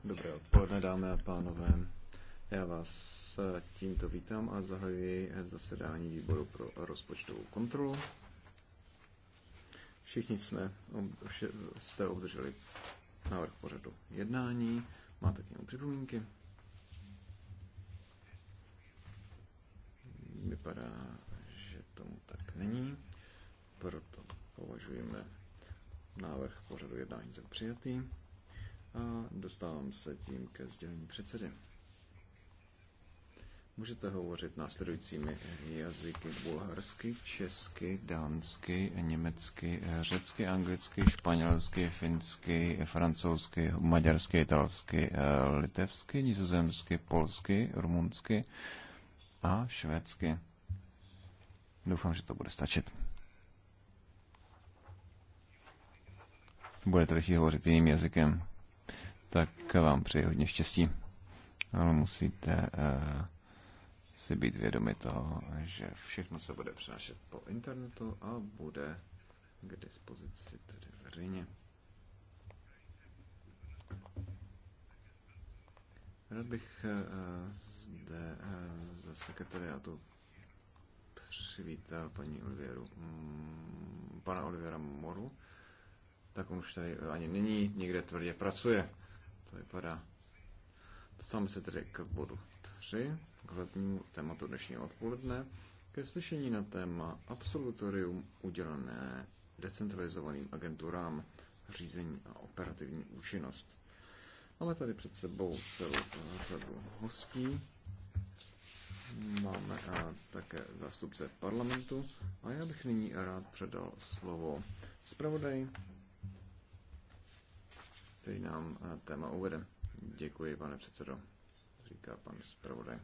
Dobré odpoledne, dámy a pánové. Já vás eh, tímto vítám a zahajuji eh, zasedání výboru pro rozpočtovou kontrolu. Všichni jsme, vše, jste obdrželi návrh pořadu jednání. Máte k němu připomínky? Vypadá, že tomu tak není, proto považujeme Návrh pořadu jednání byl přijatý. A dostávám se tím ke sdělení předsedy. Můžete hovořit následujícími jazyky bulharsky, česky, dánsky, německy, řecky, anglicky, španělsky, finsky, francouzsky, maďarsky, italsky, eh, litevsky, nizozemsky, polsky, rumunsky a švédsky. Doufám, že to bude stačit. budete lepší hovořit jiným jazykem, tak vám přeji hodně štěstí. Ale musíte uh, si být vědomi toho, že všechno se bude přenášet po internetu a bude k dispozici tedy veřejně. Rád bych uh, zde uh, ze sekretariátu přivítal paní Olivieru, um, pana Olivera Moru, tak on už tady ani není, někde tvrdě pracuje. To vypadá. Dostáváme se tedy k bodu 3, k hlavnímu tématu dnešního odpoledne, ke slyšení na téma absolutorium udělené decentralizovaným agenturám řízení a operativní účinnost. Máme tady před sebou celou řadu hostí. Máme a eh, také zástupce parlamentu a já bych nyní rád předal slovo zpravodaj který nám eh, téma uvede. Děkuji, pane předsedo, říká pan zpravodaj.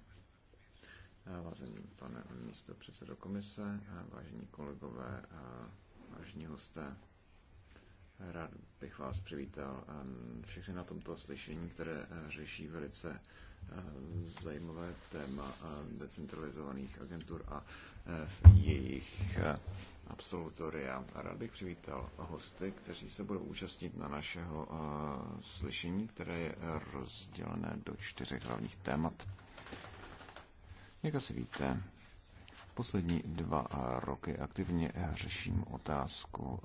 Eh, vážený pane místo předsedo komise, eh, vážení kolegové, vážení hosté, rád bych vás přivítal všechny na tomto slyšení, které řeší velice zajímavé téma decentralizovaných agentur a jejich absolutoria. A rád bych přivítal hosty, kteří se budou účastnit na našeho uh, slyšení, které je rozdělené do čtyřech hlavních témat. Jak asi víte, poslední dva eh, roky aktivně řeším otázku uh,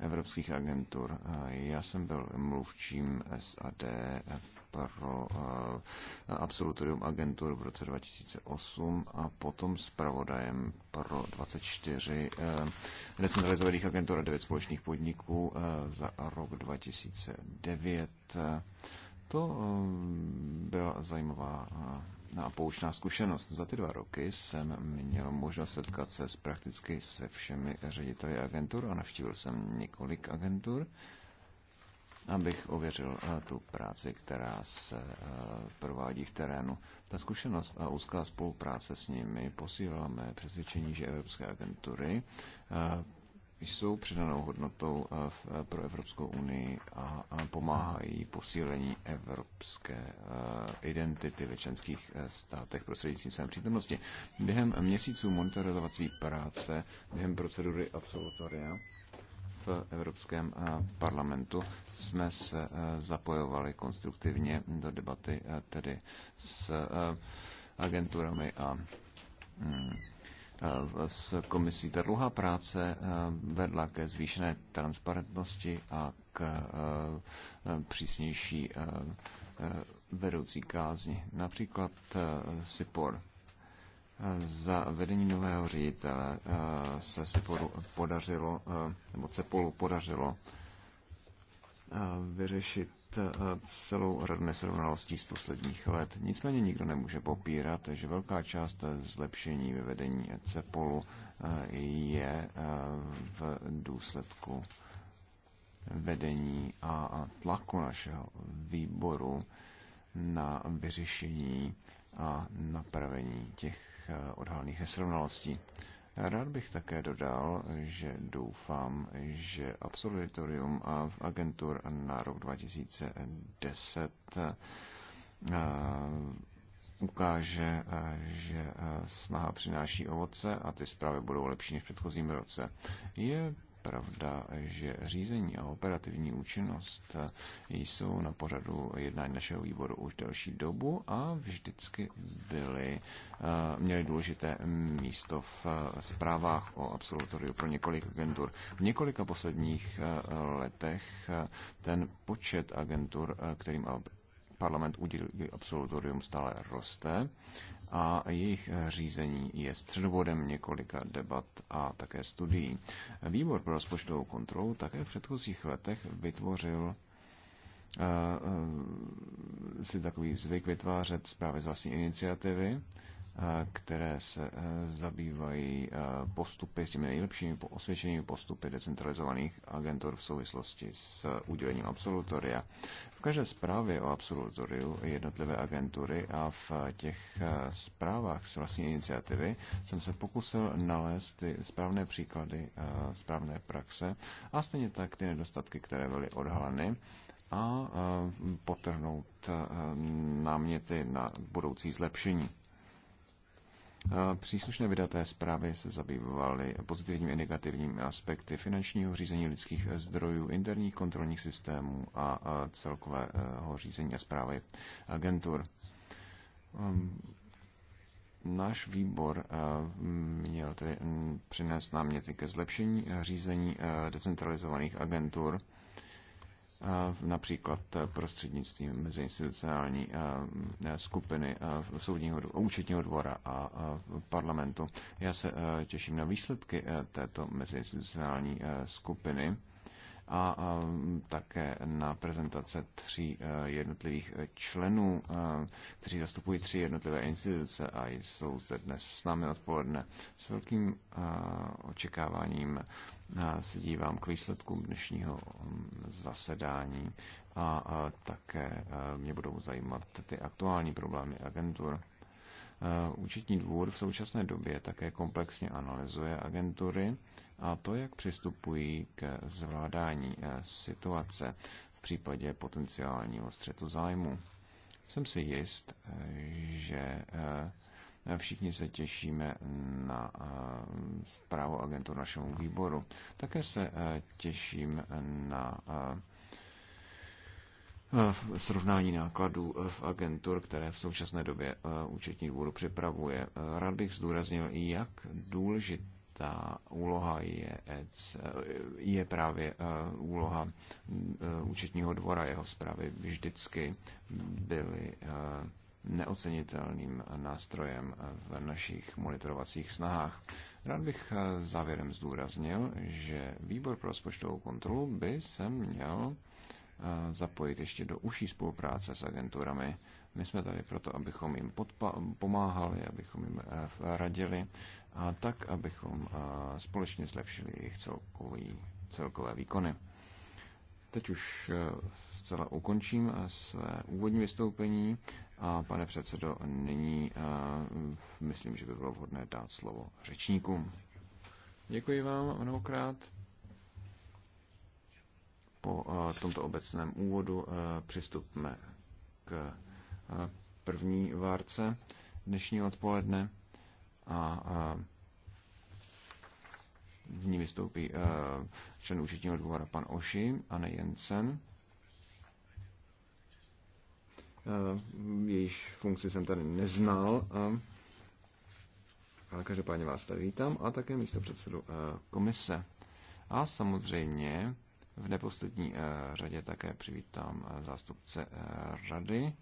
evropských agentur. Eh, já jsem byl mluvčím SAD pro eh, absolutorium agentur v roce 2008 a potom zpravodajem pro 24 eh, decentralizovaných agentur a 9 společných podniků za rok 2009. To byla zajímavá a poučná zkušenost. Za ty dva roky jsem měl možnost setkat se s prakticky se všemi řediteli agentur a navštívil jsem několik agentur, abych ověřil eh, tu práci, která se eh, provádí v terénu. Ta zkušenost a úzká spolupráce s nimi posílala mé přesvědčení, že evropské agentury eh, jsou přidanou hodnotou eh, v, eh, pro Evropskou unii a, a pomáhají posílení evropské eh, identity ve členských státech prostřednictvím své přítomnosti. Během měsíců monitorovací práce, během procedury absolutoria v Evropském parlamentu jsme se zapojovali konstruktivně do debaty tedy s agenturami a mm, s komisí. Ta dlouhá práce eh, vedla ke zvýšené transparentnosti a k eh, přísnější eh, vedoucí kázni. Například SIPOR. Za vedení nového ředitele se SIPORu podařilo, nebo CEPOLu podařilo vyřešit eh, celou řadu nesrovnalostí z posledních let. Nicméně nikdo nemůže popírat, že velká část zlepšení ve vedení CEPOLu eh, je eh, v důsledku vedení a tlaku našeho výboru na vyřešení a napravení těch odhalených nesrovnalostí. Rád bych také dodal, že doufám, že absolutorium v agentur na rok 2010 eh, ukáže, eh, že eh, snaha přináší ovoce a ty zprávy budou lepší než v předchozím roce. Je pravda, že řízení a operativní účinnost jsou na pořadu jednání našeho výboru už delší dobu a vždycky byly, eh, měly důležité místo v eh, zprávách o absolutoriu pro několik agentur. V několika posledních eh, letech ten počet agentur, kterým parlament udělí absolutorium stále roste a jejich řízení je středovodem několika debat a také studií. Výbor pro rozpočtovou kontrolu také v předchozích letech vytvořil eh, eh, si takový zvyk vytvářet zprávy z vlastní iniciativy které se zabývají postupy, s těmi nejlepšími osvědčenými postupy decentralizovaných agentur v souvislosti s udělením absolutoria. V každé zprávě o absolutoriu jednotlivé agentury a v těch zprávách s vlastní iniciativy jsem se pokusil nalézt ty správné příklady, správné praxe a stejně tak ty nedostatky, které byly odhaleny a potrhnout náměty na budoucí zlepšení. Příslušné vydaté zprávy se zabývaly pozitivním i negativním aspekty finančního řízení lidských zdrojů, interních kontrolních systémů a celkového řízení a zprávy agentur. Um, náš výbor uh, měl tedy přinést náměty ke zlepšení uh, řízení uh, decentralizovaných agentur například eh, prostřednictvím meziinstitucionální eh, eh, skupiny soudního, účetního dvora a parlamentu. Já se těším na výsledky této meziinstitucionální skupiny a také na prezentace tří jednotlivých členů, kteří zastupují tři jednotlivé instituce a jsou zde dnes s námi odpoledne. S velkým očekáváním se dívám k výsledkům dnešního hm, zasedání a také e, mě budou zajímat ty aktuální problémy agentur. E, účetní dvůr v současné době také komplexně analyzuje agentury a to, jak přistupují k zvládání e, situace v případě potenciálního střetu zájmu. Jsem si jist, že Všichni se těšíme na eh, zprávu agentů našemu výboru. Také se eh, těším na eh, srovnání nákladů v agentur, které v současné době účetní dvůr připravuje. Rád bych zdůraznil, jak ta úloha je, je právě úloha účetního dvora. Jeho zprávy vždycky byly neocenitelným nástrojem v našich monitorovacích snahách. Rád bych závěrem zdůraznil, že výbor pro rozpočtovou kontrolu by se měl eh, zapojit ještě do užší spolupráce s agenturami. My jsme tady proto, abychom jim pomáhali, abychom jim eh, radili a tak, abychom eh, společně zlepšili jejich celkový, celkové výkony. Teď už zcela ukončím své úvodní vystoupení. A pane předsedo, nyní eh, myslím, že by bylo vhodné dát slovo řečníkům. Děkuji vám mnohokrát. Po eh, tomto obecném úvodu eh, přistupme k první várce dnešní odpoledne a v ní vystoupí člen účetního dvora pan Oši a nejen sen. Eh, jejíž funkci jsem tady neznal, eh, ale každopádně vás tady vítám a také místo předsedu eh, komise. A samozřejmě v neposlední řadě také přivítám zástupce rady,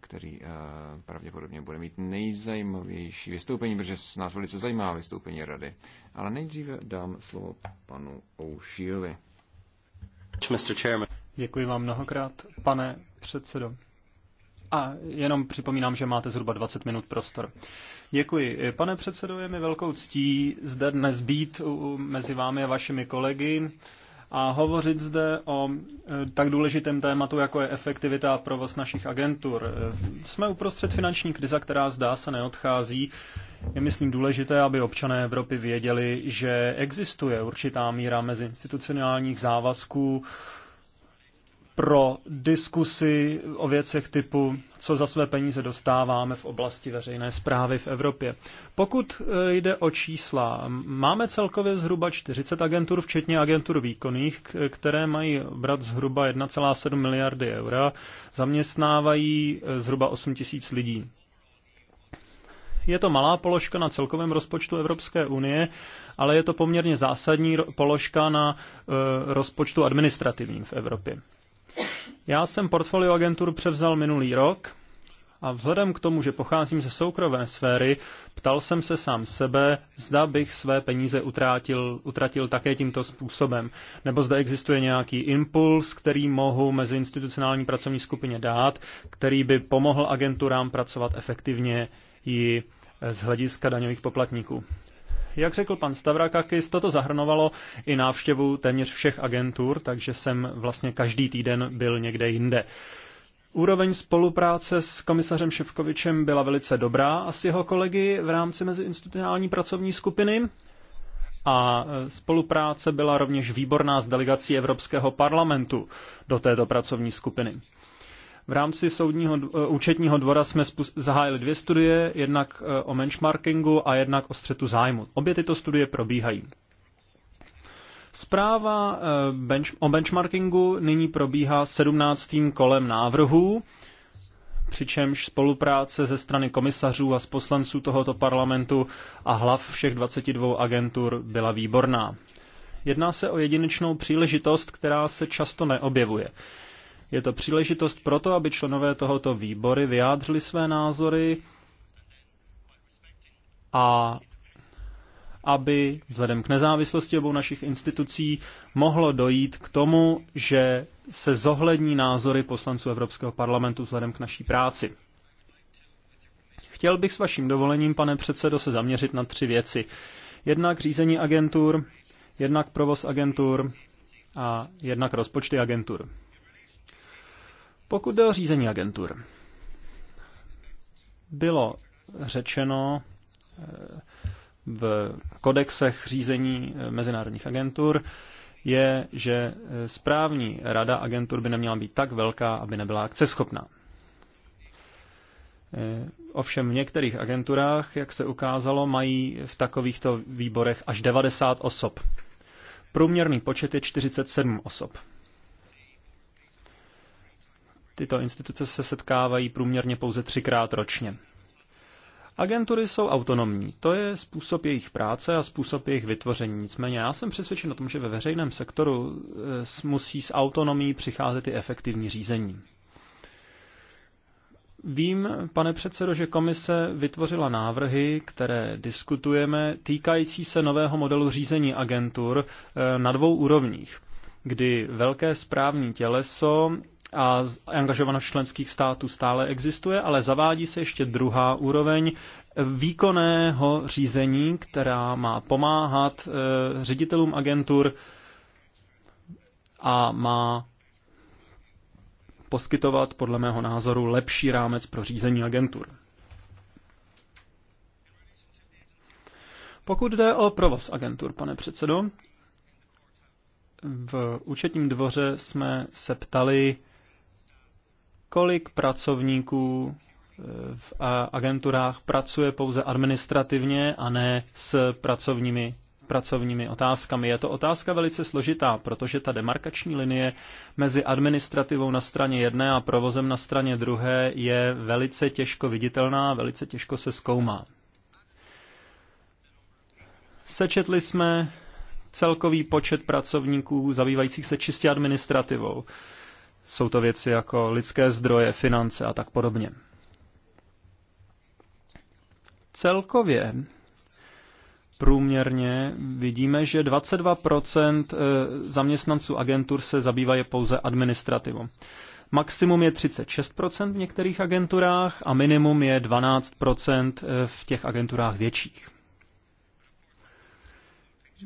který pravděpodobně bude mít nejzajímavější vystoupení, protože s nás velice zajímá vystoupení rady. Ale nejdříve dám slovo panu O'Sheilly. Mr. Chairman. Děkuji vám mnohokrát, pane předsedo. A jenom připomínám, že máte zhruba 20 minut prostor. Děkuji. Pane předsedo, je mi velkou ctí zde dnes být mezi vámi a vašimi kolegy a hovořit zde o eh, tak důležitém tématu, jako je efektivita a provoz našich agentur. Eh, jsme uprostřed finanční krize, která zdá se neodchází. Je myslím důležité, aby občané Evropy věděli, že existuje určitá míra mezi institucionálních závazků, pro diskusy o věcech typu, co za své peníze dostáváme v oblasti veřejné zprávy v Evropě. Pokud e, jde o čísla, máme celkově zhruba 40 agentur, včetně agentur výkonných, které mají brat zhruba 1,7 miliardy eura, zaměstnávají e, zhruba 8 tisíc lidí. Je to malá položka na celkovém rozpočtu Evropské unie, ale je to poměrně zásadní položka na e, rozpočtu administrativním v Evropě. Já jsem portfolio agentur převzal minulý rok a vzhledem k tomu, že pocházím ze soukromé sféry, ptal jsem se sám sebe, zda bych své peníze utrátil, utratil také tímto způsobem, nebo zda existuje nějaký impuls, který mohu mezi institucionální pracovní skupině dát, který by pomohl agenturám pracovat efektivně i z hlediska daňových poplatníků. Jak řekl pan Stavrakakis, toto zahrnovalo i návštěvu téměř všech agentur, takže jsem vlastně každý týden byl někde jinde. Úroveň spolupráce s komisařem Ševkovičem byla velice dobrá a s jeho kolegy v rámci meziinstitucionální pracovní skupiny. A e, spolupráce byla rovněž výborná s delegací Evropského parlamentu do této pracovní skupiny. V rámci soudního eh, účetního dvora jsme zahájili dvě studie, jednak eh, o benchmarkingu a jednak o střetu zájmu. Obě tyto studie probíhají. Zpráva eh, bench, o benchmarkingu nyní probíhá 17. kolem návrhů, přičemž spolupráce ze strany komisařů a z poslanců tohoto parlamentu a hlav všech 22 agentur byla výborná. Jedná se o jedinečnou příležitost, která se často neobjevuje. Je to příležitost pro to, aby členové tohoto výbory vyjádřili své názory a aby vzhledem k nezávislosti obou našich institucí mohlo dojít k tomu, že se zohlední názory poslanců Evropského parlamentu vzhledem k naší práci. Chtěl bych s vaším dovolením, pane předsedo, se zaměřit na tři věci. Jednak řízení agentur, jednak provoz agentur a jednak rozpočty agentur. Pokud jde o řízení agentur, bylo řečeno eh, v kodexech řízení eh, mezinárodních agentur, je, že eh, správní rada agentur by neměla být tak velká, aby nebyla akceschopná. Ovšem v některých agenturách, jak se ukázalo, mají v takovýchto výborech až 90 osob. Průměrný počet je 47 osob. Tyto instituce se setkávají průměrně pouze třikrát ročně. Agentury jsou autonomní. To je způsob jejich práce a způsob jejich vytvoření. Nicméně já jsem přesvědčen o tom, že ve veřejném sektoru eh, musí s autonomí přicházet i efektivní řízení. Vím, pane předsedo, že komise vytvořila návrhy, které diskutujeme, týkající se nového modelu řízení agentur eh, na dvou úrovních, kdy velké správní těleso a angažovanost členských států stále existuje, ale zavádí se ještě druhá úroveň výkonného řízení, která má pomáhat e, ředitelům agentur a má poskytovat podle mého názoru lepší rámec pro řízení agentur. Pokud jde o provoz agentur, pane předsedo, v účetním dvoře jsme se ptali kolik pracovníků eh, v agenturách pracuje pouze administrativně a ne s pracovními pracovními otázkami. Je to otázka velice složitá, protože ta demarkační linie mezi administrativou na straně jedné a provozem na straně druhé je velice těžko viditelná, velice těžko se zkoumá. Sečetli jsme celkový počet pracovníků zabývajících se čistě administrativou. Jsou to věci jako lidské zdroje, finance a tak podobně. Celkově průměrně vidíme, že 22% eh, zaměstnanců agentur se zabývají pouze administrativou. Maximum je 36% v některých agenturách a minimum je 12% eh, v těch agenturách větších.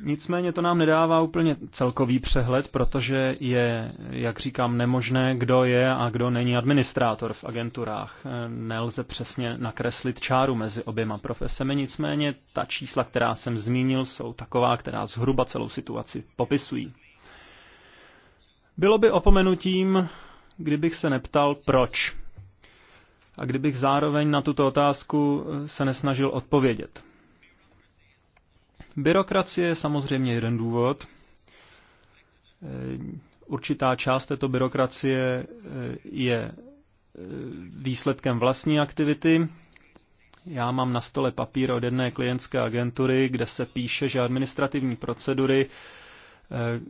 Nicméně to nám nedává úplně celkový přehled, protože je, jak říkám, nemožné, kdo je a kdo není administrátor v agenturách. E, nelze přesně nakreslit čáru mezi oběma profesemi, nicméně ta čísla, která jsem zmínil, jsou taková, která zhruba celou situaci popisují. Bylo by opomenutím, kdybych se neptal, proč. A kdybych zároveň na tuto otázku se nesnažil odpovědět. Byrokracie je samozřejmě jeden důvod. E, určitá část této byrokracie e, je e, výsledkem vlastní aktivity. Já mám na stole papír od jedné klientské agentury, kde se píše, že administrativní procedury Eh,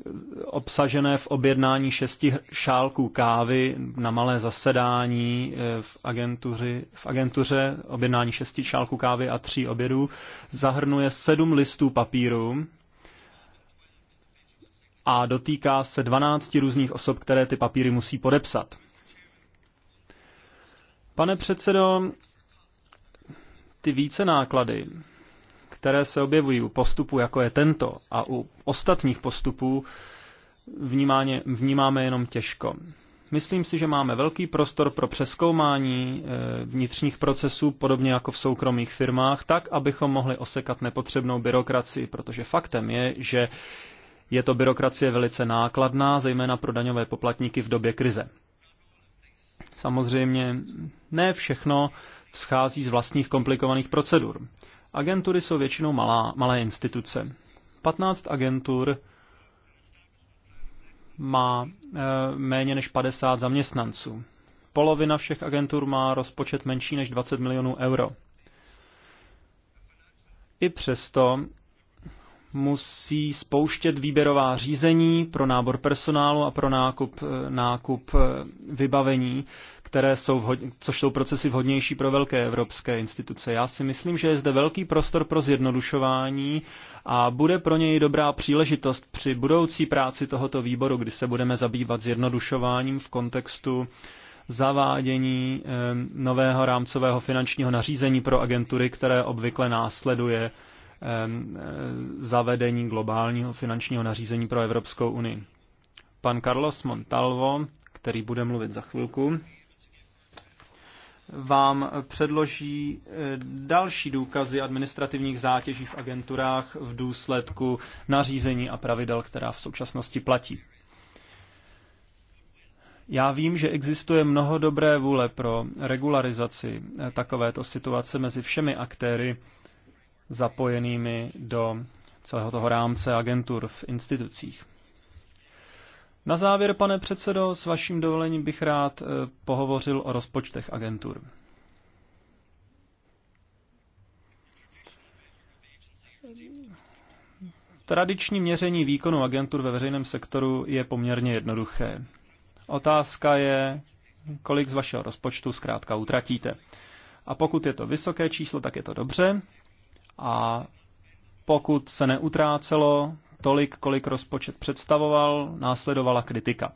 obsažené v objednání šesti šálků kávy na malé zasedání eh, v, agentuři, v agentuře, objednání šesti šálků kávy a tří obědů, zahrnuje sedm listů papíru a dotýká se dvanácti různých osob, které ty papíry musí podepsat. Pane předsedo, ty více náklady které se objevují u postupu, jako je tento, a u ostatních postupů vnímáně, vnímáme jenom těžko. Myslím si, že máme velký prostor pro přeskoumání eh, vnitřních procesů, podobně jako v soukromých firmách, tak, abychom mohli osekat nepotřebnou byrokracii, protože faktem je, že je to byrokracie velice nákladná, zejména pro daňové poplatníky v době krize. Samozřejmě ne všechno schází z vlastních komplikovaných procedur. Agentury jsou většinou malá, malé instituce. 15 agentur má eh, méně než 50 zaměstnanců. Polovina všech agentur má rozpočet menší než 20 milionů euro. I přesto musí spouštět výběrová řízení pro nábor personálu a pro nákup, eh, nákup eh, vybavení, které jsou vhod, což jsou procesy vhodnější pro velké evropské instituce. Já si myslím, že je zde velký prostor pro zjednodušování a bude pro něj dobrá příležitost při budoucí práci tohoto výboru, kdy se budeme zabývat zjednodušováním v kontextu zavádění eh, nového rámcového finančního nařízení pro agentury, které obvykle následuje Eh, zavedení globálního finančního nařízení pro Evropskou unii. Pan Carlos Montalvo, který bude mluvit za chvilku, vám předloží eh, další důkazy administrativních zátěží v agenturách v důsledku nařízení a pravidel, která v současnosti platí. Já vím, že existuje mnoho dobré vůle pro regularizaci eh, takovéto situace mezi všemi aktéry zapojenými do celého toho rámce agentur v institucích. Na závěr, pane předsedo, s vaším dovolením bych rád eh, pohovořil o rozpočtech agentur. Tradiční měření výkonu agentur ve veřejném sektoru je poměrně jednoduché. Otázka je, kolik z vašeho rozpočtu zkrátka utratíte. A pokud je to vysoké číslo, tak je to dobře a pokud se neutrácelo tolik, kolik rozpočet představoval, následovala kritika.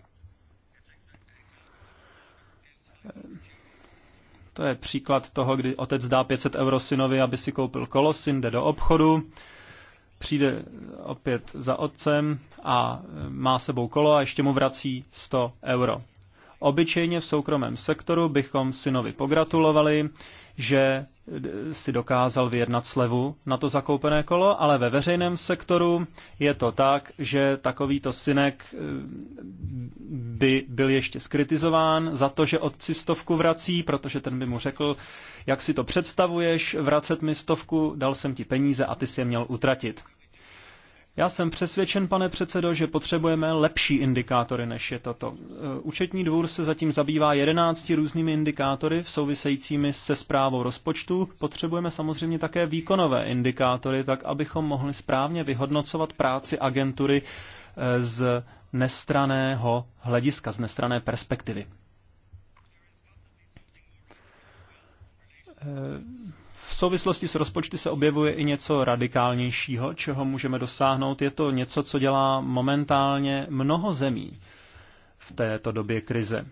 To je příklad toho, kdy otec dá 500 euro synovi, aby si koupil kolo, syn jde do obchodu, přijde opět za otcem a má sebou kolo a ještě mu vrací 100 euro. Obyčejně v soukromém sektoru bychom synovi pogratulovali, že si dokázal vyjednat slevu na to zakoupené kolo, ale ve veřejném sektoru je to tak, že takovýto synek eh, by byl ještě skritizován za to, že otci stovku vrací, protože ten by mu řekl, jak si to představuješ, vracet mi stovku, dal jsem ti peníze a ty si je měl utratit. Já jsem přesvědčen, pane předsedo, že potřebujeme lepší indikátory, než je toto. E, účetní dvůr se zatím zabývá 11 různými indikátory v souvisejícími se zprávou rozpočtu. Potřebujeme samozřejmě také výkonové indikátory, tak abychom mohli správně vyhodnocovat práci agentury e, z nestraného hlediska, z nestrané perspektivy. E, souvislosti s rozpočty se objevuje i něco radikálnějšího, čeho můžeme dosáhnout. Je to něco, co dělá momentálně mnoho zemí v této době krize.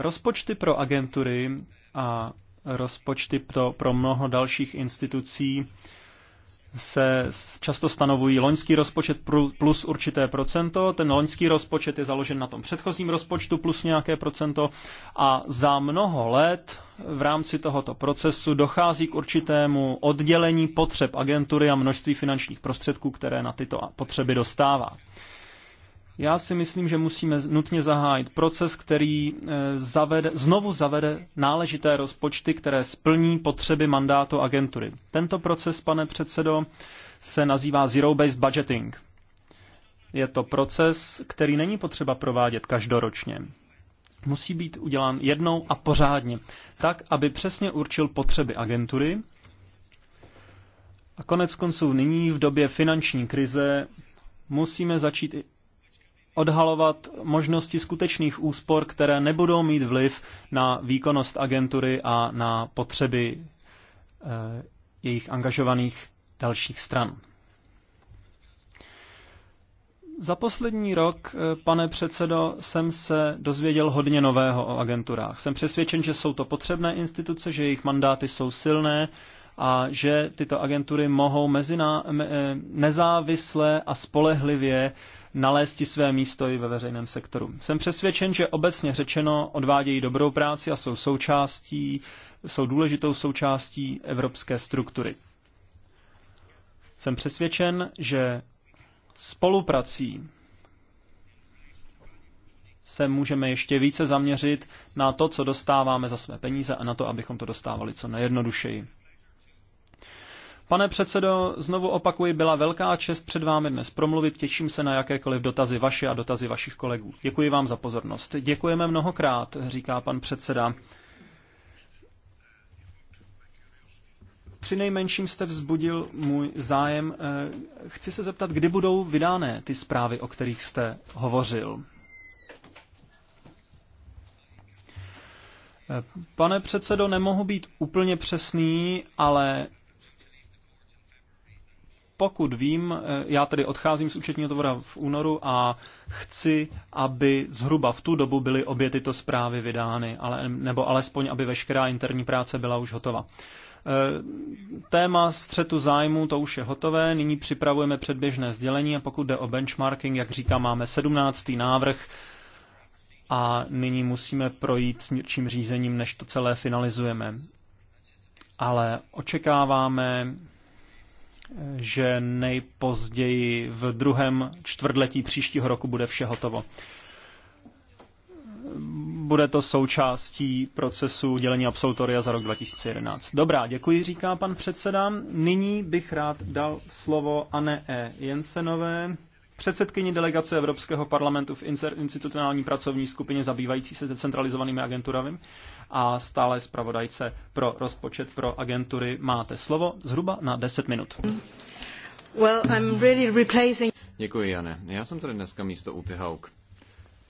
Rozpočty pro agentury a rozpočty pro, pro mnoho dalších institucí se často stanovují loňský rozpočet plus určité procento. Ten loňský rozpočet je založen na tom předchozím rozpočtu plus nějaké procento a za mnoho let v rámci tohoto procesu dochází k určitému oddělení potřeb agentury a množství finančních prostředků, které na tyto potřeby dostává. Já si myslím, že musíme nutně zahájit proces, který eh, zavede, znovu zavede náležité rozpočty, které splní potřeby mandátu agentury. Tento proces, pane předsedo, se nazývá Zero-Based Budgeting. Je to proces, který není potřeba provádět každoročně. Musí být udělán jednou a pořádně, tak, aby přesně určil potřeby agentury. A konec konců nyní v době finanční krize musíme začít odhalovat možnosti skutečných úspor, které nebudou mít vliv na výkonnost agentury a na potřeby eh, jejich angažovaných dalších stran. Za poslední rok, eh, pane předsedo, jsem se dozvěděl hodně nového o agenturách. Jsem přesvědčen, že jsou to potřebné instituce, že jejich mandáty jsou silné a že tyto agentury mohou mezina, eh, nezávisle a spolehlivě nalézt své místo i ve veřejném sektoru. Jsem přesvědčen, že obecně řečeno odvádějí dobrou práci a jsou součástí, jsou důležitou součástí evropské struktury. Jsem přesvědčen, že spoluprací se můžeme ještě více zaměřit na to, co dostáváme za své peníze a na to, abychom to dostávali co nejjednodušeji. Pane předsedo, znovu opakuji, byla velká čest před vámi dnes promluvit. Těším se na jakékoliv dotazy vaše a dotazy vašich kolegů. Děkuji vám za pozornost. Děkujeme mnohokrát, říká pan předseda. Při nejmenším jste vzbudil můj zájem. Eh, chci se zeptat, kdy budou vydány ty zprávy, o kterých jste hovořil. Eh, pane předsedo, nemohu být úplně přesný, ale pokud vím, eh, já tedy odcházím z účetního dvora v únoru a chci, aby zhruba v tu dobu byly obě tyto zprávy vydány, ale, nebo alespoň, aby veškerá interní práce byla už hotova. Eh, téma střetu zájmu, to už je hotové, nyní připravujeme předběžné sdělení a pokud jde o benchmarking, jak říkám, máme 17. návrh a nyní musíme projít smírčím řízením, než to celé finalizujeme. Ale očekáváme že nejpozději v druhém čtvrtletí příštího roku bude vše hotovo. Bude to součástí procesu dělení absolutoria za rok 2011. Dobrá, děkuji, říká pan předseda. Nyní bych rád dal slovo Anne E. Jensenové, předsedkyni delegace Evropského parlamentu v institucionální pracovní skupině zabývající se decentralizovanými agenturami a stále zpravodajce pro rozpočet pro agentury. Máte slovo zhruba na 10 minut. Well, I'm really replacing... Děkuji, Jane. Já jsem tady dneska místo Uty Hauk,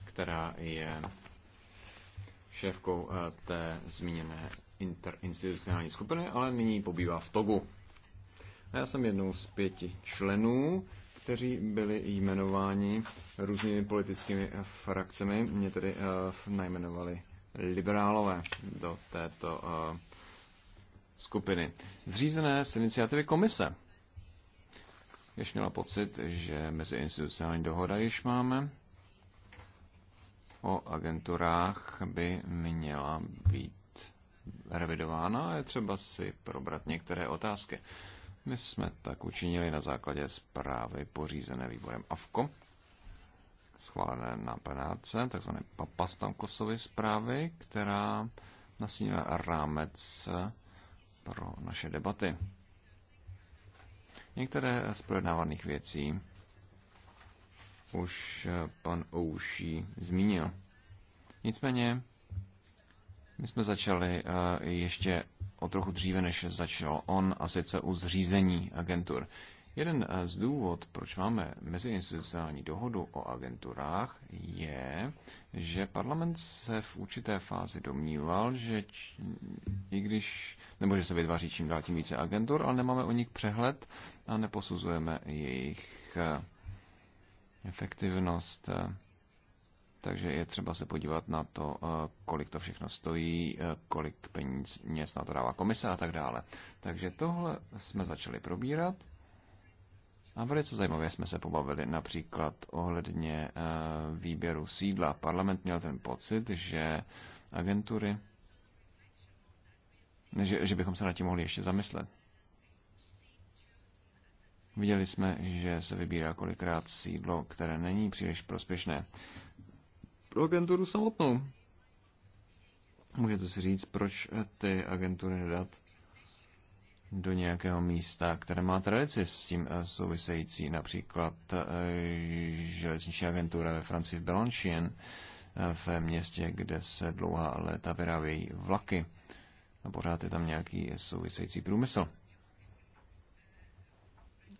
která je šéfkou eh, té zmíněné interinstitucionální skupiny, ale nyní pobývá v Togu. Já jsem jednou z pěti členů kteří byli jmenováni různými politickými frakcemi. Mě tedy eh, najmenovali liberálové do této eh, skupiny. Zřízené z iniciativy komise, když měla pocit, že mezi institucionální dohoda již máme, o agenturách by měla být revidována a je třeba si probrat některé otázky. My jsme tak učinili na základě zprávy pořízené výborem AFKO, schválené na penáce, takzvané papastankosovy zprávy, která nasínila rámec pro naše debaty. Některé z projednávaných věcí už pan Ouší zmínil. Nicméně my jsme začali eh, ještě o trochu dříve, než začal on, a sice u zřízení agentur. Jeden eh, z důvod, proč máme meziinstitucionální dohodu o agenturách, je, že parlament se v určité fázi domníval, že č, i když, nebo že se vytváří čím dál tím více agentur, ale nemáme o nich přehled a neposuzujeme jejich eh, efektivnost. Takže je třeba se podívat na to, eh, kolik to všechno stojí, eh, kolik peníz měst na to dává komise a tak dále. Takže tohle jsme začali probírat a velice zajímavě jsme se pobavili například ohledně eh, výběru sídla. Parlament měl ten pocit, že agentury, že, že bychom se nad tím mohli ještě zamyslet. Viděli jsme, že se vybírá kolikrát sídlo, které není příliš prospěšné tu agenturu samotnou. Můžete si říct, proč ty agentury nedat do nějakého místa, které má tradici s tím eh, související, například eh, železniční agentura ve Francii v Belanchien, eh, v městě, kde se dlouhá léta vyrábějí vlaky. A pořád je tam nějaký související průmysl.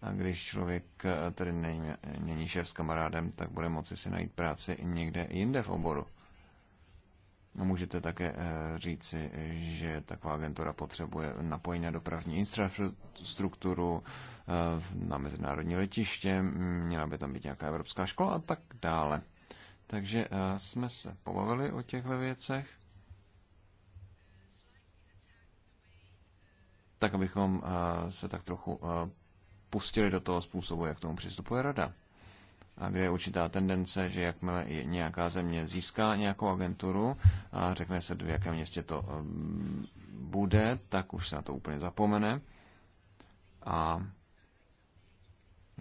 A když člověk eh, tedy není, není šéf s kamarádem, tak bude moci si najít práci někde jinde v oboru. No, můžete také eh, říci, že taková agentura potřebuje napojení na dopravní infrastrukturu, eh, na mezinárodní letiště, měla by tam být nějaká evropská škola a tak dále. Takže jsme se pobavili o těchto věcech. Tak abychom se tak trochu pustili do toho způsobu, jak tomu přistupuje rada. A kde je určitá tendence, že jakmile nějaká země získá nějakou agenturu a řekne se, v jakém městě to eh, bude, tak už se na to úplně zapomene. A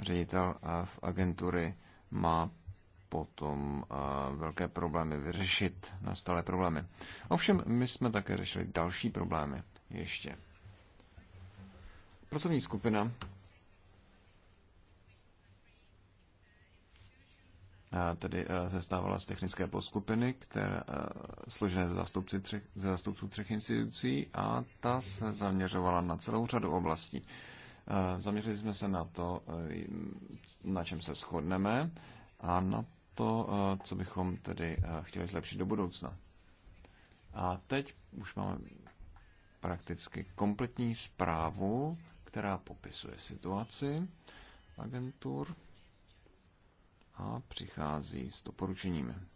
ředitel eh, v agentury má potom eh, velké problémy vyřešit nastalé problémy. Ovšem, my jsme také řešili další problémy ještě. Pracovní skupina tedy eh, sestávala z technické podskupiny, která eh, složené ze, zástupců, třech, ze zástupců třech institucí a ta se zaměřovala na celou řadu oblastí. Eh, zaměřili jsme se na to, na čem se shodneme a na to, co bychom tedy chtěli zlepšit do budoucna. A teď už máme prakticky kompletní zprávu, která popisuje situaci agentur a přichází s doporučením.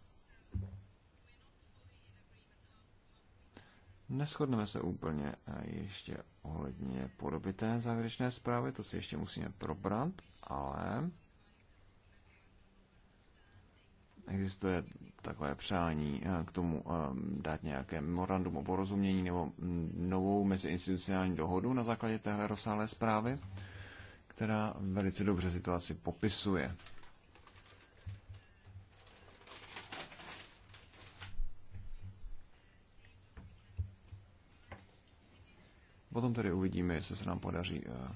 Neschodneme se úplně eh, ještě ohledně podoby té závěrečné zprávy, to si ještě musíme probrat, ale existuje takové přání eh, k tomu eh, dát nějaké memorandum o porozumění nebo novou meziinstitucionální dohodu na základě téhle rozsáhlé zprávy, která velice dobře situaci popisuje. Potom tedy uvidíme, jestli se nám podaří eh,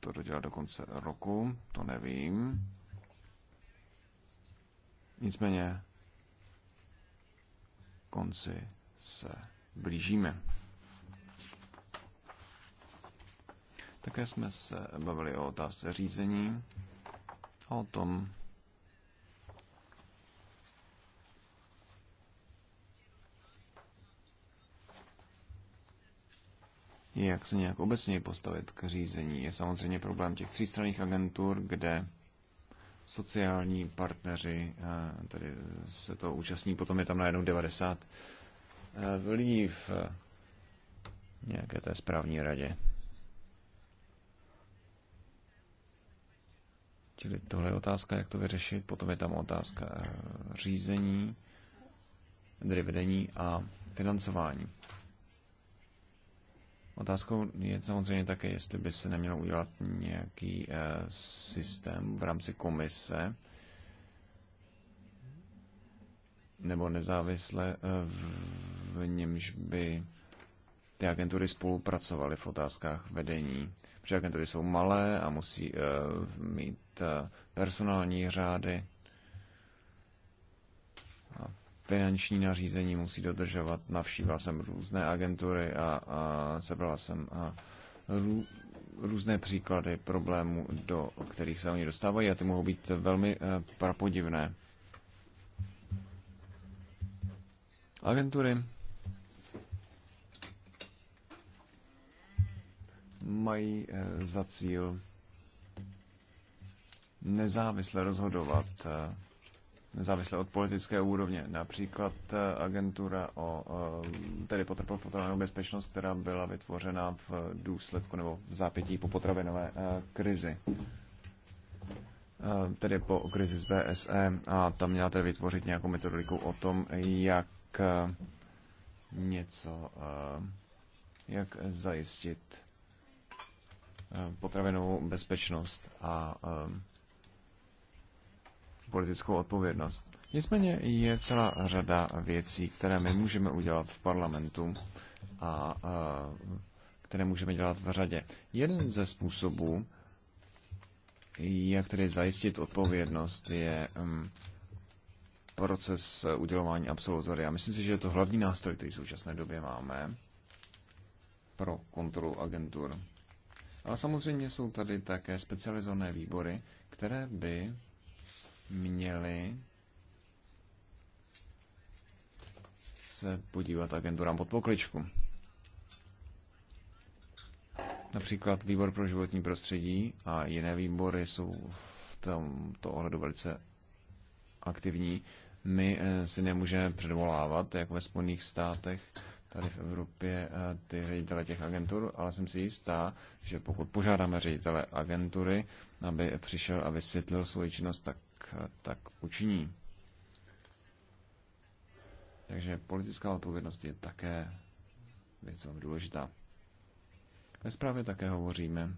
to dodělat do konce roku, to nevím. Nicméně konci se blížíme. Také jsme se bavili o otázce řízení a o tom, jak se nějak obecně postavit k řízení. Je samozřejmě problém těch třístranných agentur, kde sociální partneři, eh, tady se to účastní, potom je tam najednou 90 eh, lidí v eh, nějaké té správní radě. Čili tohle je otázka, jak to vyřešit. Potom je tam otázka řízení, tedy vedení a financování. Otázkou je samozřejmě také, jestli by se nemělo udělat nějaký eh, systém v rámci komise nebo nezávisle, eh, v němž by ty agentury spolupracovaly v otázkách vedení. Protože agentury jsou malé a musí eh, mít personální řády. A finanční nařízení musí dodržovat. Navštívila jsem různé agentury a, a sebrala jsem a, rů, různé příklady problémů, do kterých se oni dostávají a ty mohou být velmi a, e, prapodivné. Agentury mají e, za cíl nezávisle rozhodovat e, nezávisle od politické úrovně. Například eh, agentura o, eh, tedy potravinovou bezpečnost, která byla vytvořena v důsledku nebo v zápětí po potravinové eh, krizi tedy po krizi z BSE a tam měla tedy vytvořit nějakou metodiku o tom, jak něco, jak zajistit potravinovou bezpečnost a politickou odpovědnost. Nicméně je celá řada věcí, které my můžeme udělat v parlamentu a, a které můžeme dělat v řadě. Jeden ze způsobů, jak tedy zajistit odpovědnost, je um, proces udělování absolutoria. Myslím si, že je to hlavní nástroj, který v současné době máme pro kontrolu agentur. Ale samozřejmě jsou tady také specializované výbory, které by měli se podívat agenturám pod pokličku. Například výbor pro životní prostředí a jiné výbory jsou v tomto ohledu velice aktivní. My eh, si nemůžeme předvolávat, jako ve Spojených státech, tady v Evropě, eh, ty ředitele těch agentur, ale jsem si jistá, že pokud požádáme ředitele agentury, aby přišel a vysvětlil svoji činnost, tak tak učiní. Takže politická odpovědnost je také věc velmi důležitá. Ve zprávě také hovoříme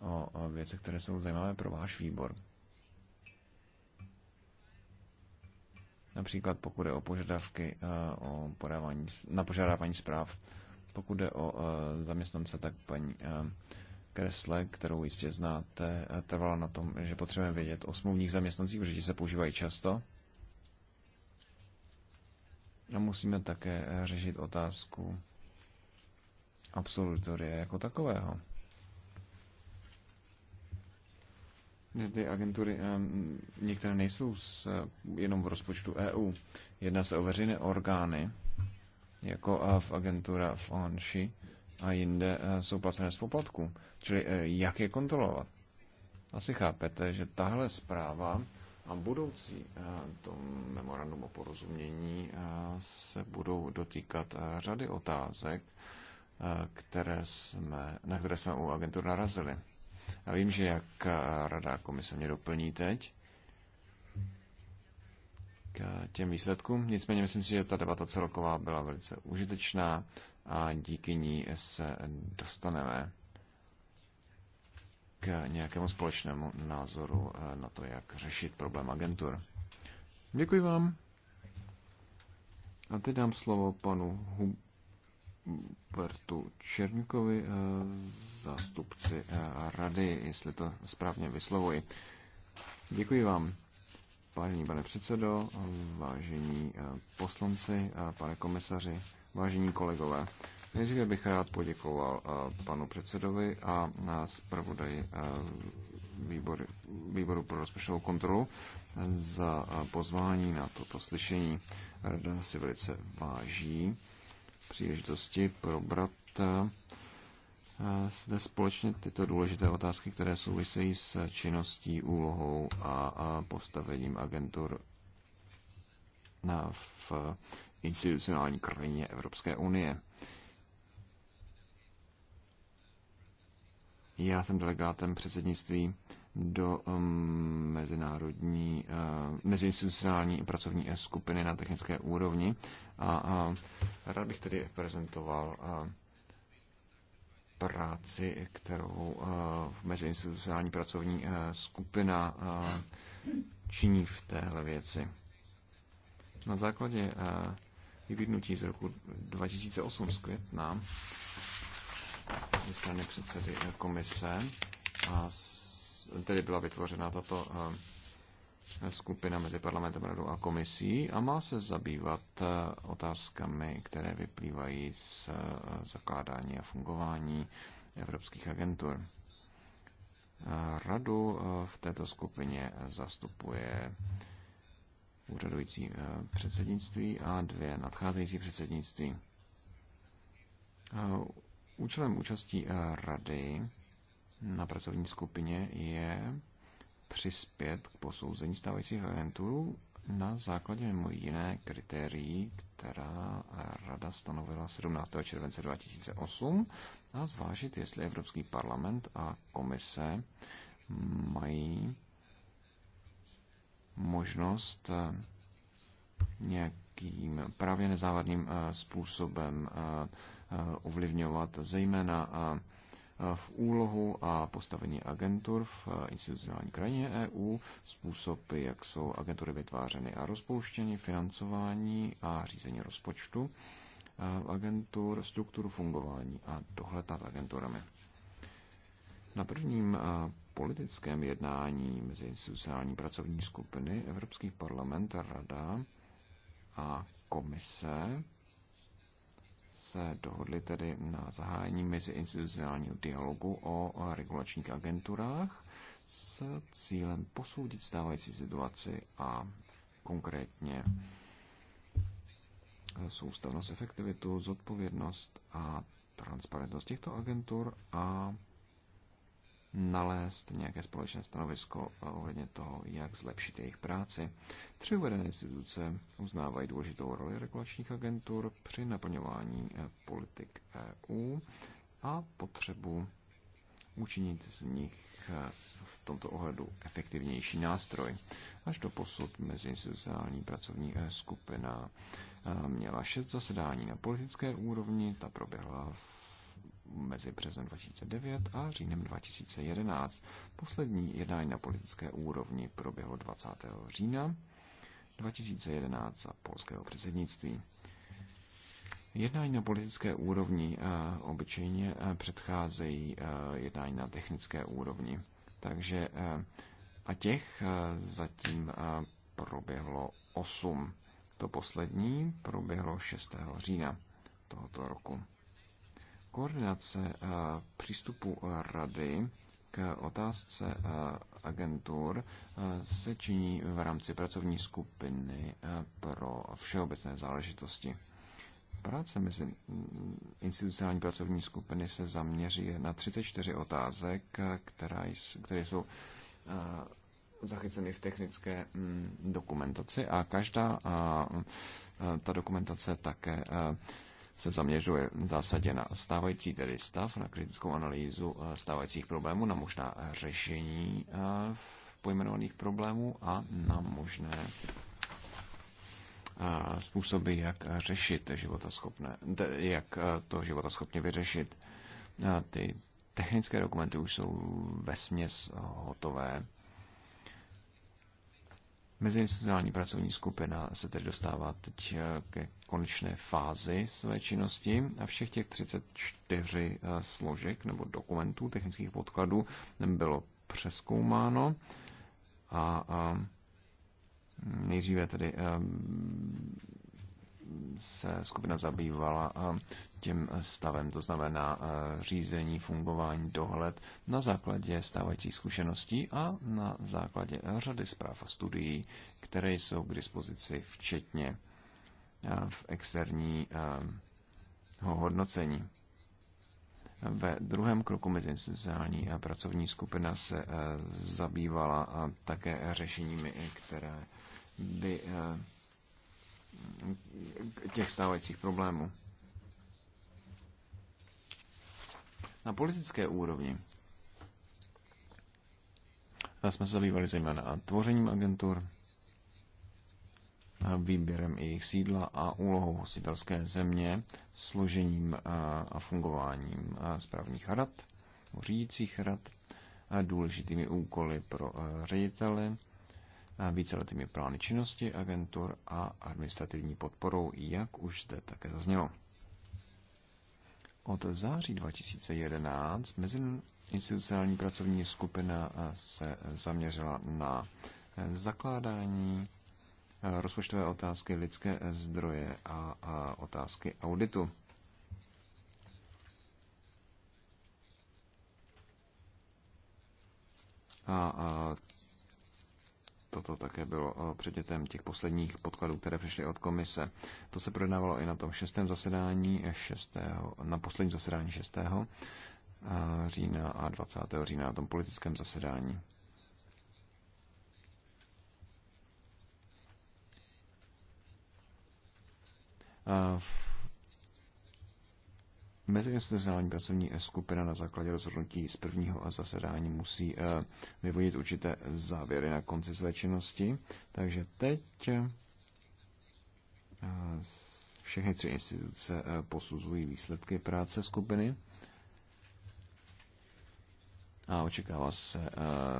o, o věcech, které jsou zajímavé pro váš výbor. Například pokud je o požadavky eh, o podávání, na požadávání zpráv, pokud je o eh, zaměstnance, tak paní eh, kresle, kterou jistě znáte, eh, trvala na tom, že potřebujeme vědět o smluvních zaměstnancích, protože se používají často. A musíme také eh, řešit otázku absolutorie jako takového. Ty agentury eh, některé nejsou s, jenom v rozpočtu EU. Jedná se o veřejné orgány, jako v agentura v Onši, a jinde eh, jsou placené z poplatku. Čili eh, jak je kontrolovat? Asi chápete, že tahle zpráva a budoucí eh, to memorandum o porozumění se budou dotýkat řady otázek, které jsme, na které jsme u agentu narazili. A vím, že jak rada komise mě doplní teď k těm výsledkům. Nicméně myslím si, že ta debata celková byla velice užitečná a díky ní se dostaneme k nějakému společnému názoru eh, na to, jak řešit problém agentur. Děkuji vám. A teď dám slovo panu Hubertu Černíkovi, eh, zástupci eh, rady, jestli to správně vyslovuji. Děkuji vám. Vážený pane předsedo, vážení poslanci a pane komisaři, Vážení kolegové, nejdříve bych rád poděkoval eh, panu předsedovi a eh, zpravodaji eh, výboru, výboru pro rozpočtovou kontrolu za pozvání na toto slyšení. Rada si velice váží příležitosti probrat zde společně tyto důležité otázky, které souvisejí s činností, úlohou a postavením agentur v institucionální krajině Evropské unie. Já jsem delegátem předsednictví do um, mezinárodní, uh, meziinstitucionální pracovní skupiny na technické úrovni a, uh, rád bych tedy prezentoval uh, práci, kterou uh, v meziinstitucionální pracovní skupina činí v téhle věci. Na základě vypídnutí z roku 2008 z května ze strany předsedy eh, komise a tedy byla vytvořena tato eh, skupina mezi parlamentem, radou a komisí a má se zabývat eh, otázkami, které vyplývají z zakládání a fungování evropských agentur. Radu v této skupině zastupuje úřadující eh, předsednictví a dvě nadcházející předsednictví. Eh, účelem účastí eh, rady na pracovní skupině je přispět k posouzení stávajících agenturů na základě mimo jiné kritérií, která rada stanovila 17. července 2008 a zvážit, jestli Evropský parlament a komise mají možnost eh, nějakým právě nezávadným eh, způsobem eh, ovlivňovat zejména v úlohu a postavení agentur v institucionální krajině EU, způsoby, jak jsou agentury vytvářeny a rozpouštěny, financování a řízení rozpočtu agentur, strukturu fungování a dohled nad agenturami. Na prvním eh, politickém jednání mezi sociální pracovní skupiny Evropský parlament, Rada a Komise se dohodli tedy na zahájení meziinstitucionálního dialogu o eh, regulačních agenturách s cílem posoudit stávající situaci a konkrétně eh, soustavnost, efektivitu, zodpovědnost a transparentnost těchto agentur a nalézt nějaké společné stanovisko eh, ohledně toho, jak zlepšit jejich práci. Tři uvedené instituce uznávají důležitou roli regulačních agentur při naplňování eh, politik EU a potřebu učinit z nich eh, v tomto ohledu efektivnější nástroj. Až do posud meziinstitucionální pracovní skupina měla šest zasedání na politické úrovni, ta proběhla v mezi březnem 2009 a říjnem 2011. Poslední jednání na politické úrovni proběhlo 20. října 2011 za polského předsednictví. Jednání na politické úrovni eh, obyčejně eh, předcházejí eh, jednání na technické úrovni. Takže a těch zatím proběhlo 8. To poslední proběhlo 6. října tohoto roku koordinace eh, přístupu eh, rady k otázce eh, agentur se činí v rámci pracovní skupiny pro všeobecné záležitosti. Práce mezi mm, institucionální pracovní skupiny se zaměří na 34 otázek, které jsou zachyceny v technické mm, dokumentaci a každá ta dokumentace také se zaměřuje v zásadě na stávající tedy stav, na kritickou analýzu eh, stávajících problémů, na možná řešení eh, pojmenovaných problémů a na možné eh, způsoby, jak řešit životoschopné, jak to životoschopně vyřešit. Ty technické dokumenty už jsou ve směs hotové Meziinstitucionální pracovní skupina se tedy dostává teď eh, ke konečné fázi své činnosti a všech těch 34 eh, složek nebo dokumentů, technických podkladů bylo přeskoumáno a eh, nejdříve tedy se skupina zabývala tím stavem, to znamená řízení, fungování, dohled na základě stávajících zkušeností a na základě řady zpráv a studií, které jsou k dispozici včetně v externího hodnocení. Ve druhém kroku mezinstitucionální pracovní skupina se e, zabývala také řešeními, které by e, těch stávajících problémů. Na politické úrovni jsme se zabývali zejména tvořením agentur, výběrem jejich sídla a úlohou hostitelské země, složením eh, a fungováním eh, správních rad, řídících rad, eh, důležitými úkoly pro ředitele, víceletými plány činnosti agentur a administrativní podporou, jak už zde také zaznělo. Od září 2011 meziinstitucionální pracovní skupina se zaměřila na zakládání rozpočtové otázky, lidské zdroje a, otázky auditu. a Toto také bylo eh, předmětem těch posledních podkladů, které přišly od komise. To se projednávalo i na tom šestém zasedání, šestého, na posledním zasedání 6. Eh, října a 20. října na tom politickém zasedání. Uh, Meziinstitucionální pracovní skupina na základě rozhodnutí z prvního zasedání musí eh, vyvodit určité závěry na konci své činnosti. Takže teď eh, všechny tři instituce eh, posuzují výsledky práce skupiny a očekává se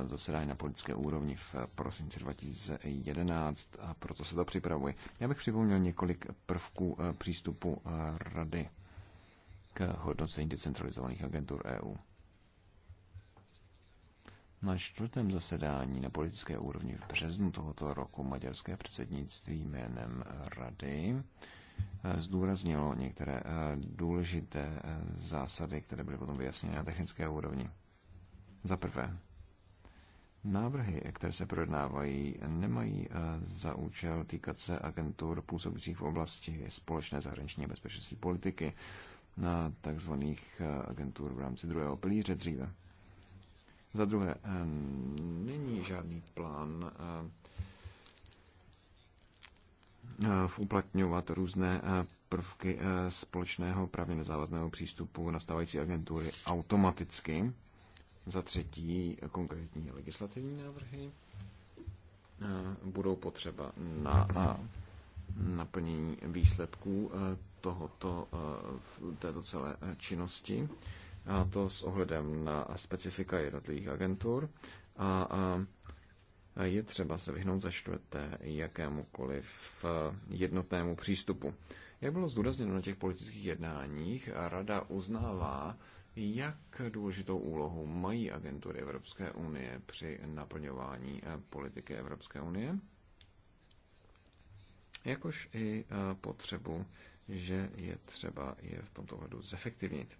zasedání na politické úrovni v prosinci 2011 a proto se to připravuje. Já bych připomněl několik prvků přístupu rady k hodnocení decentralizovaných agentur EU. Na čtvrtém zasedání na politické úrovni v březnu tohoto roku maďarské předsednictví jménem Rady eh, zdůraznilo některé eh, důležité eh, zásady, které byly potom vyjasněny na technické úrovni. Za prvé, návrhy, které se projednávají, nemají za účel týkat se agentur působících v oblasti společné zahraniční a bezpečnostní politiky na takzvaných eh, agentur v rámci druhého pilíře dříve. Za druhé, eh, není žádný plán eh, uplatňovat různé prvky společného právně nezávazného přístupu nastávající agentury automaticky. Za třetí, konkrétní legislativní návrhy budou potřeba na naplnění výsledků tohoto, eh, této celé eh, činnosti, a to s ohledem na specifika jednotlivých agentur. A, a je třeba se vyhnout za čtvrté jakémukoliv eh, jednotnému přístupu. Jak bylo zdůrazněno na těch politických jednáních, Rada uznává, jak důležitou úlohu mají agentury Evropské unie při naplňování politiky Evropské unie, jakož i potřebu že je třeba je v tomto ohledu zefektivnit.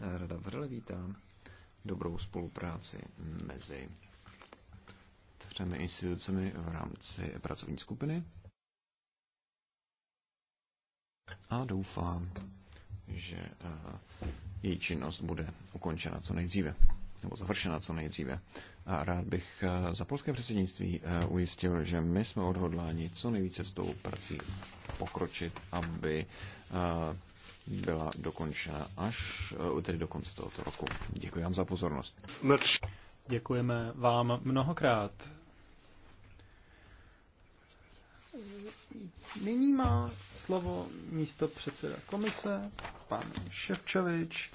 Rada vřele vítá dobrou spolupráci mezi třemi institucemi v rámci pracovní skupiny a doufám, že eh, její činnost bude ukončena co nejdříve, nebo završena co nejdříve. A rád bych eh, za polské předsednictví eh, ujistil, že my jsme odhodláni co nejvíce s tou prací pokročit, aby eh, byla dokončena až tedy do konce tohoto roku. Děkuji vám za pozornost. Děkujeme vám mnohokrát. Nyní má slovo místo předseda komise, pan Ševčovič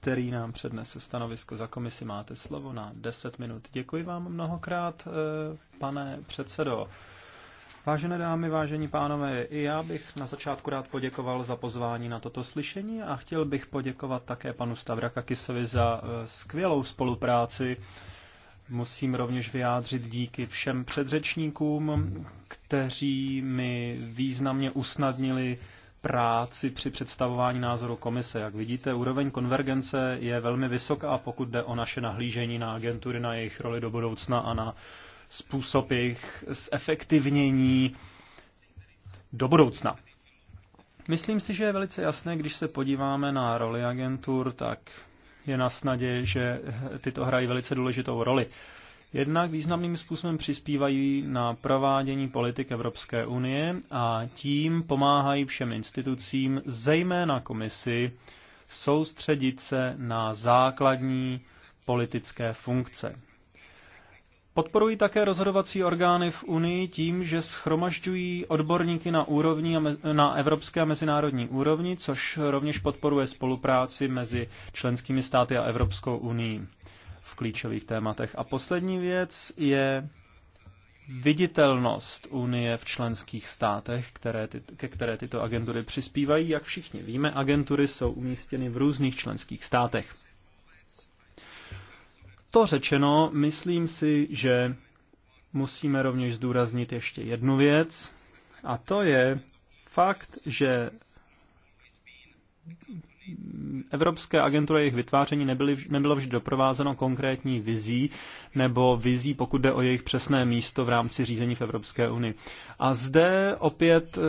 který nám přednese stanovisko za komisi. Máte slovo na 10 minut. Děkuji vám mnohokrát, eh, pane předsedo. Vážené dámy, vážení pánové, i já bych na začátku rád poděkoval za pozvání na toto slyšení a chtěl bych poděkovat také panu Stavrakakisovi za eh, skvělou spolupráci. Musím rovněž vyjádřit díky všem předřečníkům, kteří mi významně usnadnili práci při představování názoru komise. Jak vidíte, úroveň konvergence je velmi vysoká, pokud jde o naše nahlížení na agentury, na jejich roli do budoucna a na způsob jejich zefektivnění do budoucna. Myslím si, že je velice jasné, když se podíváme na roli agentur, tak je na snadě, že tyto hrají velice důležitou roli. Jednak významným způsobem přispívají na provádění politik Evropské unie a tím pomáhají všem institucím, zejména komisi, soustředit se na základní politické funkce. Podporují také rozhodovací orgány v Unii tím, že schromažďují odborníky na, úrovni, na evropské a mezinárodní úrovni, což rovněž podporuje spolupráci mezi členskými státy a Evropskou unii v klíčových tématech. A poslední věc je viditelnost Unie v členských státech, které ty, ke které tyto agentury přispívají. Jak všichni víme, agentury jsou umístěny v různých členských státech. To řečeno, myslím si, že musíme rovněž zdůraznit ještě jednu věc, a to je fakt, že Evropské agentury jejich vytváření nebyly, nebylo vždy doprovázeno konkrétní vizí nebo vizí, pokud jde o jejich přesné místo v rámci řízení v Evropské unii. A zde opět e,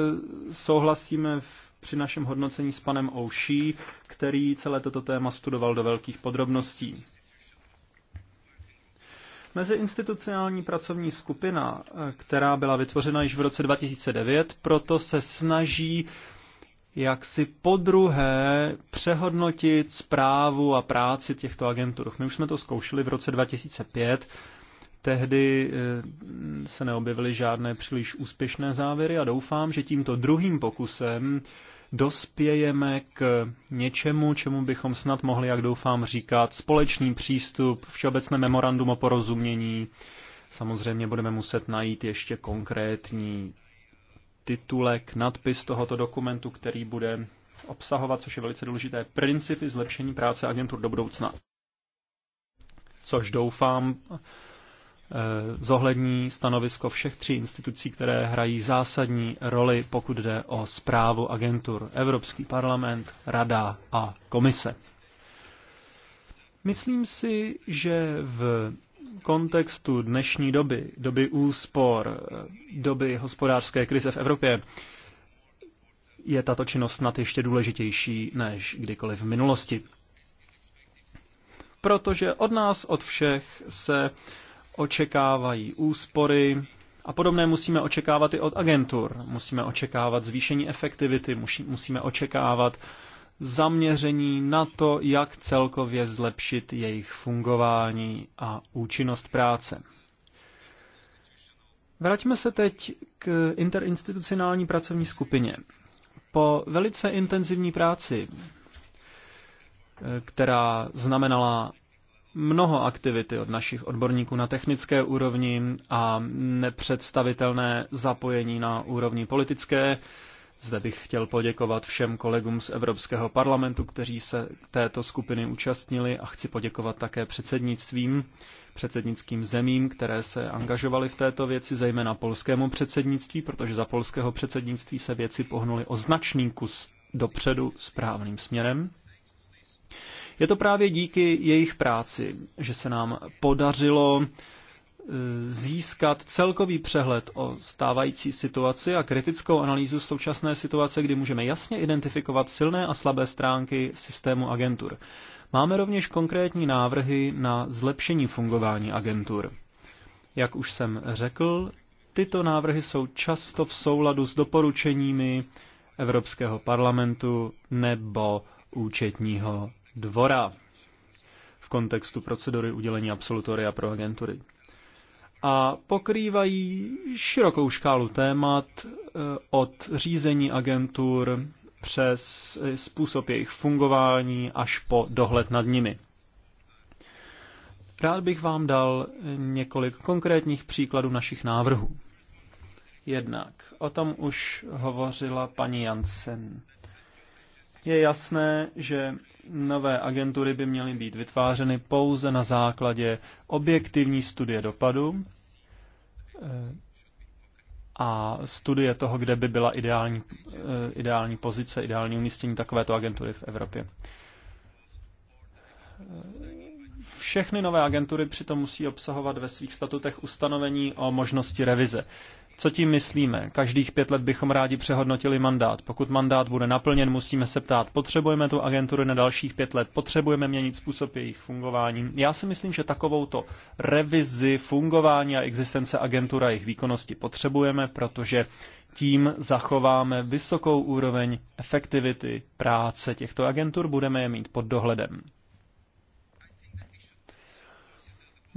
souhlasíme v při našem hodnocení s panem Ouší, který celé toto téma studoval do velkých podrobností. Meziinstitucionální pracovní skupina, e, která byla vytvořena již v roce 2009, proto se snaží jak si podruhé přehodnotit zprávu a práci těchto agentur. My už jsme to zkoušeli v roce 2005, tehdy eh, se neobjevily žádné příliš úspěšné závěry a doufám, že tímto druhým pokusem dospějeme k něčemu, čemu bychom snad mohli, jak doufám, říkat společný přístup, všeobecné memorandum o porozumění. Samozřejmě budeme muset najít ještě konkrétní titulek, nadpis tohoto dokumentu, který bude obsahovat, což je velice důležité, principy zlepšení práce agentur do budoucna. Což doufám eh, zohlední stanovisko všech tří institucí, které hrají zásadní roli, pokud jde o zprávu agentur Evropský parlament, Rada a Komise. Myslím si, že v kontextu dnešní doby, doby úspor, doby hospodářské krize v Evropě, je tato činnost snad ještě důležitější než kdykoliv v minulosti. Protože od nás, od všech se očekávají úspory a podobné musíme očekávat i od agentur. Musíme očekávat zvýšení efektivity, musíme očekávat uh, zaměření na to, jak celkově zlepšit jejich fungování a účinnost práce. Vraťme se teď k interinstitucionální pracovní skupině. Po velice intenzivní práci, která znamenala mnoho aktivity od našich odborníků na technické úrovni a nepředstavitelné zapojení na úrovni politické, zde bych chtěl poděkovat všem kolegům z Evropského parlamentu, kteří se této skupiny účastnili a chci poděkovat také předsednictvím, předsednickým zemím, které se angažovaly v této věci, zejména polskému předsednictví, protože za polského předsednictví se věci pohnuly o značný kus dopředu správným směrem. Je to právě díky jejich práci, že se nám podařilo získat celkový přehled o stávající situaci a kritickou analýzu současné situace, kdy můžeme jasně identifikovat silné a slabé stránky systému agentur. Máme rovněž konkrétní návrhy na zlepšení fungování agentur. Jak už jsem řekl, tyto návrhy jsou často v souladu s doporučeními Evropského parlamentu nebo účetního dvora v kontextu procedury udělení absolutoria pro agentury a pokrývají širokou škálu témat eh, od řízení agentur přes eh, způsob jejich fungování až po dohled nad nimi. Rád bych vám dal několik konkrétních příkladů našich návrhů. Jednak, o tom už hovořila paní Jansen. Je jasné, že nové agentury by měly být vytvářeny pouze na základě objektivní studie dopadu, Eh, a studie toho, kde by byla ideální, eh, ideální pozice, ideální umístění takovéto agentury v Evropě. Eh, všechny nové agentury přitom musí obsahovat ve svých statutech ustanovení o možnosti revize. Co tím myslíme? Každých pět let bychom rádi přehodnotili mandát. Pokud mandát bude naplněn, musíme se ptát, potřebujeme tu agenturu na dalších pět let, potřebujeme měnit způsob jejich fungování. Já si myslím, že takovouto revizi fungování a existence agentur a jejich výkonnosti potřebujeme, protože tím zachováme vysokou úroveň efektivity práce těchto agentur, budeme je mít pod dohledem.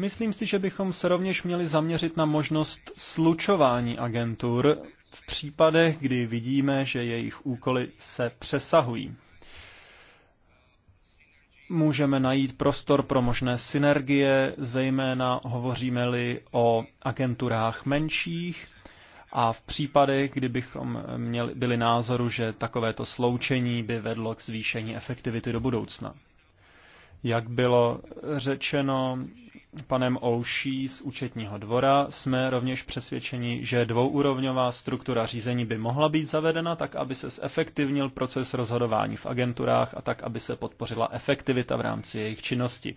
Myslím si, že bychom se rovněž měli zaměřit na možnost slučování agentur v případech, kdy vidíme, že jejich úkoly se přesahují. Můžeme najít prostor pro možné synergie, zejména hovoříme-li o agenturách menších a v případech, kdybychom měli, byli názoru, že takovéto sloučení by vedlo k zvýšení efektivity do budoucna. Jak bylo řečeno, panem Ouší z účetního dvora jsme rovněž přesvědčeni, že dvouúrovňová struktura řízení by mohla být zavedena tak, aby se zefektivnil proces rozhodování v agenturách a tak, aby se podpořila efektivita v rámci jejich činnosti.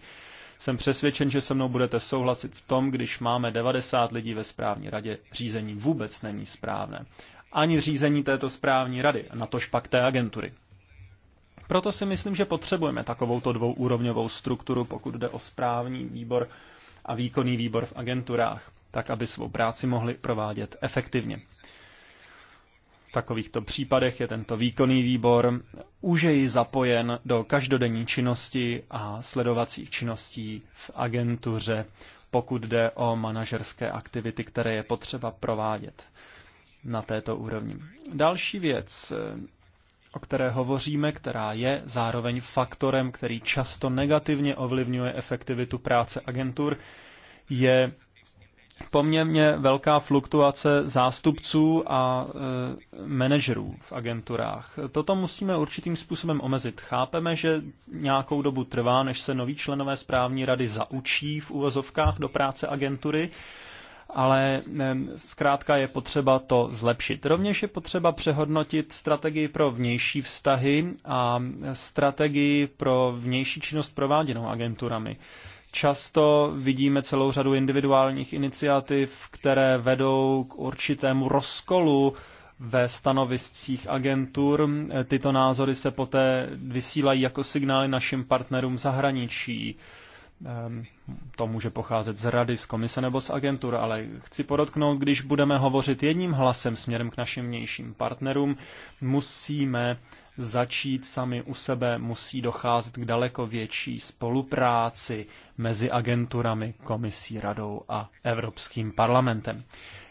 Jsem přesvědčen, že se mnou budete souhlasit v tom, když máme 90 lidí ve správní radě, řízení vůbec není správné. Ani řízení této správní rady, natož pak té agentury. Proto si myslím, že potřebujeme takovouto dvouúrovňovou strukturu, pokud jde o správní výbor a výkonný výbor v agenturách, tak aby svou práci mohli provádět efektivně. V takovýchto případech je tento výkonný výbor je zapojen do každodenní činnosti a sledovacích činností v agentuře, pokud jde o manažerské aktivity, které je potřeba provádět na této úrovni. Další věc, o které hovoříme, která je zároveň faktorem, který často negativně ovlivňuje efektivitu práce agentur, je poměrně velká fluktuace zástupců a e, manažerů v agenturách. Toto musíme určitým způsobem omezit. Chápeme, že nějakou dobu trvá, než se noví členové správní rady zaučí v uvozovkách do práce agentury, ale zkrátka je potřeba to zlepšit. Rovněž je potřeba přehodnotit strategii pro vnější vztahy a strategii pro vnější činnost prováděnou agenturami. Často vidíme celou řadu individuálních iniciativ, které vedou k určitému rozkolu ve stanoviscích agentur. Tyto názory se poté vysílají jako signály našim partnerům zahraničí. Ehm, to může pocházet z rady, z komise nebo z agentur, ale chci podotknout, když budeme hovořit jedním hlasem směrem k našim vnějším partnerům, musíme začít sami u sebe, musí docházet k daleko větší spolupráci mezi agenturami, komisí, radou a Evropským parlamentem.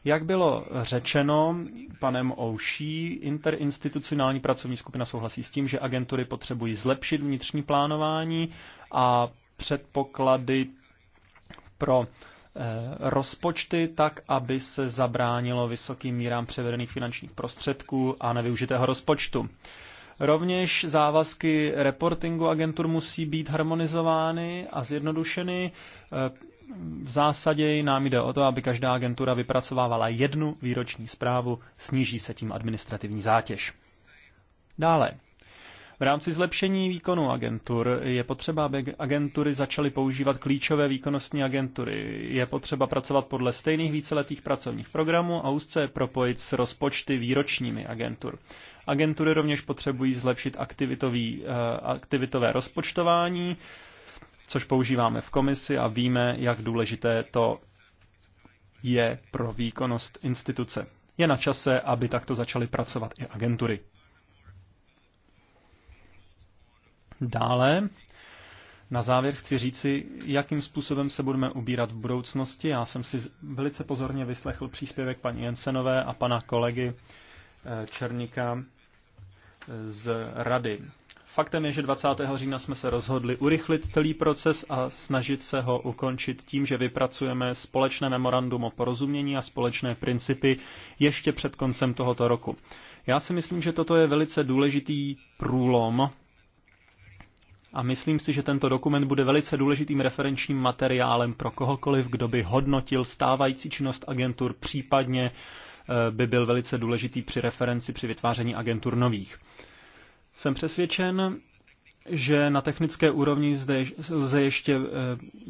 Jak bylo řečeno panem Ouší, interinstitucionální pracovní skupina souhlasí s tím, že agentury potřebují zlepšit vnitřní plánování a předpoklady pro eh, rozpočty tak, aby se zabránilo vysokým mírám převedených finančních prostředků a nevyužitého rozpočtu. Rovněž závazky reportingu agentur musí být harmonizovány a zjednodušeny. Eh, v zásadě nám jde o to, aby každá agentura vypracovávala jednu výroční zprávu, sníží se tím administrativní zátěž. Dále, v rámci zlepšení výkonu agentur je potřeba, aby agentury začaly používat klíčové výkonnostní agentury. Je potřeba pracovat podle stejných víceletých pracovních programů a úzce je propojit s rozpočty výročními agentur. Agentury rovněž potřebují zlepšit aktivitový, eh, aktivitové rozpočtování, což používáme v komisi a víme, jak důležité to je pro výkonnost instituce. Je na čase, aby takto začaly pracovat i agentury. Dále na závěr chci říci, jakým způsobem se budeme ubírat v budoucnosti. Já jsem si velice pozorně vyslechl příspěvek paní Jensenové a pana kolegy eh, Černíka eh, z Rady. Faktem je, že 20. října jsme se rozhodli urychlit celý proces a snažit se ho ukončit tím, že vypracujeme společné memorandum o porozumění a společné principy ještě před koncem tohoto roku. Já si myslím, že toto je velice důležitý průlom a myslím si, že tento dokument bude velice důležitým referenčním materiálem pro kohokoliv, kdo by hodnotil stávající činnost agentur, případně eh, by byl velice důležitý při referenci při vytváření agentur nových. Jsem přesvědčen, že na technické úrovni zde lze ještě eh,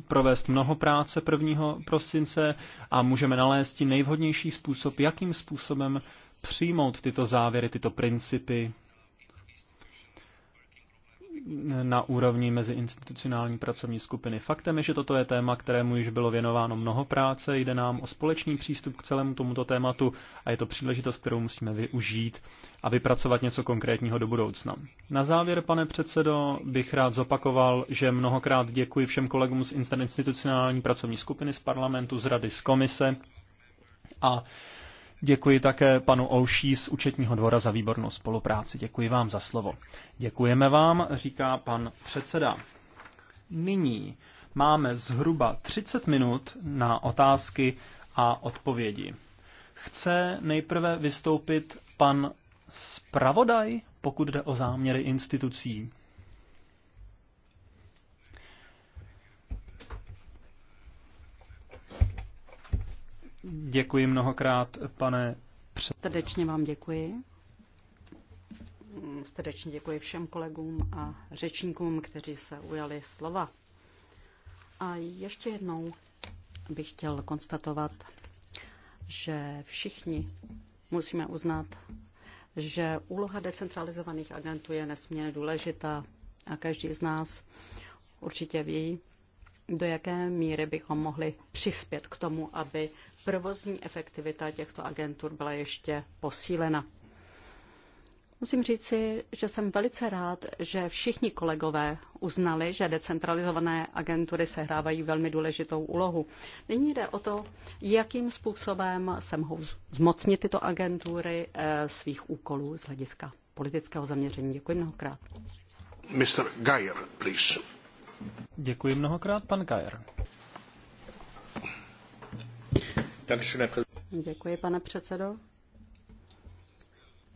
provést mnoho práce 1. prosince a můžeme nalézt nejvhodnější způsob, jakým způsobem přijmout tyto závěry, tyto principy na úrovni meziinstitucionální pracovní skupiny. Faktem je, že toto je téma, kterému již bylo věnováno mnoho práce, jde nám o společný přístup k celému tomuto tématu a je to příležitost, kterou musíme využít a vypracovat něco konkrétního do budoucna. Na závěr, pane předsedo, bych rád zopakoval, že mnohokrát děkuji všem kolegům z institucionální pracovní skupiny, z parlamentu, z rady, z komise a Děkuji také panu Olší z účetního dvora za výbornou spolupráci. Děkuji vám za slovo. Děkujeme vám, říká pan předseda. Nyní máme zhruba 30 minut na otázky a odpovědi. Chce nejprve vystoupit pan zpravodaj, pokud jde o záměry institucí. Děkuji mnohokrát, pane předsedo. Srdečně vám děkuji. Srdečně děkuji všem kolegům a řečníkům, kteří se ujali slova. A ještě jednou bych chtěl konstatovat, že všichni musíme uznat, že úloha decentralizovaných agentů je nesmírně důležitá a každý z nás určitě ví, do jaké míry bychom mohli přispět k tomu, aby provozní efektivita těchto agentur byla ještě posílena. Musím říci, že jsem velice rád, že všichni kolegové uznali, že decentralizované agentury sehrávají velmi důležitou úlohu. Nyní jde o to, jakým způsobem se mohou zmocnit tyto agentury eh, svých úkolů z hlediska politického zaměření. Děkuji mnohokrát. Mr. Geyer, please. Děkuji mnohokrát, pan Kajer. Děkuji, pane předsedo.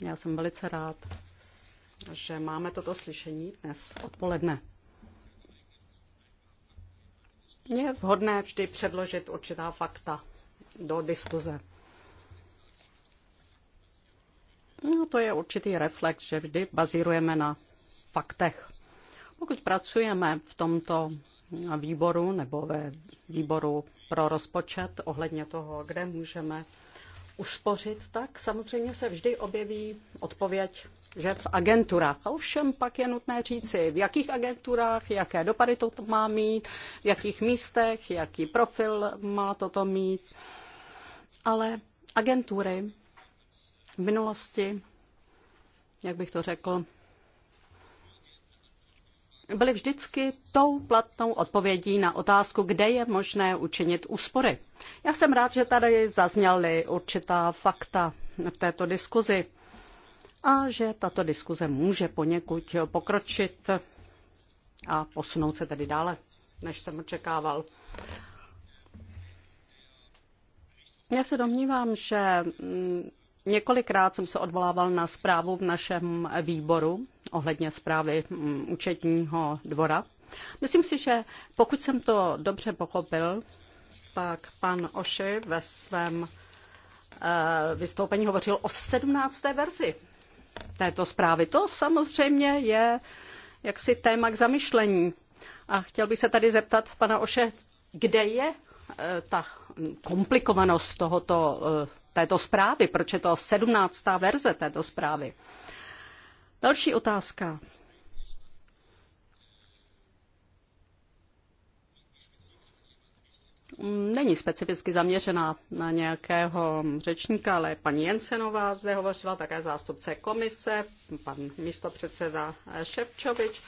Já jsem velice rád, že máme toto slyšení dnes odpoledne. Je vhodné vždy předložit určitá fakta do diskuze. No, to je určitý reflex, že vždy bazírujeme na faktech. Pokud pracujeme v tomto výboru nebo ve výboru pro rozpočet ohledně toho, kde můžeme uspořit, tak samozřejmě se vždy objeví odpověď, že v agenturách. A ovšem pak je nutné říci, v jakých agenturách, jaké dopady to má mít, v jakých místech, jaký profil má toto mít. Ale agentury v minulosti, jak bych to řekl, byly vždycky tou platnou odpovědí na otázku, kde je možné učinit úspory. Já jsem rád, že tady zazněly určitá fakta v této diskuzi a že tato diskuze může poněkud pokročit a posunout se tedy dále, než jsem očekával. Já se domnívám, že mm, Několikrát jsem se odvolával na zprávu v našem výboru ohledně zprávy mm, účetního dvora. Myslím si, že pokud jsem to dobře pochopil, tak pan Oši ve svém eh, vystoupení hovořil o 17. verzi této zprávy. To samozřejmě je jaksi téma k zamyšlení. A chtěl bych se tady zeptat pana Oše, kde je eh, ta komplikovanost tohoto eh, této zprávy, proč je to 17. verze této zprávy. Další otázka. Není specificky zaměřená na nějakého řečníka, ale paní Jensenová zde hovořila, také zástupce komise, pan místopředseda Ševčovič.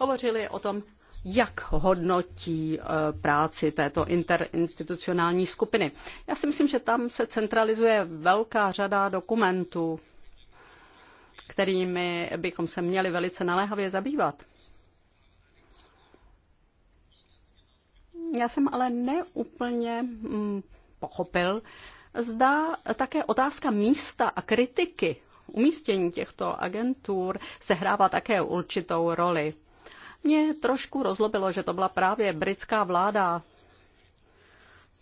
Hovořili o tom jak hodnotí eh, práci této interinstitucionální skupiny. Já si myslím, že tam se centralizuje velká řada dokumentů, kterými bychom se měli velice naléhavě zabývat. Já jsem ale neúplně mm, pochopil, zda také otázka místa a kritiky umístění těchto agentur sehrává také určitou roli. Mě trošku rozlobilo, že to byla právě britská vláda,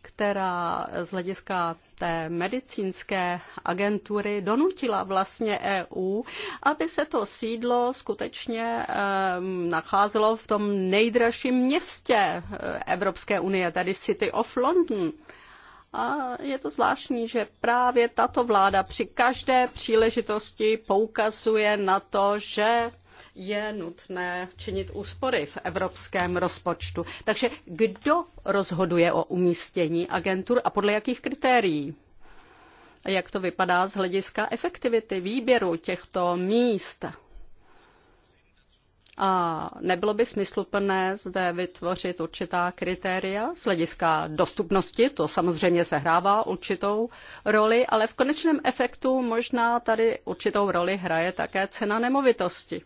která z hlediska té medicínské agentury donutila vlastně EU, aby se to sídlo skutečně nacházelo v tom nejdražším městě eh, Evropské unie, tedy City of London. A je to zvláštní, že právě tato vláda při každé příležitosti poukazuje na to, že je nutné činit úspory v evropském rozpočtu. Takže kdo rozhoduje o umístění agentur a podle jakých kritérií? Jak to vypadá z hlediska efektivity výběru těchto míst? A nebylo by smysluplné zde vytvořit určitá kritéria z hlediska dostupnosti, to samozřejmě sehrává určitou roli, ale v konečném efektu možná tady určitou roli hraje také cena nemovitosti.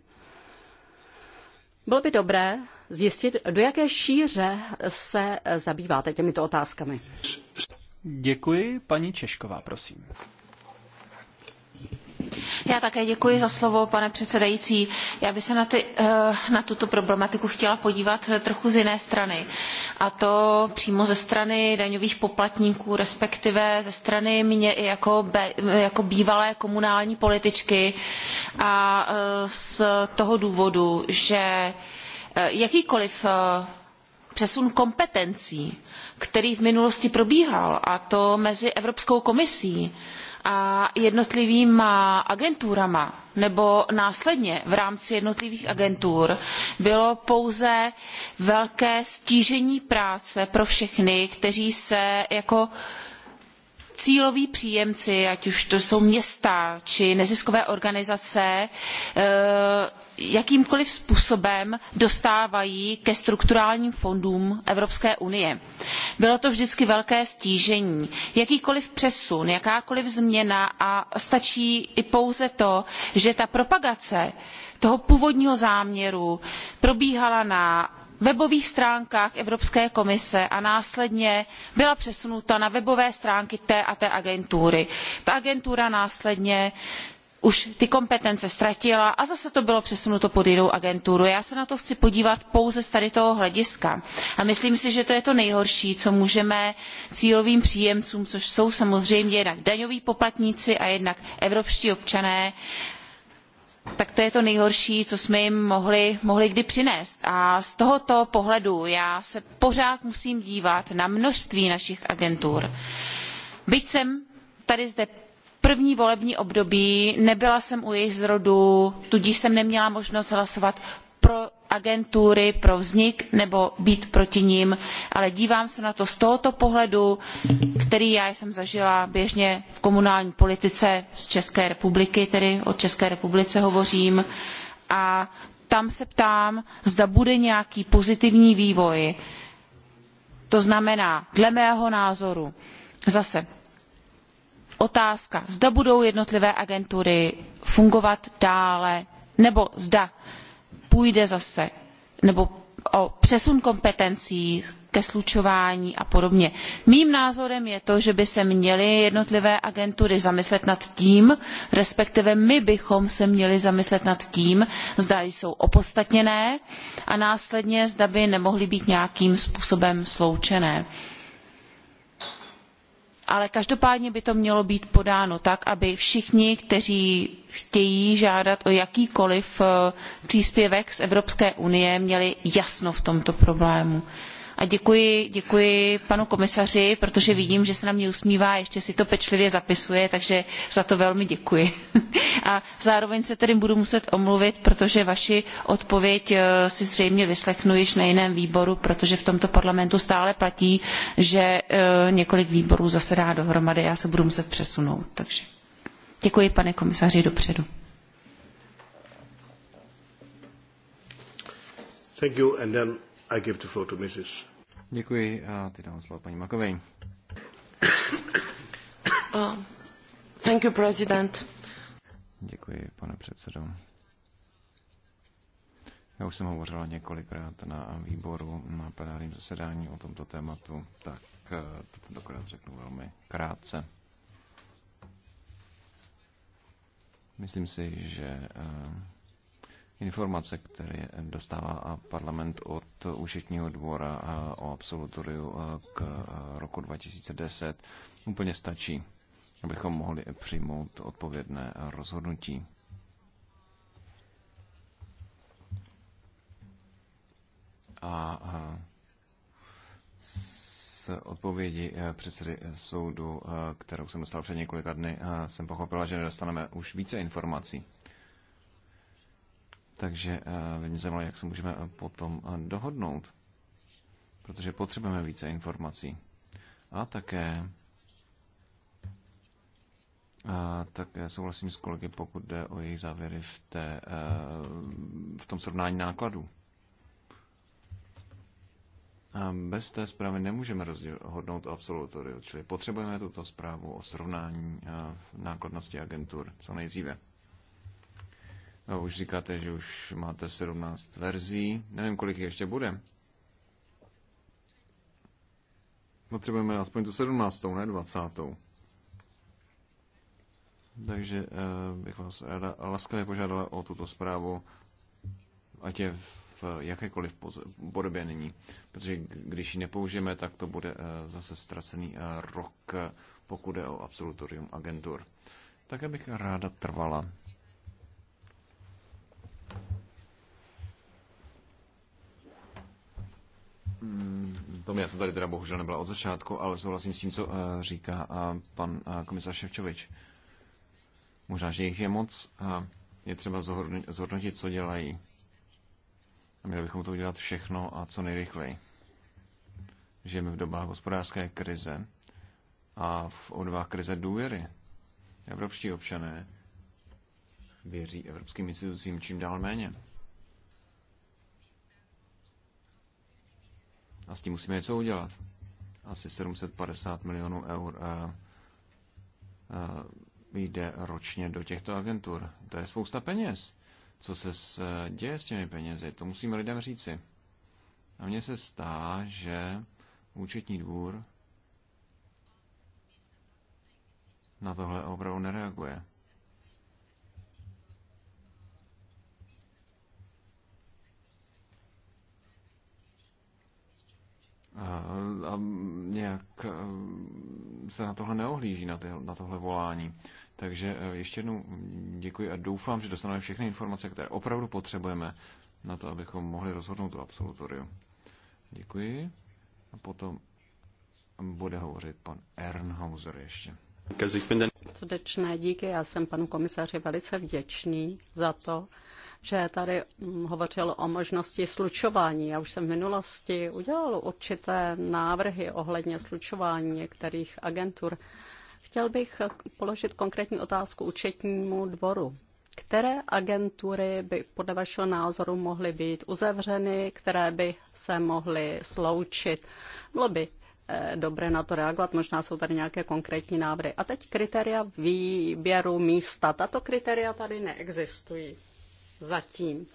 Bylo by dobré zjistit, do jaké šíře se zabýváte těmito otázkami. Děkuji. Paní Češková, prosím. Já také děkuji za slovo, pane předsedající. Já bych se na, ty, eh, na tuto problematiku chtěla podívat eh, trochu z jiné strany. A to přímo ze strany daňových poplatníků, respektive ze strany mě i jako, jako bývalé komunální političky. A eh, z toho důvodu, že jakýkoliv přesun kompetencí, který v minulosti probíhal, a to mezi Evropskou komisí, a jednotlivýma eh, agenturama nebo následně v rámci jednotlivých agentur bylo pouze velké stížení práce pro všechny, kteří se jako cíloví příjemci, ať už to jsou města či neziskové organizace, eh, jakýmkoliv způsobem dostávají ke strukturálním fondům Evropské unie. Bylo to vždycky velké stížení. Jakýkoliv přesun, jakákoliv změna a stačí i pouze to, že ta propagace toho původního záměru probíhala na webových stránkách Evropské komise a následně byla přesunuta na webové stránky té a té agentury. Ta agentura následně už ty kompetence ztratila a zase to bylo přesunuto pod jinou agenturu. Já se na to chci podívat pouze z tady toho hlediska. A myslím si, že to je to nejhorší, co můžeme cílovým příjemcům, což jsou samozřejmě jednak daňoví poplatníci a jednak evropští občané, tak to je to nejhorší, co jsme jim mohli, mohli kdy přinést. A z tohoto pohledu já se pořád musím dívat na množství našich agentur. Byť jsem tady zde první volební období, nebyla jsem u jejich zrodu, tudíž jsem neměla možnost hlasovat pro agentury pro vznik nebo být proti nim, ale dívám se na to z tohoto pohledu, který já jsem zažila běžně v komunální politice z České republiky, tedy o České republice hovořím, a tam se ptám, zda bude nějaký pozitivní vývoj. To znamená, dle mého názoru, zase otázka, zda budou jednotlivé agentury fungovat dále, nebo zda půjde zase nebo o přesun kompetencí ke slučování a podobně. Mým názorem je to, že by se měly jednotlivé agentury zamyslet nad tím, respektive my bychom se měli zamyslet nad tím, zda jsou opostatněné a následně zda by nemohly být nějakým způsobem sloučené ale každopádně by to mělo být podáno tak, aby všichni, kteří chtějí žádat o jakýkoliv eh, příspěvek z Evropské unie, měli jasno v tomto problému a děkuji, děkuji panu komisaři, protože vidím, že se na mě usmívá, ještě si to pečlivě zapisuje, takže za to velmi děkuji. A zároveň se tedy budu muset omluvit, protože vaši odpověď eh, si zřejmě vyslechnu již na jiném výboru, protože v tomto parlamentu stále platí, že eh, několik výborů zasedá dohromady. Já se budu muset přesunout. Takže děkuji, pane komisaři, dopředu. Thank you, and then i give the floor to Mrs. Děkuji a teď dám slovo paní Makovej. Uh, thank you, President. Děkuji, pane předsedo. Já už jsem hovořila několikrát na výboru, na plenárním zasedání o tomto tématu, tak eh, to tentokrát řeknu velmi krátce. Myslím si, že eh, informace, které dostává parlament od Ušetního dvora o absolutoriu k roku 2010, úplně stačí, abychom mohli přijmout odpovědné rozhodnutí. A z odpovědi e, předsedy soudu, e, kterou jsem dostal před několika dny, e, jsem pochopila, že nedostaneme už více informací. Takže eh, by mě zajímalo, jak se můžeme eh, potom eh, dohodnout, protože potřebujeme více informací. A také, a také souhlasím s kolegy, pokud jde o jejich závěry v, té, v tom srovnání nákladů. A bez té zprávy nemůžeme rozhodnout o absolutoriu, čili potřebujeme tuto zprávu o srovnání nákladnosti agentur co nejdříve. No, už říkáte, že už máte 17 verzí. Nevím, kolik jich ještě bude. Potřebujeme aspoň tu 17. ne 20. Takže eh, bych vás ráda laskavě požádala o tuto zprávu, ať je v jakékoliv podobě nyní. Protože když ji nepoužijeme, tak to bude eh, zase ztracený eh, rok, pokud je o absolutorium agentur. Tak bych ráda trvala Mm, to já jsem tady teda bohužel nebyla od začátku, ale souhlasím s tím, co eh, říká eh, pan eh, komisař Ševčovič. Možná, že jich je moc a je třeba zhodnotit, co dělají. A měli bychom to udělat všechno a co nejrychleji. Žijeme v dobách hospodářské krize a v odvách krize důvěry. Evropští občané věří evropským institucím čím dál méně. A s tím musíme něco udělat. Asi 750 milionů eur eh, eh, jde ročně do těchto agentur. To je spousta peněz. Co se eh, děje s těmi penězi? To musíme lidem říci. A mně se stá, že účetní dvůr na tohle opravdu nereaguje. a nějak se na tohle neohlíží, na, ty, na tohle volání. Takže e, ještě jednou děkuji a doufám, že dostaneme všechny informace, které opravdu potřebujeme na to, abychom mohli rozhodnout o absolutoriu. Děkuji. A potom bude hovořit pan Ernhauser ještě. Srdečné díky, já jsem panu komisaři velice vděčný za to, že tady mm, hovořil o možnosti slučování. Já už jsem v minulosti udělal určité návrhy ohledně slučování některých agentur. Chtěl bych položit konkrétní otázku účetnímu dvoru. Které agentury by podle vašeho názoru mohly být uzavřeny, které by se mohly sloučit? Bylo by eh, dobré na to reagovat. Možná jsou tady nějaké konkrétní návrhy. A teď kritéria výběru místa. Tato kritéria tady neexistují zatím.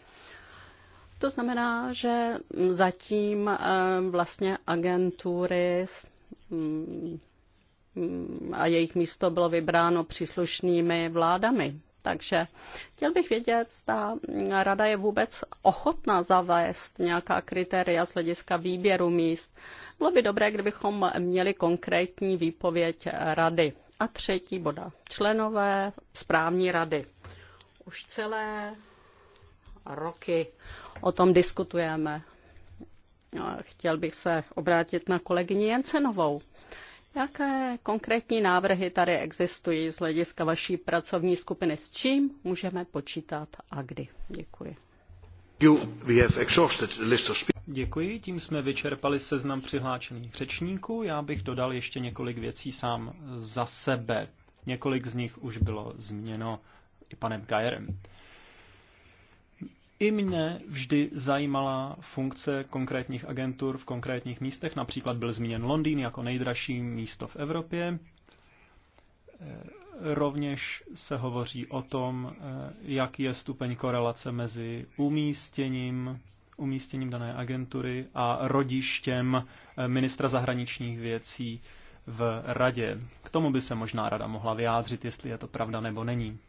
To znamená, že zatím eh, vlastně agentury mm, a jejich místo bylo vybráno příslušnými vládami. Takže chtěl bych vědět, zda rada je vůbec ochotná zavést nějaká kritéria z hlediska výběru míst. Bylo by dobré, kdybychom měli konkrétní výpověď rady. A třetí boda. Členové správní rady. Už celé roky o tom diskutujeme. Chtěl bych se obrátit na kolegyni Jensenovou. Jaké konkrétní návrhy tady existují z hlediska vaší pracovní skupiny? S čím můžeme počítat a kdy? Děkuji. Děkuji, tím jsme vyčerpali seznam přihlášených řečníků. Já bych dodal ještě několik věcí sám za sebe. Několik z nich už bylo změněno i panem Gajerem. I mě vždy zajímala funkce konkrétních agentur v konkrétních místech. Například byl zmíněn Londýn jako nejdražší místo v Evropě. E, rovněž se hovoří o tom, e, jaký je stupeň korelace mezi umístěním, umístěním dané agentury a rodištěm e, ministra zahraničních věcí v radě. K tomu by se možná rada mohla vyjádřit, jestli je to pravda nebo není.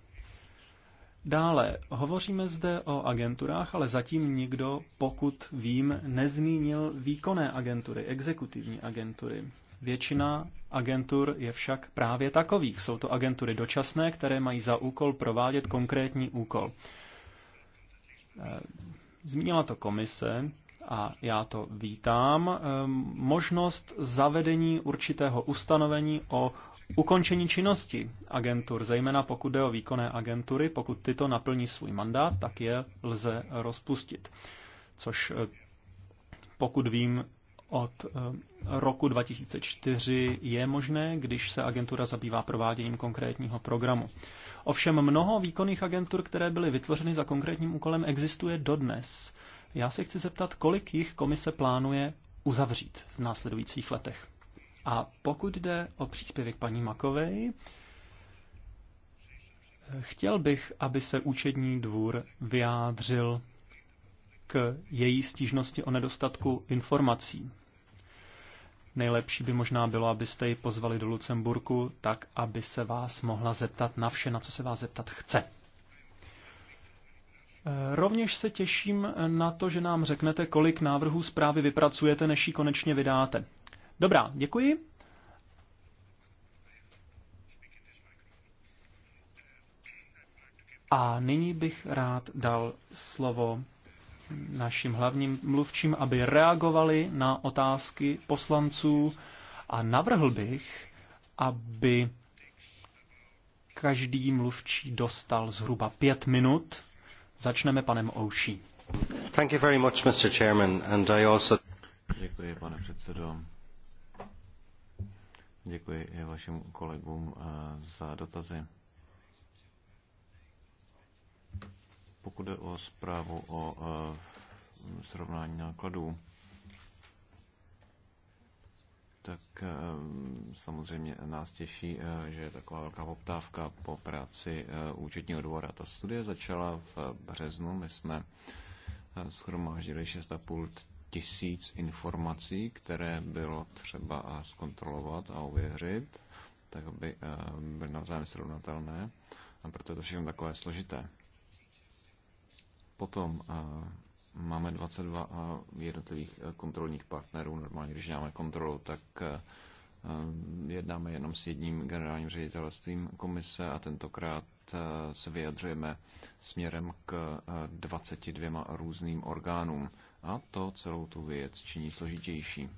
Dále, hovoříme zde o agenturách, ale zatím nikdo, pokud vím, nezmínil výkonné agentury, exekutivní agentury. Většina agentur je však právě takových. Jsou to agentury dočasné, které mají za úkol provádět konkrétní úkol. Eh, zmínila to komise a já to vítám. Eh, možnost zavedení určitého ustanovení o ukončení činnosti agentur, zejména pokud jde o výkonné agentury, pokud tyto naplní svůj mandát, tak je lze rozpustit. Což eh, pokud vím, od eh, roku 2004 je možné, když se agentura zabývá prováděním konkrétního programu. Ovšem mnoho výkonných agentur, které byly vytvořeny za konkrétním úkolem, existuje dodnes. Já se chci zeptat, kolik jich komise plánuje uzavřít v následujících letech. A pokud jde o příspěvek paní Makovej, chtěl bych, aby se účetní dvůr vyjádřil k její stížnosti o nedostatku informací. Nejlepší by možná bylo, abyste ji pozvali do Lucemburku, tak aby se vás mohla zeptat na vše, na co se vás zeptat chce. Rovněž se těším na to, že nám řeknete, kolik návrhů zprávy vypracujete, než ji konečně vydáte. Dobrá, děkuji. A nyní bych rád dal slovo našim hlavním mluvčím, aby reagovali na otázky poslanců a navrhl bych, aby každý mluvčí dostal zhruba pět minut. Začneme panem Ouší. Thank you very much, Mr. Chairman, and I also... Děkuji, pane předsedo. Děkuji i vašim kolegům eh, za dotazy. Pokud jde o zprávu o eh, srovnání nákladů, tak eh, samozřejmě nás těší, že je taková velká poptávka po práci účetního dvora. Ta studie začala v březnu, my jsme schromáždili 6,5 tisíc informací, které bylo třeba eh, zkontrolovat a ověřit, tak aby eh, byly navzájem srovnatelné. A proto je to všechno takové složité. Potom eh, máme 22 jednotlivých kontrolních partnerů. Normálně, když máme kontrolu, tak jednáme jenom s jedním generálním ředitelstvím komise a tentokrát se vyjadřujeme směrem k 22 různým orgánům a to celou tu věc činí složitější.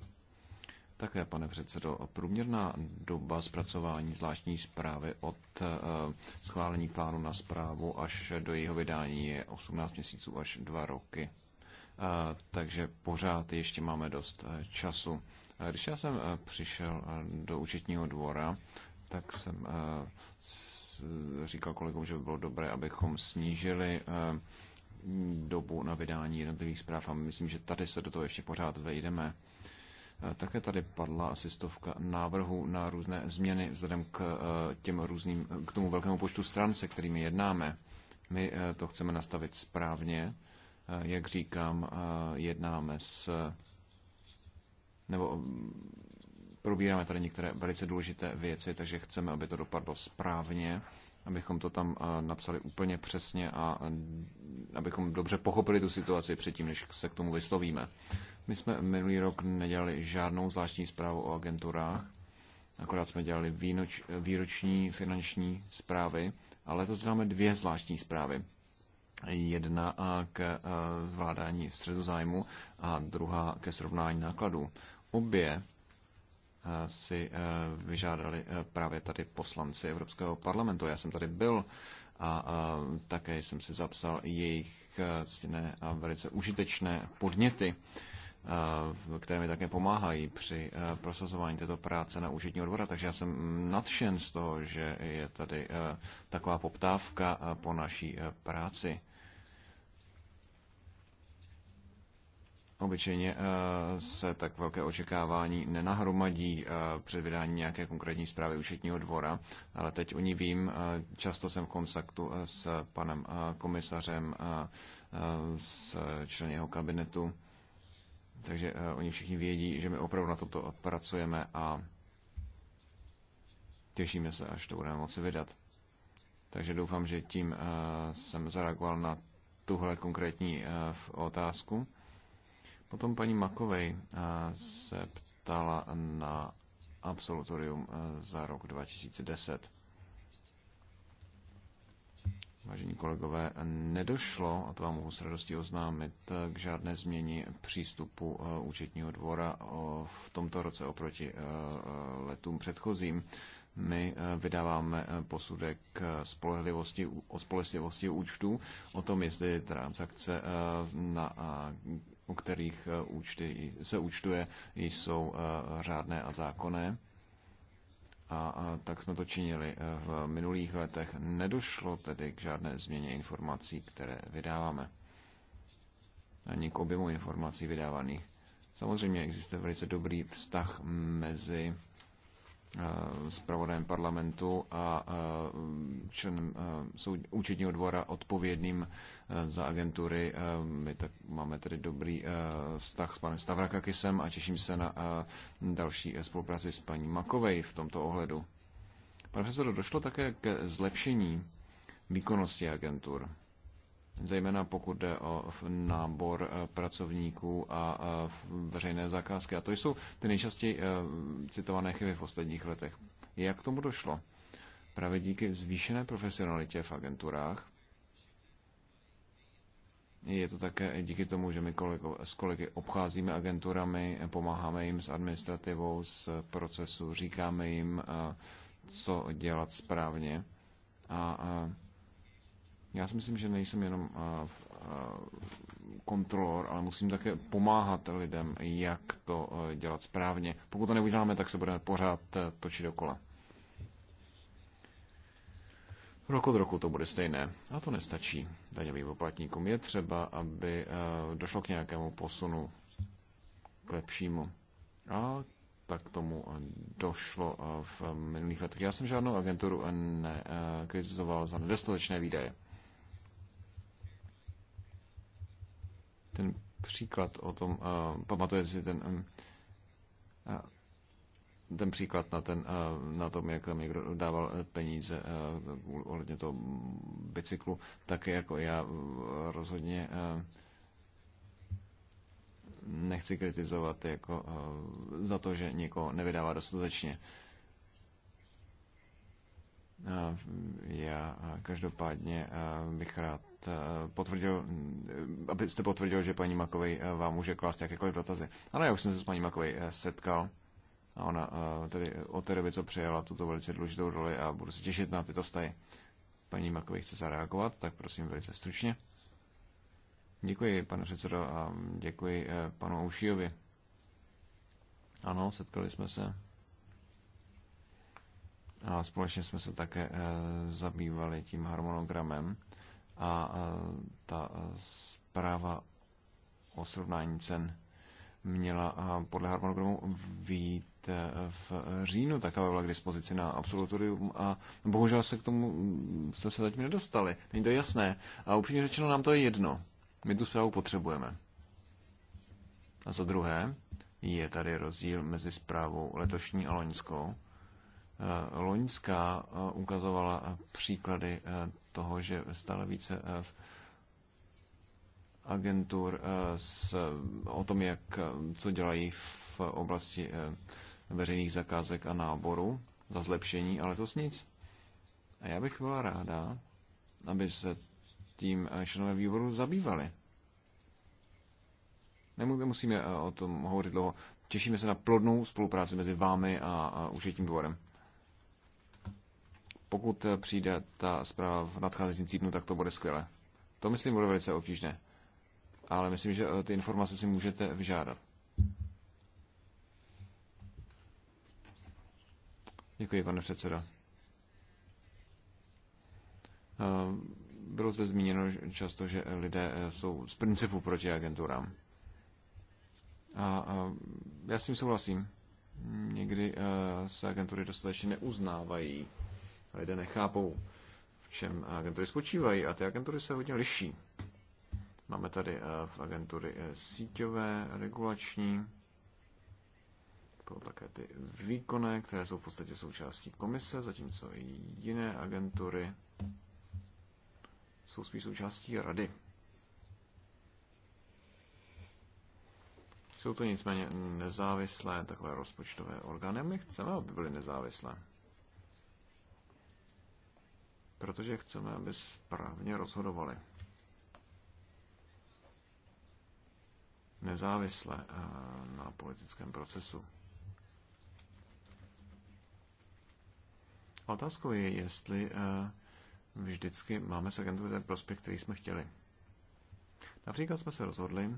Také, pane předsedo, průměrná doba zpracování zvláštní zprávy od eh, schválení plánu na zprávu až do jeho vydání je 18 měsíců až 2 roky. Eh, takže pořád ještě máme dost eh, času. Když já jsem přišel do účetního dvora, tak jsem říkal kolegům, že by bylo dobré, abychom snížili dobu na vydání jednotlivých zpráv a myslím, že tady se do toho ještě pořád vejdeme. Eh, také tady padla asi stovka návrhů na různé změny vzhledem k, eh, těm různým, k tomu velkému počtu stran, se kterými jednáme. My eh, to chceme nastavit správně. Jak říkám, jednáme s nebo probíráme tady některé velice důležité věci, takže chceme, aby to dopadlo správně abychom to tam eh, napsali úplně přesně a eh, abychom dobře pochopili tu situaci předtím, než se k tomu vyslovíme. My jsme minulý rok nedělali žádnou zvláštní zprávu o agenturách, akorát jsme dělali výnoč, výroční finanční zprávy, ale letos děláme dvě zvláštní zprávy. Jedna eh, k zvládání středu zájmu a druhá ke srovnání nákladů. Obě Eh, si eh, vyžádali eh, právě tady poslanci Evropského parlamentu. Já jsem tady byl a také jsem si zapsal jejich ctěné a velice užitečné podněty které mi také pomáhají při prosazování této práce na účetní odbora. Takže já jsem nadšen z toho, že je tady taková poptávka po naší práci. Obyčejně eh, se tak velké očekávání nenahromadí eh, před vydání nějaké konkrétní zprávy účetního dvora, ale teď o ní vím. Eh, často jsem v kontaktu s panem komisařem, a s členy jeho kabinetu, takže oni všichni vědí, že my opravdu na toto pracujeme a těšíme se, až to budeme moci vydat. Takže doufám, že tím jsem zareagoval na tuhle konkrétní otázku. Potom paní Makovej eh, se ptala na absolutorium eh, za rok 2010. Vážení kolegové, nedošlo, a to vám mohu s radostí oznámit, eh, k žádné změně přístupu účetního dvora v tomto roce oproti letům předchozím. My vydáváme posudek spolehlivosti, o spolehlivosti účtů, o tom, jestli transakce na u kterých eh, účty se účtuje, jsou eh, řádné a zákonné. A, tak jsme to činili eh, v minulých letech. Nedošlo tedy k žádné změně informací, které vydáváme. Ani k objemu informací vydávaných. Samozřejmě existuje velice dobrý vztah mezi Eh, zpravodajem parlamentu a eh, členem eh, účetního dvora odpovědným za agentury. My tak máme tedy dobrý vztah s panem Stavrakakisem a těším se na další spolupráci s paní Makovej v tomto ohledu. Pane předsedo, došlo také k zlepšení výkonnosti agentur zejména pokud jde o nábor eh, pracovníků a eh, veřejné zakázky. A to jsou ty nejčastěji eh, citované chyby v posledních letech. Jak k tomu došlo? Právě díky zvýšené profesionalitě v agenturách je to také díky tomu, že my s kolegy obcházíme agenturami, pomáháme jim s administrativou, s procesu, říkáme jim, co dělat správně. A, a já si myslím, že nejsem jenom eh, eh, kontrolor, ale musím také pomáhat lidem, jak to eh, dělat správně. Pokud to neuděláme, tak se budeme pořád točit dokola. Rok od roku to bude stejné. A to nestačí daňovým poplatníkům. Je třeba, aby došlo k nějakému posunu k lepšímu. A tak tomu došlo v minulých letech. Já jsem žádnou agenturu nekritizoval za nedostatečné výdaje. ten příklad o tom, uh, eh, pamatuje si ten, um, uh, ten příklad na, ten, uh, na tom, jak tam někdo dával peníze uh, ohledně toho bicyklu, tak jako já rozhodně uh, nechci kritizovat jako uh, za to, že někoho nevydává dostatečně. Uh, já každopádně uh, bych rád Eh, potvrdil, eh, abyste potvrdil, že paní Makovej eh, vám může klást jakékoliv dotazy. Ano, já už jsem se s paní Makovej setkal a ona tedy od té doby, co přijala tuto velice důležitou roli a budu se těšit na tyto vztahy. Paní Makovej chce zareagovat, tak prosím velice stručně. Děkuji, pane předsedo, a děkuji panu Ušijovi. Ano, setkali jsme se. A společně jsme se také zabývali tím harmonogramem a ta zpráva o srovnání cen měla podle harmonogramu výjít e, v říjnu, tak aby byla k dispozici na absolutorium a bohužel se k tomu jste se zatím nedostali. Není to jasné. A upřímně řečeno nám to je jedno. My tu zprávu potřebujeme. A za druhé, je tady rozdíl mezi zprávou letošní a loňskou. Eh, loňská eh, ukazovala eh, příklady toho, že stále více agentur s, o tom, jak, co dělají v oblasti veřejných zakázek a náboru za zlepšení, ale to nic. A já bych byla ráda, aby se tím členové výboru zabývali. Nemusíme o tom hovořit dlouho. Těšíme se na plodnou spolupráci mezi vámi a, a dvorem. Pokud eh, přijde ta zpráva v nadcházejícím týdnu, tak to bude skvělé. To myslím bude velice obtížné. Ale myslím, že eh, ty informace si můžete vyžádat. Děkuji, pane předsedo. Eh, bylo zde zmíněno často, že lidé jsou z principu proti agenturám. A, já s tím souhlasím. Někdy se agentury dostatečně neuznávají lidé nechápou, v čem agentury spočívají. A ty agentury se hodně liší. Máme tady eh, v agentury eh, síťové, regulační, pro také ty výkonné, které jsou v podstatě součástí komise, zatímco i jiné agentury jsou spíš součástí rady. Jsou to nicméně nezávislé takové rozpočtové orgány my chceme, aby byly nezávislé protože chceme, aby správně rozhodovali. Nezávisle eh, na politickém procesu. Otázkou je, jestli eh, vždycky máme s agenturou ten prospekt, který jsme chtěli. Například jsme se rozhodli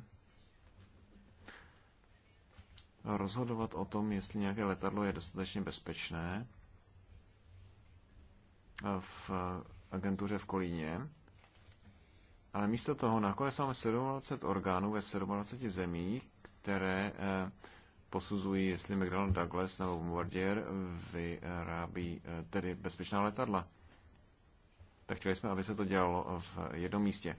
rozhodovat o tom, jestli nějaké letadlo je dostatečně bezpečné, v eh, agentuře v Kolíně, ale místo toho nakonec máme 27 orgánů ve 27 zemích, které eh, posuzují, jestli McDonnell Douglas nebo Bombardier vyrábí eh, tedy bezpečná letadla. Tak chtěli jsme, aby se to dělalo v jednom místě.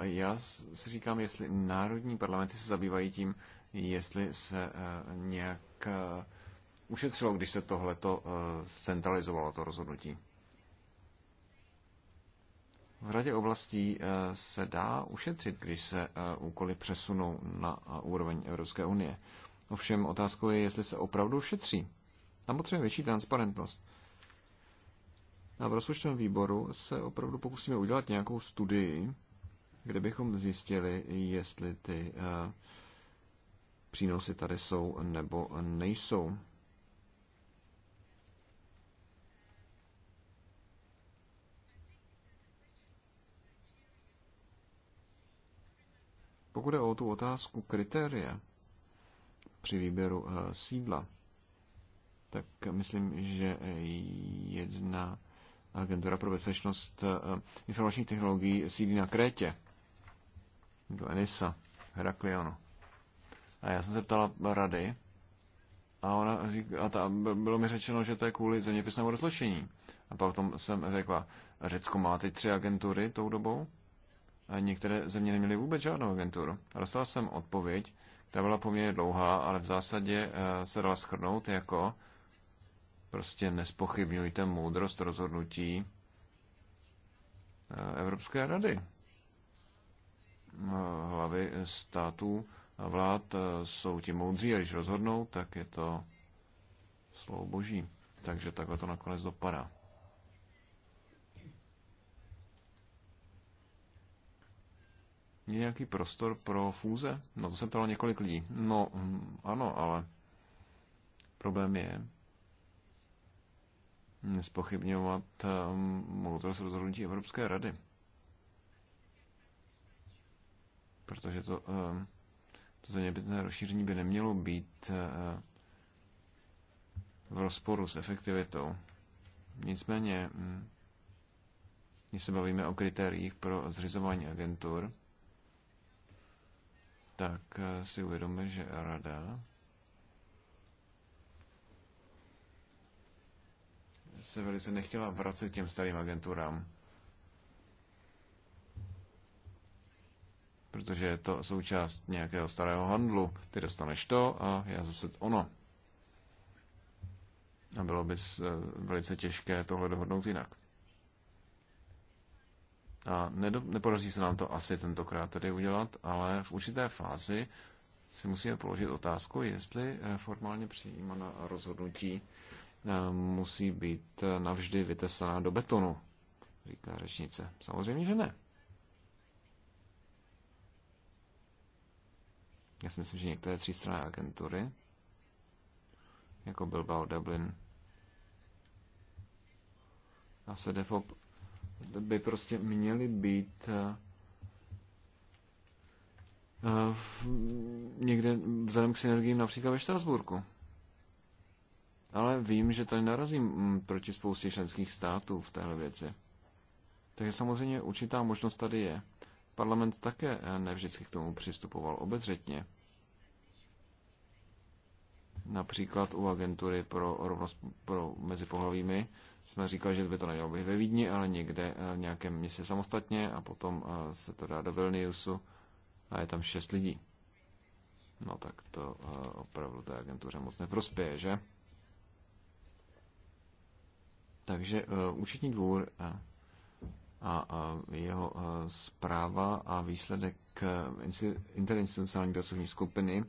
Já si říkám, jestli národní parlamenty se zabývají tím, jestli se nějak ušetřilo, když se tohleto centralizovalo, to rozhodnutí. V řadě oblastí eh, se dá ušetřit, když se eh, úkoly přesunou na eh, úroveň Evropské unie. Ovšem otázkou je, jestli se opravdu ušetří. Tam potřebujeme větší transparentnost. A v rozpočtovém výboru se opravdu pokusíme udělat nějakou studii, kde bychom zjistili, jestli ty přínosy tady jsou nebo nejsou. Pokud je o tu otázku kritéria při výběru eh, sídla, tak myslím, že jedna agentura pro bezpečnost eh, informačních technologií sídlí na Krétě. Do Enisa, Heraklionu. A já jsem se ptala rady, a, ona říká, a ta, bylo mi řečeno, že to je kvůli zeměpisnému rozločení. A pak tom jsem řekla, Řecko má ty tři agentury tou dobou, některé země neměly vůbec žádnou agenturu. Dostal jsem odpověď, která byla poměrně dlouhá, ale v zásadě eh, se dala schrnout jako prostě nespochybňujte moudrost rozhodnutí eh, Evropské rady. Eh, hlavy států a vlád jsou ti moudří a když rozhodnou, tak je to slovo boží. Takže takhle to nakonec dopadá. je nějaký prostor pro fůze? No to jsem ptal několik lidí. No mm, ano, ale problém je nespochybňovat mm, moudrost rozhodnutí Evropské rady. Protože to, mm, to zeměpisné rozšíření by nemělo být v rozporu s efektivitou. Nicméně, když se bavíme o kritériích pro zřizování agentur, tak eh, si uvědomíme, že rada se velice nechtěla vracet těm starým agenturám. Protože je to součást nějakého starého handlu. Ty dostaneš to a já zase ono. A bylo by eh, velice těžké tohle dohodnout jinak. A nepodaří se nám to asi tentokrát tedy udělat, ale v určité fázi si musíme položit otázku, jestli eh, formálně přijímaná rozhodnutí eh, musí být eh, navždy vytesaná do betonu, říká řečnice. Samozřejmě, že ne. Já si myslím, že některé strany agentury, jako Bilbao Dublin a Sedefop, by prostě měly být eh, někde vzhledem k synergiím například ve Štrasburku. Ale vím, že tady narazím mm, proti spoustě členských států v téhle věci. Takže samozřejmě určitá možnost tady je. Parlament také eh, nevždycky k tomu přistupoval obezřetně. Například u agentury pro rovnost pro mezi pohlavími jsme říkali, že by to nemělo být ve Vídni, ale někde eh, v nějakém městě samostatně a potom eh, se to dá do Vilniusu a je tam šest lidí. No tak to eh, opravdu té agentuře moc neprospěje, že? Takže účetní dvůr a jeho zpráva a výsledek interinstitucionální pracovní skupiny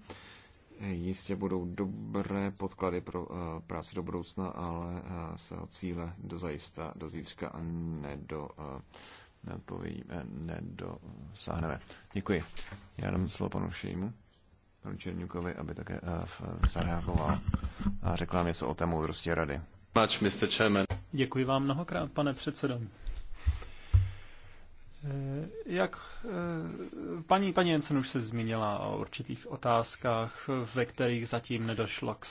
jistě budou dobré podklady pro eh, práci do budoucna, ale eh, se od cíle do zajista, do zítřka a ne do eh, neodpovíme, nedosáhneme. Děkuji. Já dám slovo panu Šejmu, panu Černíkovi, aby také zareagoval a řekl nám něco o té moudrosti rady. Much, Mr. Chairman. Děkuji vám mnohokrát, pane předsedo. Eh, jak eh, paní, paní Jensen už se zmínila o určitých otázkách, ve kterých zatím nedošlo k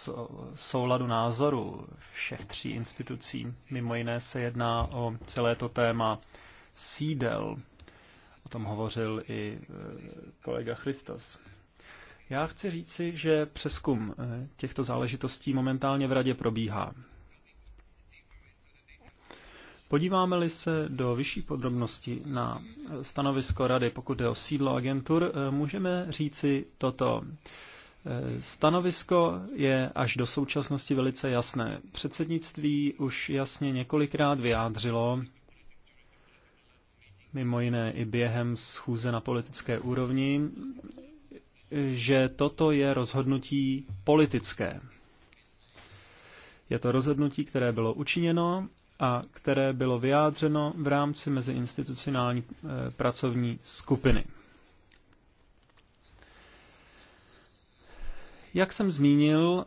souladu názoru všech tří institucí. Mimo jiné se jedná o celé to téma sídel. O tom hovořil i eh, kolega Christos. Já chci říci, že přeskum těchto záležitostí momentálně v radě probíhá. Podíváme-li se do vyšší podrobnosti na stanovisko rady, pokud je o sídlo agentur, eh, můžeme říci toto. Eh, stanovisko je až do současnosti velice jasné. Předsednictví už jasně několikrát vyjádřilo, mimo jiné i během schůze na politické úrovni, že toto je rozhodnutí politické. Je to rozhodnutí, které bylo učiněno a které bylo vyjádřeno v rámci meziinstitucionální eh, pracovní skupiny. Jak jsem zmínil,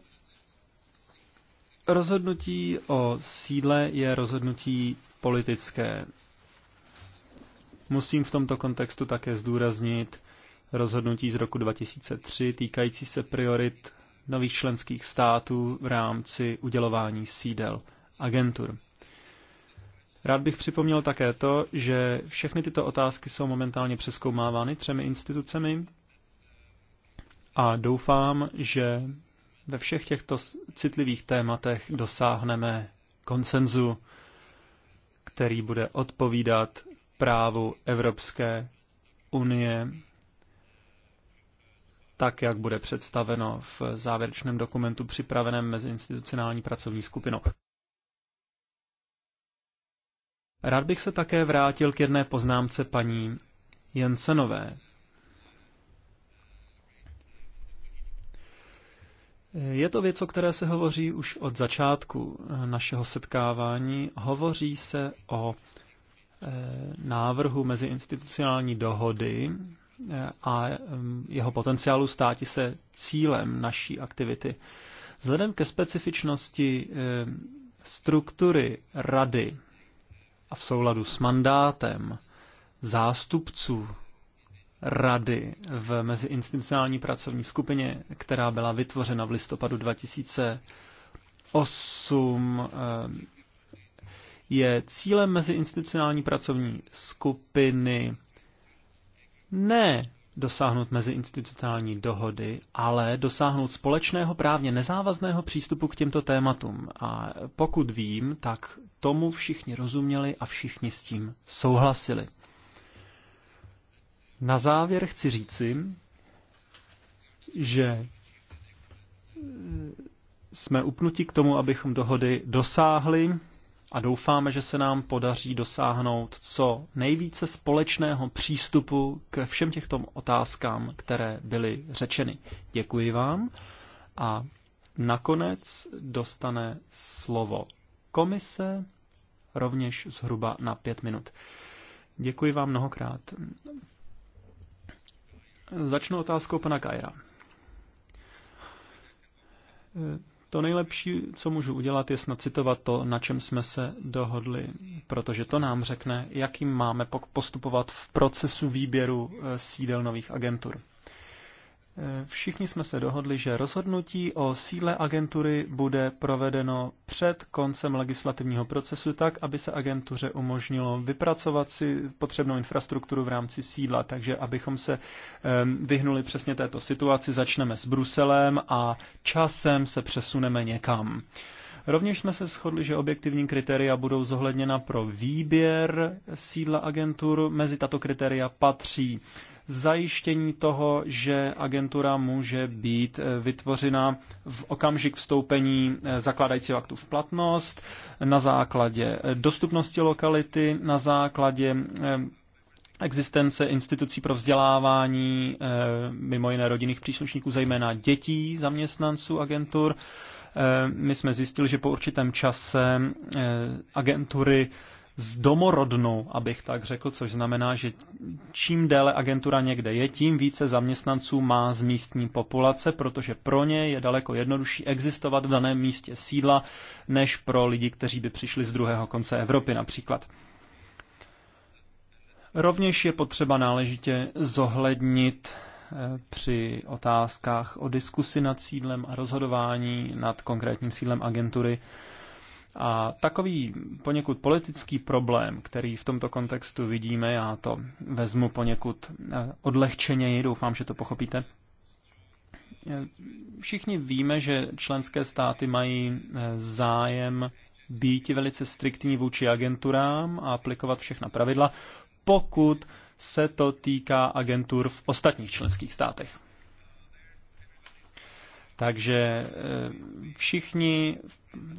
rozhodnutí o sídle je rozhodnutí politické. Musím v tomto kontextu také zdůraznit rozhodnutí z roku 2003 týkající se priorit nových členských států v rámci udělování sídel agentur. Rád bych připomněl také to, že všechny tyto otázky jsou momentálně přeskoumávány třemi institucemi a doufám, že ve všech těchto citlivých tématech dosáhneme konsenzu, který bude odpovídat právu Evropské unie tak, jak bude představeno v závěrečném dokumentu připraveném mezi institucionální pracovní skupinou. Rád bych se také vrátil k jedné poznámce paní Jensenové. Je to věc, o které se hovoří už od začátku našeho setkávání. Hovoří se o eh, návrhu meziinstitucionální dohody eh, a mm, jeho potenciálu státi se cílem naší aktivity. Vzhledem ke specifičnosti eh, struktury rady a v souladu s mandátem zástupců rady v meziinstitucionální pracovní skupině, která byla vytvořena v listopadu 2008, eh, je cílem meziinstitucionální pracovní skupiny ne dosáhnout meziinstitucionální dohody, ale dosáhnout společného právně nezávazného přístupu k těmto tématům. A pokud vím, tak tomu všichni rozuměli a všichni s tím souhlasili. Na závěr chci říci, že e, jsme upnutí k tomu, abychom dohody dosáhli a doufáme, že se nám podaří dosáhnout co nejvíce společného přístupu k všem těchto otázkám, které byly řečeny. Děkuji vám a nakonec dostane slovo komise, rovněž zhruba na pět minut. Děkuji vám mnohokrát. Začnu otázkou pana Kajra. To nejlepší, co můžu udělat, je snad citovat to, na čem jsme se dohodli, protože to nám řekne, jakým máme postupovat v procesu výběru eh, sídel nových agentur. Všichni jsme se dohodli, že rozhodnutí o síle agentury bude provedeno před koncem legislativního procesu tak, aby se agentuře umožnilo vypracovat si potřebnou infrastrukturu v rámci sídla. Takže abychom se vyhnuli přesně této situaci, začneme s Bruselem a časem se přesuneme někam. Rovněž jsme se shodli, že objektivní kritéria budou zohledněna pro výběr sídla agentur. Mezi tato kritéria patří zajištění toho, že agentura může být eh, vytvořena v okamžik vstoupení eh, zakládajícího aktu v platnost, na základě eh, dostupnosti lokality, na základě existence institucí pro vzdělávání, mimo jiné rodinných příslušníků, zejména dětí, zaměstnanců agentur. My jsme zjistili, že po určitém čase agentury z domorodnou, abych tak řekl, což znamená, že čím déle agentura někde je, tím více zaměstnanců má z místní populace, protože pro ně je daleko jednodušší existovat v daném místě sídla, než pro lidi, kteří by přišli z druhého konce Evropy například. Rovněž je potřeba náležitě zohlednit eh, při otázkách o diskusi nad sídlem a rozhodování nad konkrétním sídlem agentury a takový poněkud politický problém, který v tomto kontextu vidíme, já to vezmu poněkud eh, odlehčeněji, doufám, že to pochopíte. Eh, všichni víme, že členské státy mají eh, zájem být velice striktní vůči agenturám a aplikovat všechna pravidla, pokud se to týká agentur v ostatních členských státech. Takže e, všichni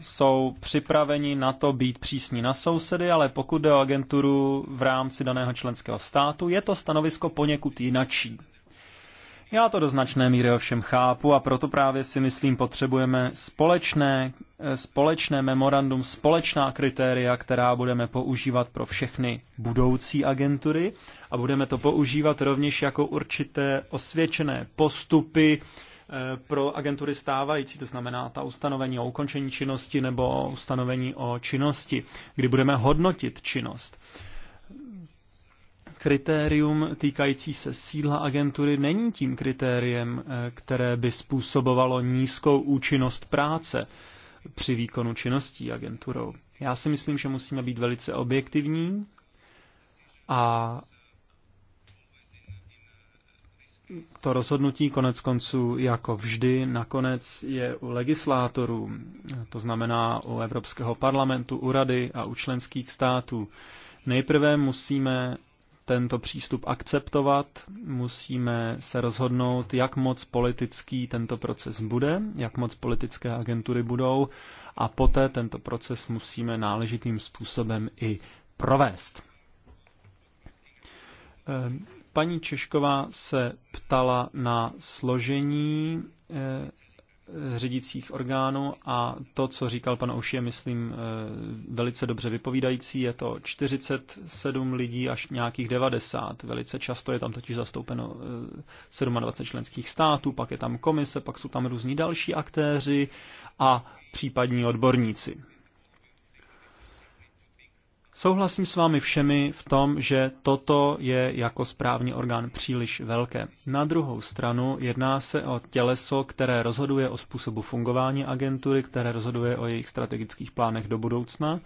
jsou připraveni na to být přísní na sousedy, ale pokud jde o agenturu v rámci daného členského státu, je to stanovisko poněkud jinačí. Já to do značné míry ovšem chápu a proto právě si myslím, potřebujeme společné, e, společné memorandum, společná kritéria, která budeme používat pro všechny budoucí agentury a budeme to používat rovněž jako určité osvědčené postupy, Eh, pro agentury stávající, to znamená ta ustanovení o ukončení činnosti nebo o ustanovení o činnosti, kdy budeme hodnotit činnost. Kritérium týkající se sídla agentury není tím kritériem, eh, které by způsobovalo nízkou účinnost práce při výkonu činností agenturou. Já si myslím, že musíme být velice objektivní a to rozhodnutí konec konců jako vždy nakonec je u legislátorů, to znamená u Evropského parlamentu, u rady a u členských států. Nejprve musíme tento přístup akceptovat, musíme se rozhodnout, jak moc politický tento proces bude, jak moc politické agentury budou a poté tento proces musíme náležitým způsobem i provést. Paní Češková se ptala na složení eh, řídících orgánů a to, co říkal pan Oši, je, myslím, eh, velice dobře vypovídající. Je to 47 lidí až nějakých 90. Velice často je tam totiž zastoupeno 27 eh, členských států, pak je tam komise, pak jsou tam různí další aktéři a případní odborníci. Souhlasím s vámi všemi v tom, že toto je jako správní orgán příliš velké. Na druhou stranu jedná se o těleso, které rozhoduje o způsobu fungování agentury, které rozhoduje o jejich strategických plánech do budoucna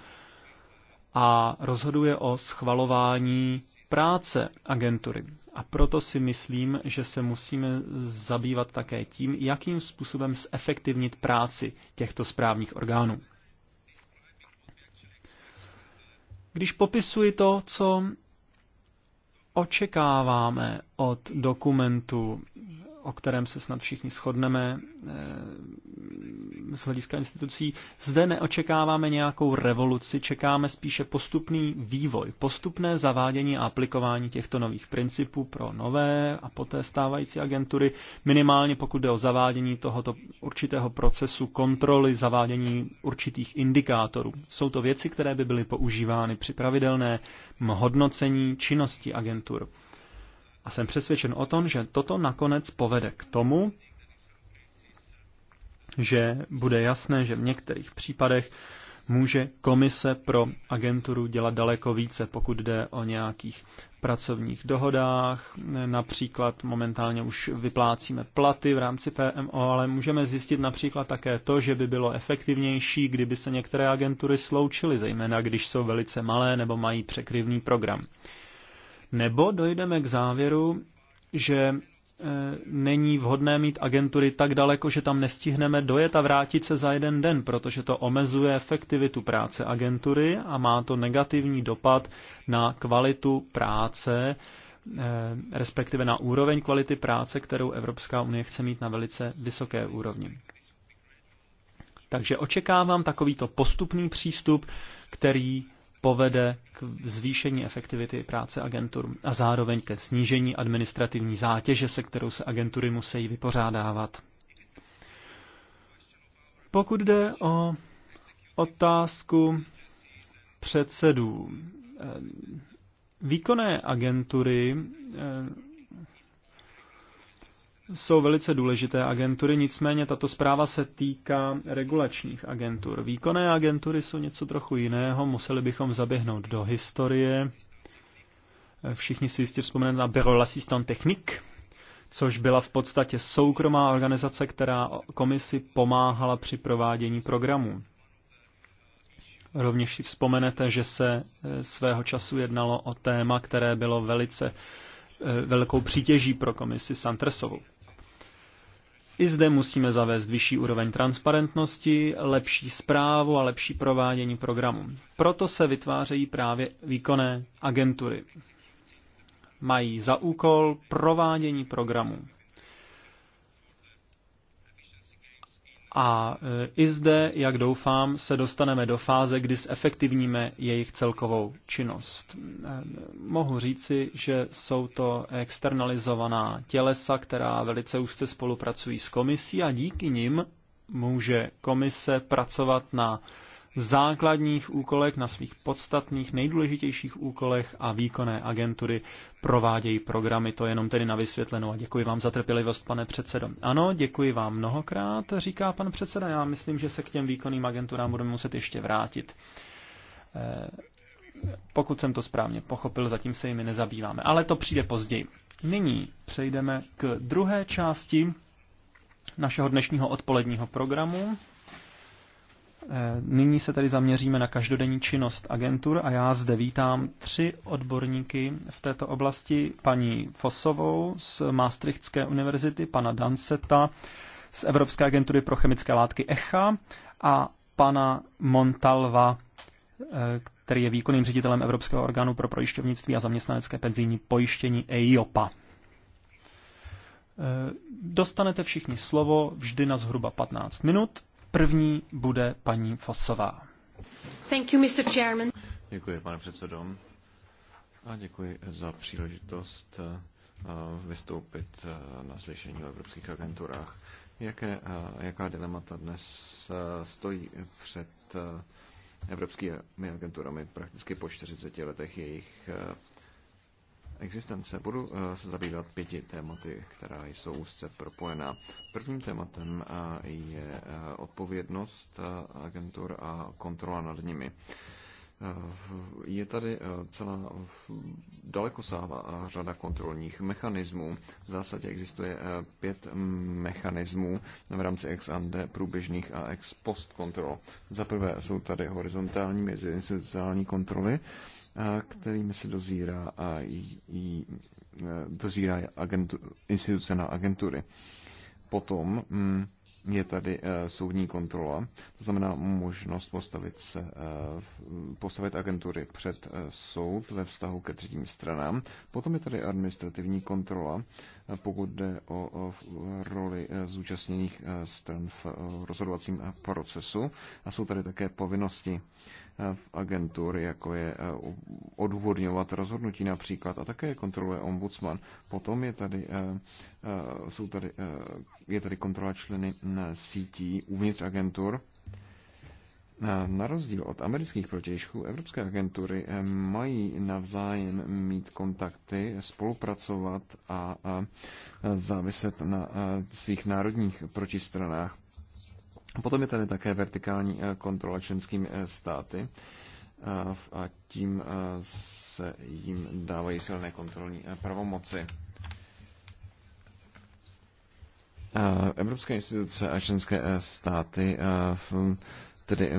a rozhoduje o schvalování práce agentury. A proto si myslím, že se musíme zabývat také tím, jakým způsobem zefektivnit práci těchto správních orgánů. Když popisuji to, co očekáváme od dokumentu o kterém se snad všichni shodneme eh, z hlediska institucí. Zde neočekáváme nějakou revoluci, čekáme spíše postupný vývoj, postupné zavádění a aplikování těchto nových principů pro nové a poté stávající agentury, minimálně pokud jde o zavádění tohoto určitého procesu kontroly, zavádění určitých indikátorů. Jsou to věci, které by byly používány při pravidelné hodnocení činnosti agentur. A jsem přesvědčen o tom, že toto nakonec povede k tomu, že bude jasné, že v některých případech může komise pro agenturu dělat daleko více, pokud jde o nějakých pracovních dohodách. Například momentálně už vyplácíme platy v rámci PMO, ale můžeme zjistit například také to, že by bylo efektivnější, kdyby se některé agentury sloučily, zejména když jsou velice malé nebo mají překryvný program. Nebo dojdeme k závěru, že e, není vhodné mít agentury tak daleko, že tam nestihneme dojet a vrátit se za jeden den, protože to omezuje efektivitu práce agentury a má to negativní dopad na kvalitu práce, e, respektive na úroveň kvality práce, kterou Evropská unie chce mít na velice vysoké úrovni. Takže očekávám takovýto postupný přístup, který povede k zvýšení efektivity práce agentur a zároveň ke snížení administrativní zátěže, se kterou se agentury musí vypořádávat. Pokud jde o otázku předsedů, eh, výkonné agentury eh, jsou velice důležité agentury, nicméně tato zpráva se týká regulačních agentur. Výkonné agentury jsou něco trochu jiného, museli bychom zaběhnout do historie. Všichni si jistě vzpomenete na Bureau l'Assistant Technique, což byla v podstatě soukromá organizace, která komisi pomáhala při provádění programů. Rovněž si vzpomenete, že se eh, svého času jednalo o téma, které bylo velice eh, velkou přítěží pro komisi Santersovou. I zde musíme zavést vyšší úroveň transparentnosti, lepší zprávu a lepší provádění programu. Proto se vytvářejí právě výkonné agentury. Mají za úkol provádění programu. A e, i zde, jak doufám, se dostaneme do fáze, kdy zefektivníme jejich celkovou činnost. E, mohu říci, že jsou to externalizovaná tělesa, která velice úzce spolupracují s komisí a díky nim může komise pracovat na základních úkolech, na svých podstatných, nejdůležitějších úkolech a výkonné agentury provádějí programy. To jenom tedy na vysvětlenou a děkuji vám za trpělivost, pane předsedo. Ano, děkuji vám mnohokrát, říká pan předseda. Já myslím, že se k těm výkonným agenturám budeme muset ještě vrátit. Eh, pokud jsem to správně pochopil, zatím se jimi nezabýváme, ale to přijde později. Nyní přejdeme k druhé části našeho dnešního odpoledního programu. Eh, nyní se tady zaměříme na každodenní činnost agentur a já zde vítám tři odborníky v této oblasti, paní Fosovou z Maastrichtské univerzity, pana Danseta z Evropské agentury pro chemické látky ECHA a pana Montalva, eh, který je výkonným ředitelem Evropského orgánu pro projišťovnictví a zaměstnanecké penzijní pojištění EIOPA. Eh, dostanete všichni slovo vždy na zhruba 15 minut První bude paní Fosová. Thank you, Mr. Chairman. Děkuji, pane předsedo. A děkuji za příležitost eh, eh, vystoupit eh, na slyšení o evropských agenturách. Jaké, jaká dilemata dnes stojí před evropskými agenturami prakticky po 40 letech jejich existence. Budu eh, se zabývat pěti tématy, která jsou úzce propojená. Prvním tématem eh, je eh, odpovědnost agentur a kontrola nad nimi. Je tady celá daleko sáhla řada kontrolních mechanismů. V zásadě existuje pět mechanismů v rámci ex ante průběžných a ex post kontrol. Za prvé jsou tady horizontální mezi institucionální kontroly, kterými se dozírá, a jí, jí, e, dozírá agentu, instituce na agentury. Potom mm, je tady e, soudní kontrola, to znamená možnost postavit, se, e, postavit agentury před soud ve vztahu ke třetím stranám. Potom je tady administrativní kontrola, pokud jde o roli zúčastněných stran v rozhodovacím procesu. A jsou tady také povinnosti v agentury, jako je eh, odůvodňovat rozhodnutí například a také kontroluje ombudsman. Potom je tady, eh, eh, jsou tady, je tady kontrola členy mm, sítí uvnitř agentur, na rozdíl od amerických protějšků, evropské agentury mají navzájem mít kontakty, spolupracovat a záviset na svých národních protistranách. Potom je tady také vertikální eh, kontrola členskými eh, státy eh, a tím se jim dávají silné kontrolní pravomoci. Evropské instituce a členské státy tedy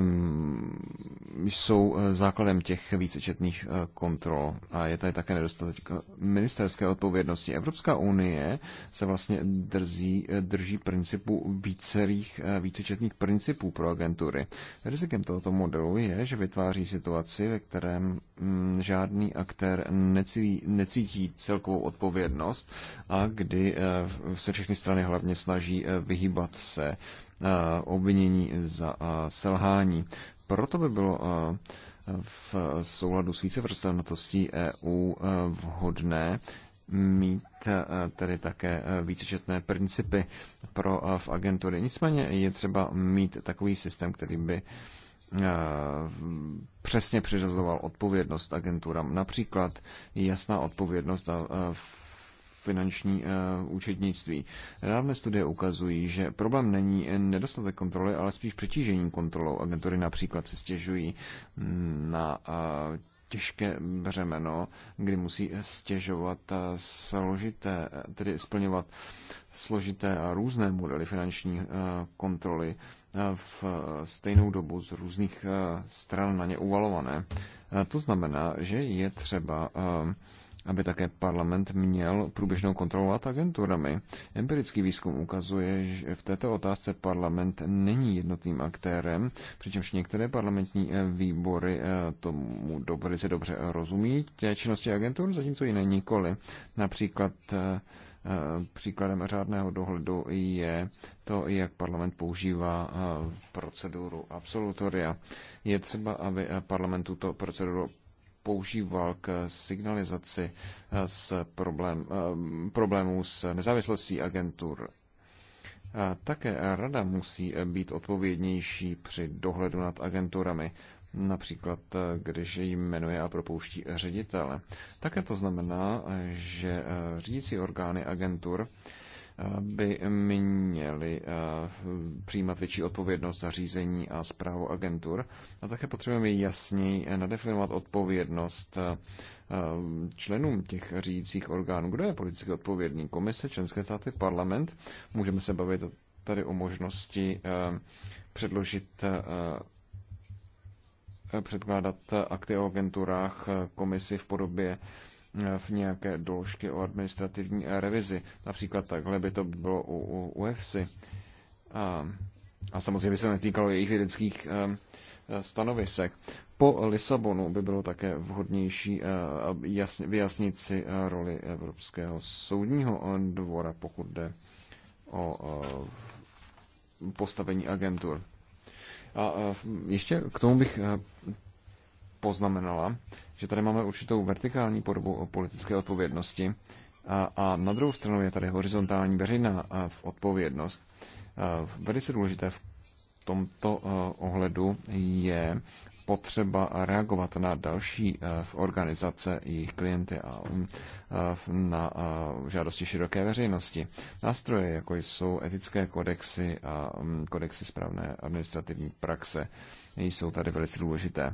jsou eh, základem těch vícečetných eh, kontrol a je tady také nedostatek ministerské odpovědnosti. Evropská unie se vlastně drzí, eh, drží principu vícerých, vícečetných principů pro agentury. Rizikem tohoto modelu je, že vytváří situaci, ve kterém mm, žádný aktér necí, necítí celkovou odpovědnost a kdy se všechny strany hlavně snaží vyhýbat se obvinění za selhání. Proto by bylo v souladu s vícevrstelnatostí EU vhodné mít tedy také vícečetné principy pro v agentury. Nicméně je třeba mít takový systém, který by přesně přiřazoval odpovědnost agenturám. Například jasná odpovědnost v finanční eh, účetnictví. Nedávné studie ukazují, že problém není eh, nedostatek kontroly, ale spíš přetížení kontrolou. Agentury například se stěžují mm, na eh, těžké břemeno, kdy musí stěžovat složité, tedy splňovat složité a různé modely finanční kontroly v stejnou dobu z různých stran na ně uvalované. To znamená, že je třeba aby také parlament měl průběžnou kontrolu nad agenturami. Empirický výzkum ukazuje, že v této otázce parlament není jednotným aktérem, přičemž některé parlamentní eh, výbory eh, tomu do, velice dobře rozumí té činnosti agentur, zatímco jiné nikoli. Například eh, příkladem řádného dohledu je to, jak parlament používá proceduru absolutoria. Je třeba, aby parlament tuto proceduru používal k signalizaci eh, s problém, eh, problémů s nezávislostí agentur. Eh, také rada musí být odpovědnější při dohledu nad agenturami, například když ji jmenuje a propouští ředitele. Také to znamená, že řídící orgány agentur by měli eh, přijímat větší odpovědnost za řízení a zprávu agentur. A také potřebujeme jasněji eh, nadefinovat odpovědnost eh, členům těch řídících orgánů. Kdo je politicky odpovědný? Komise, členské státy, parlament? Můžeme se bavit tady o možnosti předložit předkládat akty o agenturách komisi v podobě v nějaké doložky o administrativní revizi. Například takhle by to bylo u, u UFC. A, a samozřejmě by se netýkalo jejich vědeckých eh, stanovisek. Po Lisabonu by bylo také vhodnější eh, jasn, vyjasnit si eh, roli Evropského soudního dvora, pokud jde o postavení agentur. A ještě k tomu bych poznamenala, že tady máme určitou vertikální podobu politické odpovědnosti a, a na druhou stranu je tady horizontální veřejná v odpovědnost. Velice důležité v tomto ohledu je potřeba reagovat na další eh, v organizace, jejich klienty a mm, eh, na eh, žádosti široké veřejnosti. Nástroje, jako jsou etické kodexy a mm, kodexy správné administrativní praxe, jsou tady velice důležité.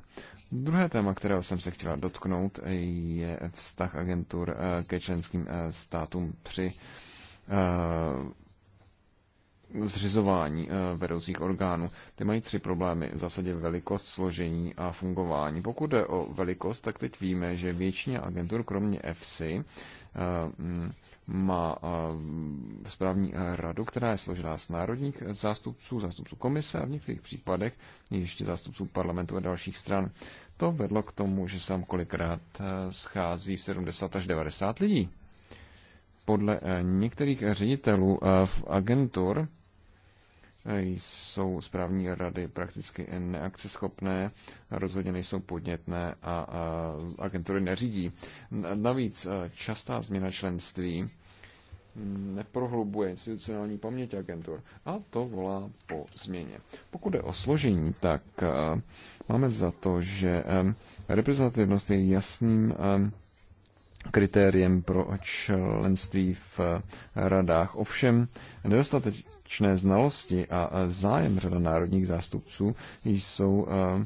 Druhé téma, kterého jsem se chtěla dotknout, je vztah agentur ke členským státům při zřizování eh, vedoucích orgánů. Ty mají tři problémy. V zásadě velikost, složení a fungování. Pokud jde o velikost, tak teď víme, že většina agentur, kromě EFSI, eh, mm, má eh, správní radu, která je složená z národních zástupců, zástupců komise a v některých případech ještě zástupců parlamentu a dalších stran. To vedlo k tomu, že sám kolikrát schází 70 až 90 lidí podle některých ředitelů v agentur jsou správní rady prakticky neakceschopné, rozhodně nejsou podnětné a agentury neřídí. Navíc eh, častá změna členství neprohlubuje institucionální paměť agentur a to volá po změně. Pokud je o složení, tak eh, máme za to, že eh, reprezentativnost je jasným kritériem pro členství v radách. Ovšem nedostatek společné znalosti a zájem řada národních zástupců jsou eh,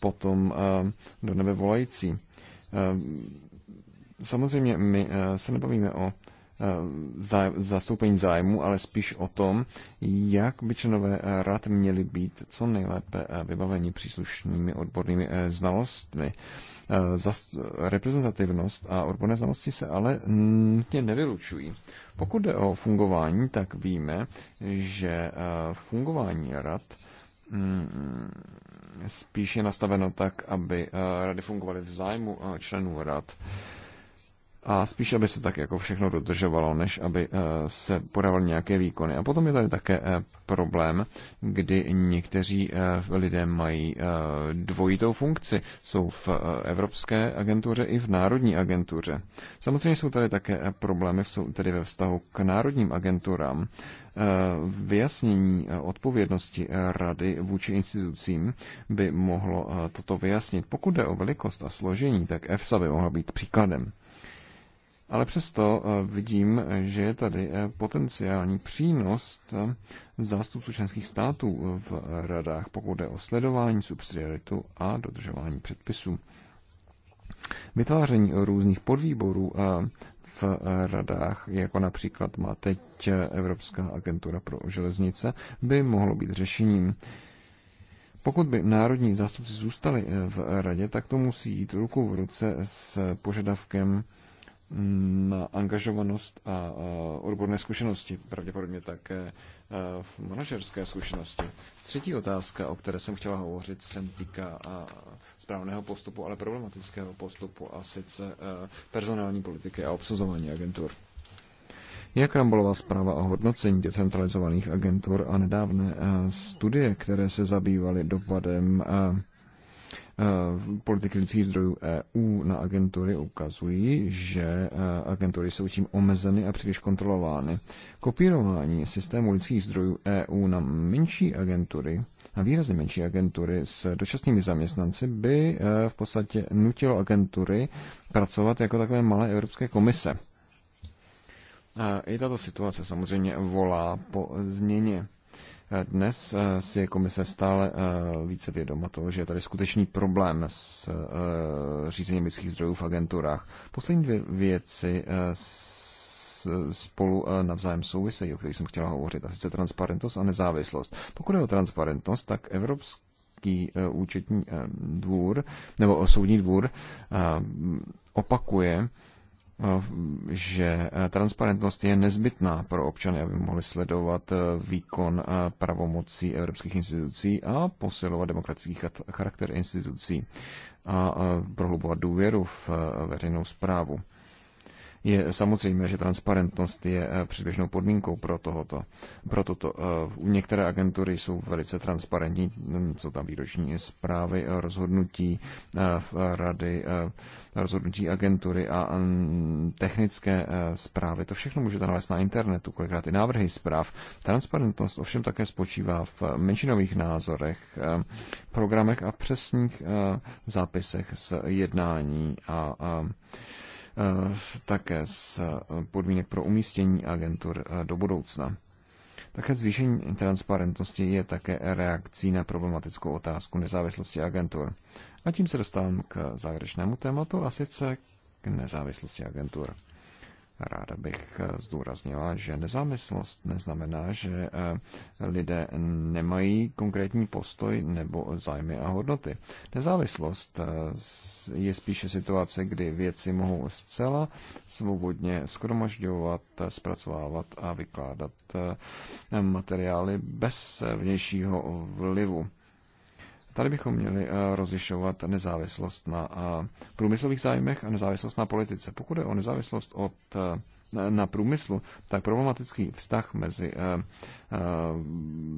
potom eh, do nebe volající. Eh, samozřejmě my se nebavíme o zastoupení zájmu, ale spíš o tom, jak by členové rad měli být co nejlépe vybaveni příslušnými odbornými znalostmi. Eh, reprezentativnost a odborné znalosti se ale nutně nevylučují. Pokud jde o fungování, tak víme, že eh, fungování rad mm, spíše nastaveno tak, aby eh, rady fungovaly v zájmu členů rad a spíš, aby se tak jako všechno dodržovalo, než aby eh, se podávaly nějaké výkony. A potom je tady také eh, problém, kdy někteří eh, lidé mají dvojitou funkci. Jsou v Evropské agentuře i v Národní agentuře. Samozřejmě jsou tady také problémy tedy ve vztahu k národním agenturám. Vyjasnění odpovědnosti rady vůči institucím by mohlo toto vyjasnit. Pokud jde o velikost a složení, tak EFSA by mohla být příkladem. Ale přesto eh, vidím, že je tady eh, potenciální přínos eh, zástupců členských států v radách, pokud jde o sledování subsidiaritu a dodržování předpisů. Vytváření různých podvýborů v radách, jako například má teď Evropská agentura pro železnice, by mohlo být řešením. Pokud by národní zástupci zůstali v radě, tak to musí jít ruku v ruce s požadavkem na angažovanost a odborné zkušenosti, pravděpodobně také e, manažerské zkušenosti. Třetí otázka, o které jsem chtěla hovořit, se týká správného postupu, ale problematického postupu, a sice e, personální politiky a obsazování agentur. Jak Rambolová zpráva o hodnocení decentralizovaných agentur a nedávné e, studie, které se zabývaly dopadem Eh, politiky lidských zdrojů EU na agentury ukazují, že eh, agentury jsou tím omezeny a příliš kontrolovány. Kopírování systému lidských zdrojů EU na menší agentury, na výrazně menší agentury s dočasnými zaměstnanci by eh, v podstatě nutilo agentury pracovat jako takové malé evropské komise. I tato situace samozřejmě volá po změně. Dnes eh, si je komise stále eh, více vědoma toho, že je tady skutečný problém s eh, řízením lidských zdrojů v agenturách. Poslední dvě věci spolu navzájem souvisejí, o kterých jsem chtěla hovořit, a sice transparentnost a nezávislost. Pokud je o transparentnost, tak Evropský účetní dvůr nebo soudní dvůr opakuje, Eh, že eh, transparentnost je nezbytná pro občany, aby mohli sledovat eh, výkon pravomocí evropských institucí a posilovat demokratický charakter institucí a prohlubovat důvěru v veřejnou zprávu. Je samozřejmé, že transparentnost je eh, předběžnou podmínkou pro tohoto. Pro toto. Eh, u Některé agentury jsou velice transparentní, jsou hm, tam výroční zprávy, eh, rozhodnutí v rady, rozhodnutí agentury a hm, technické zprávy. To všechno můžete nalézt na internetu, kolikrát i návrhy zpráv. Transparentnost ovšem také spočívá v menšinových názorech, programech a přesných zápisech z jednání a také z eh, podmínek pro umístění agentur eh, do budoucna. Také zvýšení transparentnosti je také reakcí na problematickou otázku nezávislosti agentur. A tím se dostávám k závěrečnému tématu, a sice k nezávislosti agentur. Ráda bych eh, zdůraznila, že nezávislost neznamená, že eh, lidé nemají konkrétní postoj nebo zájmy a hodnoty. Nezávislost eh, je spíše situace, kdy věci mohou zcela svobodně skromažďovat, zpracovávat a vykládat materiály bez vnějšího vlivu. Tady bychom měli eh, rozlišovat nezávislost na eh, průmyslových zájmech a nezávislost na politice. Pokud je o nezávislost od eh, na průmyslu, tak problematický vztah mezi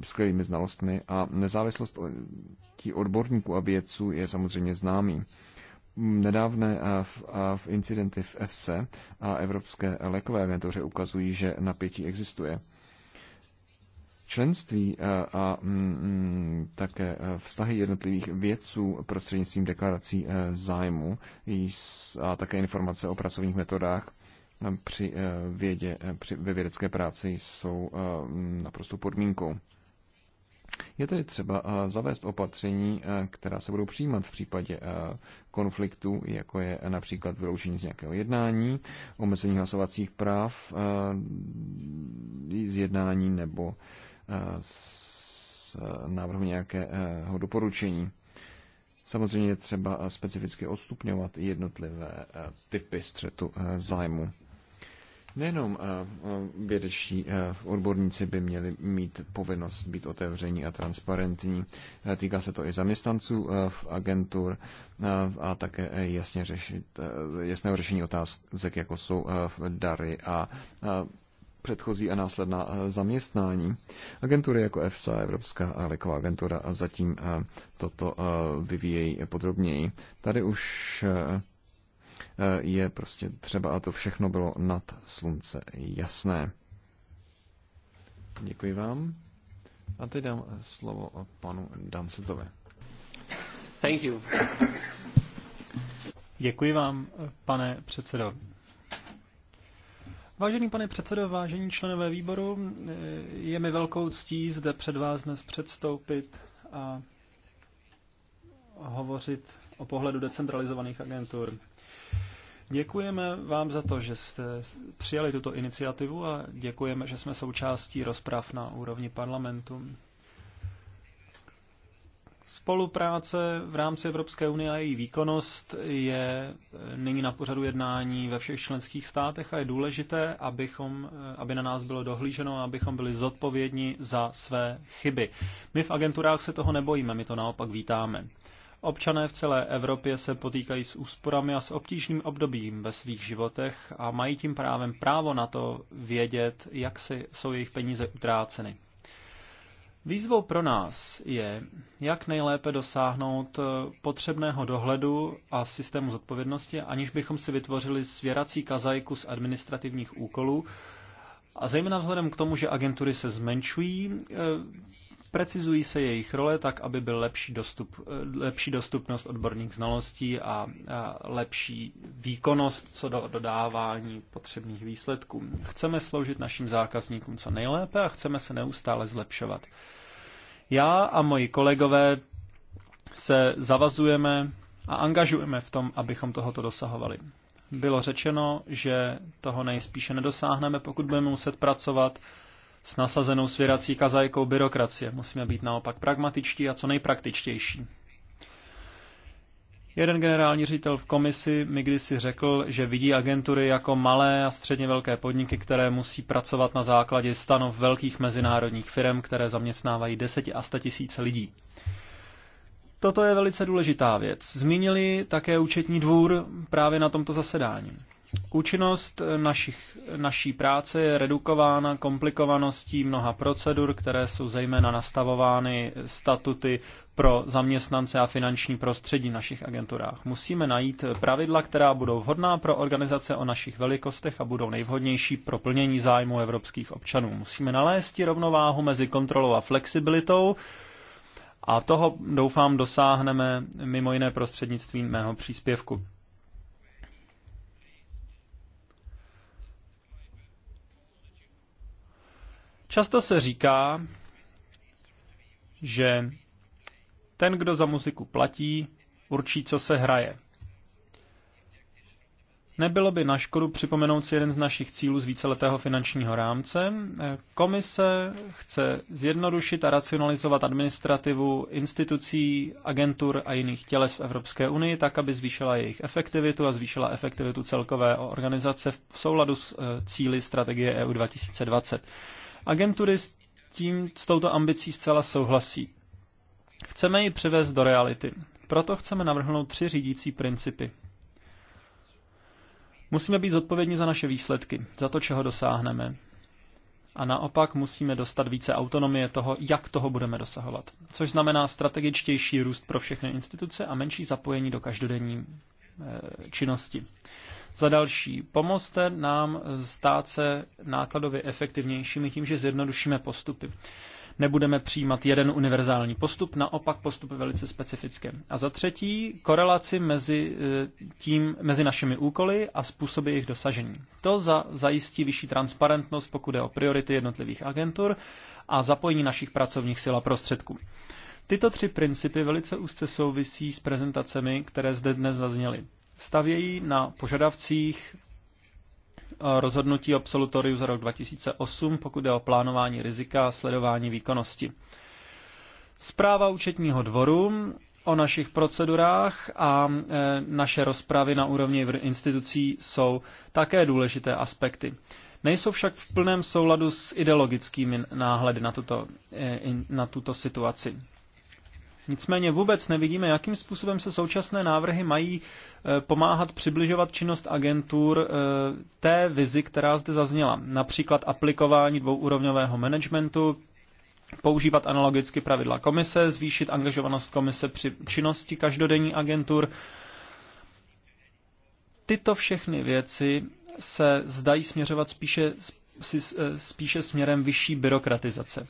skvělými znalostmi a nezávislost odborníků a vědců je samozřejmě známý nedávné v, v incidenty v EFSE a Evropské lékové agentuře ukazují, že napětí existuje členství eh, a mm, mm, také eh, vztahy jednotlivých vědců prostřednictvím deklarací eh, zájmu a také informace o pracovních metodách při vědě, při, ve vědecké práci jsou naprosto podmínkou. Je tedy třeba zavést opatření, která se budou přijímat v případě konfliktu, jako je například vyloučení z nějakého jednání, omezení hlasovacích práv z jednání nebo s eh, návrhem nějakého doporučení. Samozřejmě je třeba eh, specificky odstupňovat jednotlivé eh, typy střetu zájmu. Nejenom vědečtí odborníci by měli mít povinnost být otevření a transparentní. Týká se to i zaměstnanců v agentur a také jasně řešit, jasného řešení otázek, jako jsou dary a předchozí a následná eh, zaměstnání. Agentury jako EFSA, Evropská léková agentura, a zatím eh, toto eh, vyvíjejí podrobněji. Tady už je prostě třeba, a to všechno bylo nad slunce jasné. Děkuji vám. A teď dám slovo panu Dansetovi. Thank you. Děkuji vám, pane předsedo. Vážený pane předsedo, vážení členové výboru, eh, je mi velkou ctí zde před vás dnes předstoupit a hovořit o pohledu decentralizovaných agentur. Děkujeme vám za to, že jste přijali tuto iniciativu a děkujeme, že jsme součástí rozprav na úrovni parlamentu. Spolupráce v rámci Evropské unie a její výkonnost je eh, nyní na pořadu jednání ve všech členských státech a je důležité, abychom, eh, aby na nás bylo dohlíženo a abychom byli zodpovědní za své chyby. My v agenturách se toho nebojíme, my to naopak vítáme. Občané v celé Evropě se potýkají s úsporami a s obtížným obdobím ve svých životech a mají tím právem právo na to vědět, jak si jsou jejich peníze utráceny. Výzvou pro nás je, jak nejlépe dosáhnout eh, potřebného dohledu a systému zodpovědnosti, aniž bychom si vytvořili svěrací kazajku z administrativních úkolů. A zejména vzhledem k tomu, že agentury se zmenšují, eh, precizují se jejich role tak, aby byl lepší, dostup, eh, lepší dostupnost odborných znalostí a, a lepší výkonnost co do dodávání potřebných výsledků. Chceme sloužit našim zákazníkům co nejlépe a chceme se neustále zlepšovat. Já a moji kolegové se zavazujeme a angažujeme v tom, abychom tohoto dosahovali. Bylo řečeno, že toho nejspíše nedosáhneme, pokud budeme muset pracovat s nasazenou svěrací kazajkou byrokracie. Musíme být naopak pragmatičtí a co nejpraktičtější. Jeden generální ředitel v komisi mi kdysi řekl, že vidí agentury jako malé a středně velké podniky, které musí pracovat na základě stanov velkých mezinárodních firm, které zaměstnávají 10 a 100 tisíce lidí. Toto je velice důležitá věc. Zmínili také účetní dvůr právě na tomto zasedání. Účinnost eh, našich, naší práce je redukována komplikovaností mnoha procedur, které jsou zejména nastavovány statuty pro zaměstnance a finanční prostředí v našich agenturách. Musíme najít pravidla, která budou vhodná pro organizace o našich velikostech a budou nejvhodnější pro plnění zájmu evropských občanů. Musíme nalézt rovnováhu mezi kontrolou a flexibilitou, a toho doufám dosáhneme mimo jiné prostřednictvím mého příspěvku. Často se říká, že ten, kdo za muziku platí, určí, co se hraje. Nebylo by na škodu připomenout si jeden z našich cílů z víceletého finančního rámce. Komise chce zjednodušit a racionalizovat administrativu institucí, agentur a jiných těles v Evropské unii tak, aby zvýšila jejich efektivitu a zvýšila efektivitu celkové organizace v souladu s eh, cíly strategie EU 2020. Agentury s, tím, s touto ambicí zcela souhlasí. Chceme ji přivést do reality. Proto chceme navrhnout tři řídící principy. Musíme být zodpovědní za naše výsledky, za to, čeho dosáhneme. A naopak musíme dostat více autonomie toho, jak toho budeme dosahovat. Což znamená strategičtější růst pro všechny instituce a menší zapojení do každodenní e, činnosti. Za další, pomozte nám stát se nákladově efektivnějšími tím, že zjednodušíme postupy. Nebudeme přijímat jeden univerzální postup, naopak postupy velice specifické. A za třetí, korelaci mezi, eh, tím, mezi našimi úkoly a způsoby jejich dosažení. To za, zajistí vyšší transparentnost, pokud je o priority jednotlivých agentur a zapojení našich pracovních sil a prostředků. Tyto tři principy velice úzce souvisí s prezentacemi, které zde dnes zazněly stavějí na požadavcích eh, rozhodnutí absolutoriu za rok 2008, pokud jde o plánování rizika a sledování výkonnosti. Zpráva účetního dvoru o našich procedurách a eh, naše rozpravy na úrovni institucí jsou také důležité aspekty. Nejsou však v plném souladu s ideologickými náhledy na tuto, eh, na tuto situaci. Nicméně vůbec nevidíme, jakým způsobem se současné návrhy mají eh, pomáhat přibližovat činnost agentur eh, té vizi, která zde zazněla. Například aplikování dvouúrovňového managementu, používat analogicky pravidla komise, zvýšit angažovanost komise při činnosti každodenní agentur. Tyto všechny věci se zdají směřovat spíše, eh, spíše směrem vyšší byrokratizace.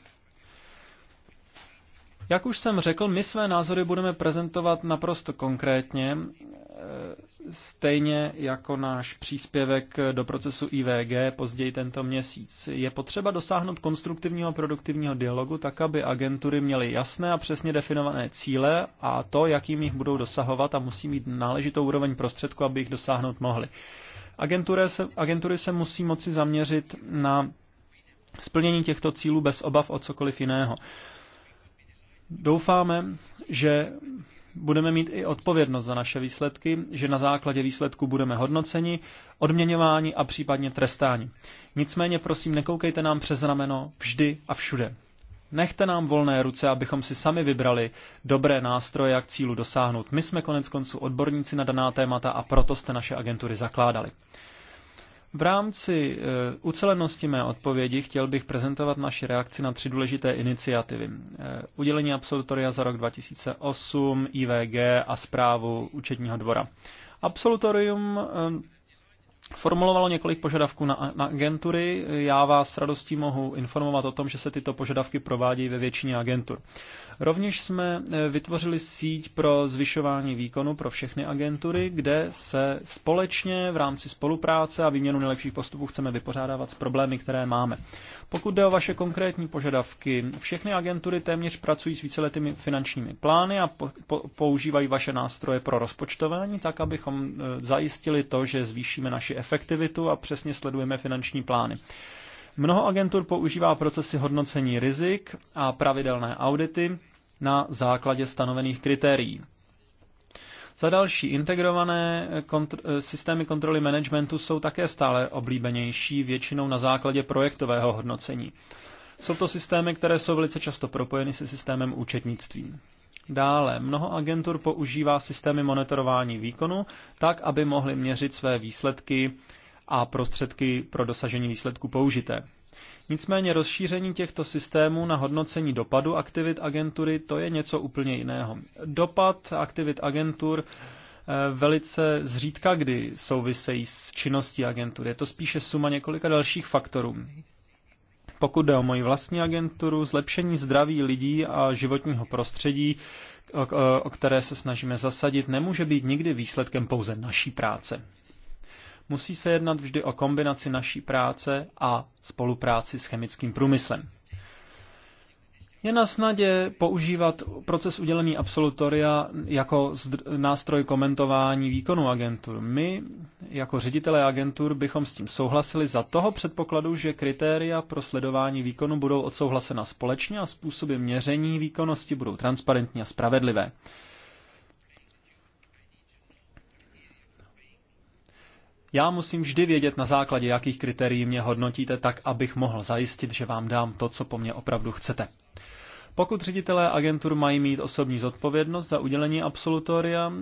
Jak už jsem řekl, my své názory budeme prezentovat naprosto konkrétně, e, stejně jako náš příspěvek do procesu IVG později tento měsíc. Je potřeba dosáhnout konstruktivního produktivního dialogu tak, aby agentury měly jasné a přesně definované cíle a to, jakým jich budou dosahovat a musí mít náležitou úroveň prostředku, aby jich dosáhnout mohly. Agentury se, agentury se musí moci zaměřit na splnění těchto cílů bez obav o cokoliv jiného. Doufáme, že budeme mít i odpovědnost za naše výsledky, že na základě výsledku budeme hodnoceni, odměňováni a případně trestáni. Nicméně prosím, nekoukejte nám přes rameno vždy a všude. Nechte nám volné ruce, abychom si sami vybrali dobré nástroje, jak cílu dosáhnout. My jsme konec konců odborníci na daná témata a proto jste naše agentury zakládali. V rámci e, ucelenosti mé odpovědi chtěl bych prezentovat naši reakci na tři důležité iniciativy. E, udělení absolutoria za rok 2008, IVG a zprávu účetního dvora. Absolutorium e, formulovalo několik požadavků na, na agentury. Já vás s radostí mohu informovat o tom, že se tyto požadavky provádějí ve většině agentur. Rovněž jsme eh, vytvořili síť pro zvyšování výkonu pro všechny agentury, kde se společně v rámci spolupráce a výměnu nejlepších postupů chceme vypořádávat s problémy, které máme. Pokud jde o vaše konkrétní požadavky, všechny agentury téměř pracují s víceletými finančními plány a používají vaše nástroje pro rozpočtování, tak abychom eh, zajistili to, že zvýšíme naši efektivitu a přesně sledujeme finanční plány. Mnoho agentur používá procesy hodnocení rizik a pravidelné audity na základě stanovených kritérií. Za další, integrované kontr- systémy kontroly managementu jsou také stále oblíbenější, většinou na základě projektového hodnocení. Jsou to systémy, které jsou velice často propojeny se systémem účetnictví. Dále, mnoho agentur používá systémy monitorování výkonu tak, aby mohly měřit své výsledky a prostředky pro dosažení výsledku použité. Nicméně rozšíření těchto systémů na hodnocení dopadu aktivit agentury to je něco úplně jiného. Dopad aktivit agentur eh, velice zřídka kdy souvisejí s činností agentury. Je to spíše suma několika dalších faktorů. Pokud jde o moji vlastní agenturu, zlepšení zdraví lidí a životního prostředí, o, které se snažíme zasadit, nemůže být nikdy výsledkem pouze naší práce. Musí se jednat vždy o kombinaci naší práce a spolupráci s chemickým průmyslem. Je na snadě používat proces udělený absolutoria jako nástroj komentování výkonu agentur. My, jako ředitelé agentur, bychom s tím souhlasili za toho předpokladu, že kritéria pro sledování výkonu budou odsouhlasena společně a způsoby měření výkonnosti budou transparentní a spravedlivé. Já musím vždy vědět, na základě jakých kritérií mě hodnotíte, tak abych mohl zajistit, že vám dám to, co po mně opravdu chcete. Pokud ředitelé agentur mají mít osobní zodpovědnost za udělení absolutoria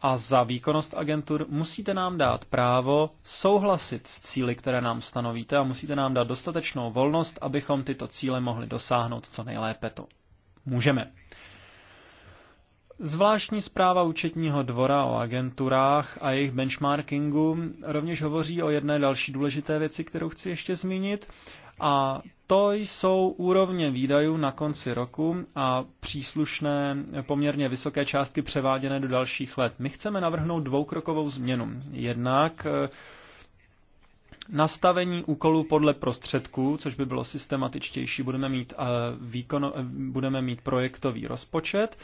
a za výkonnost agentur, musíte nám dát právo souhlasit s cíly, které nám stanovíte a musíte nám dát dostatečnou volnost, abychom tyto cíle mohli dosáhnout co nejlépe to můžeme. Zvláštní zpráva účetního dvora o agenturách a jejich benchmarkingu rovněž hovoří o jedné další důležité věci, kterou chci ještě zmínit, a to jsou úrovně výdajů na konci roku a příslušné poměrně vysoké částky převáděné do dalších let. My chceme navrhnout dvoukrokovou změnu. Jednak eh, nastavení úkolů podle prostředků, což by bylo systematičtější, budeme mít, eh, výkon, eh, budeme mít projektový rozpočet,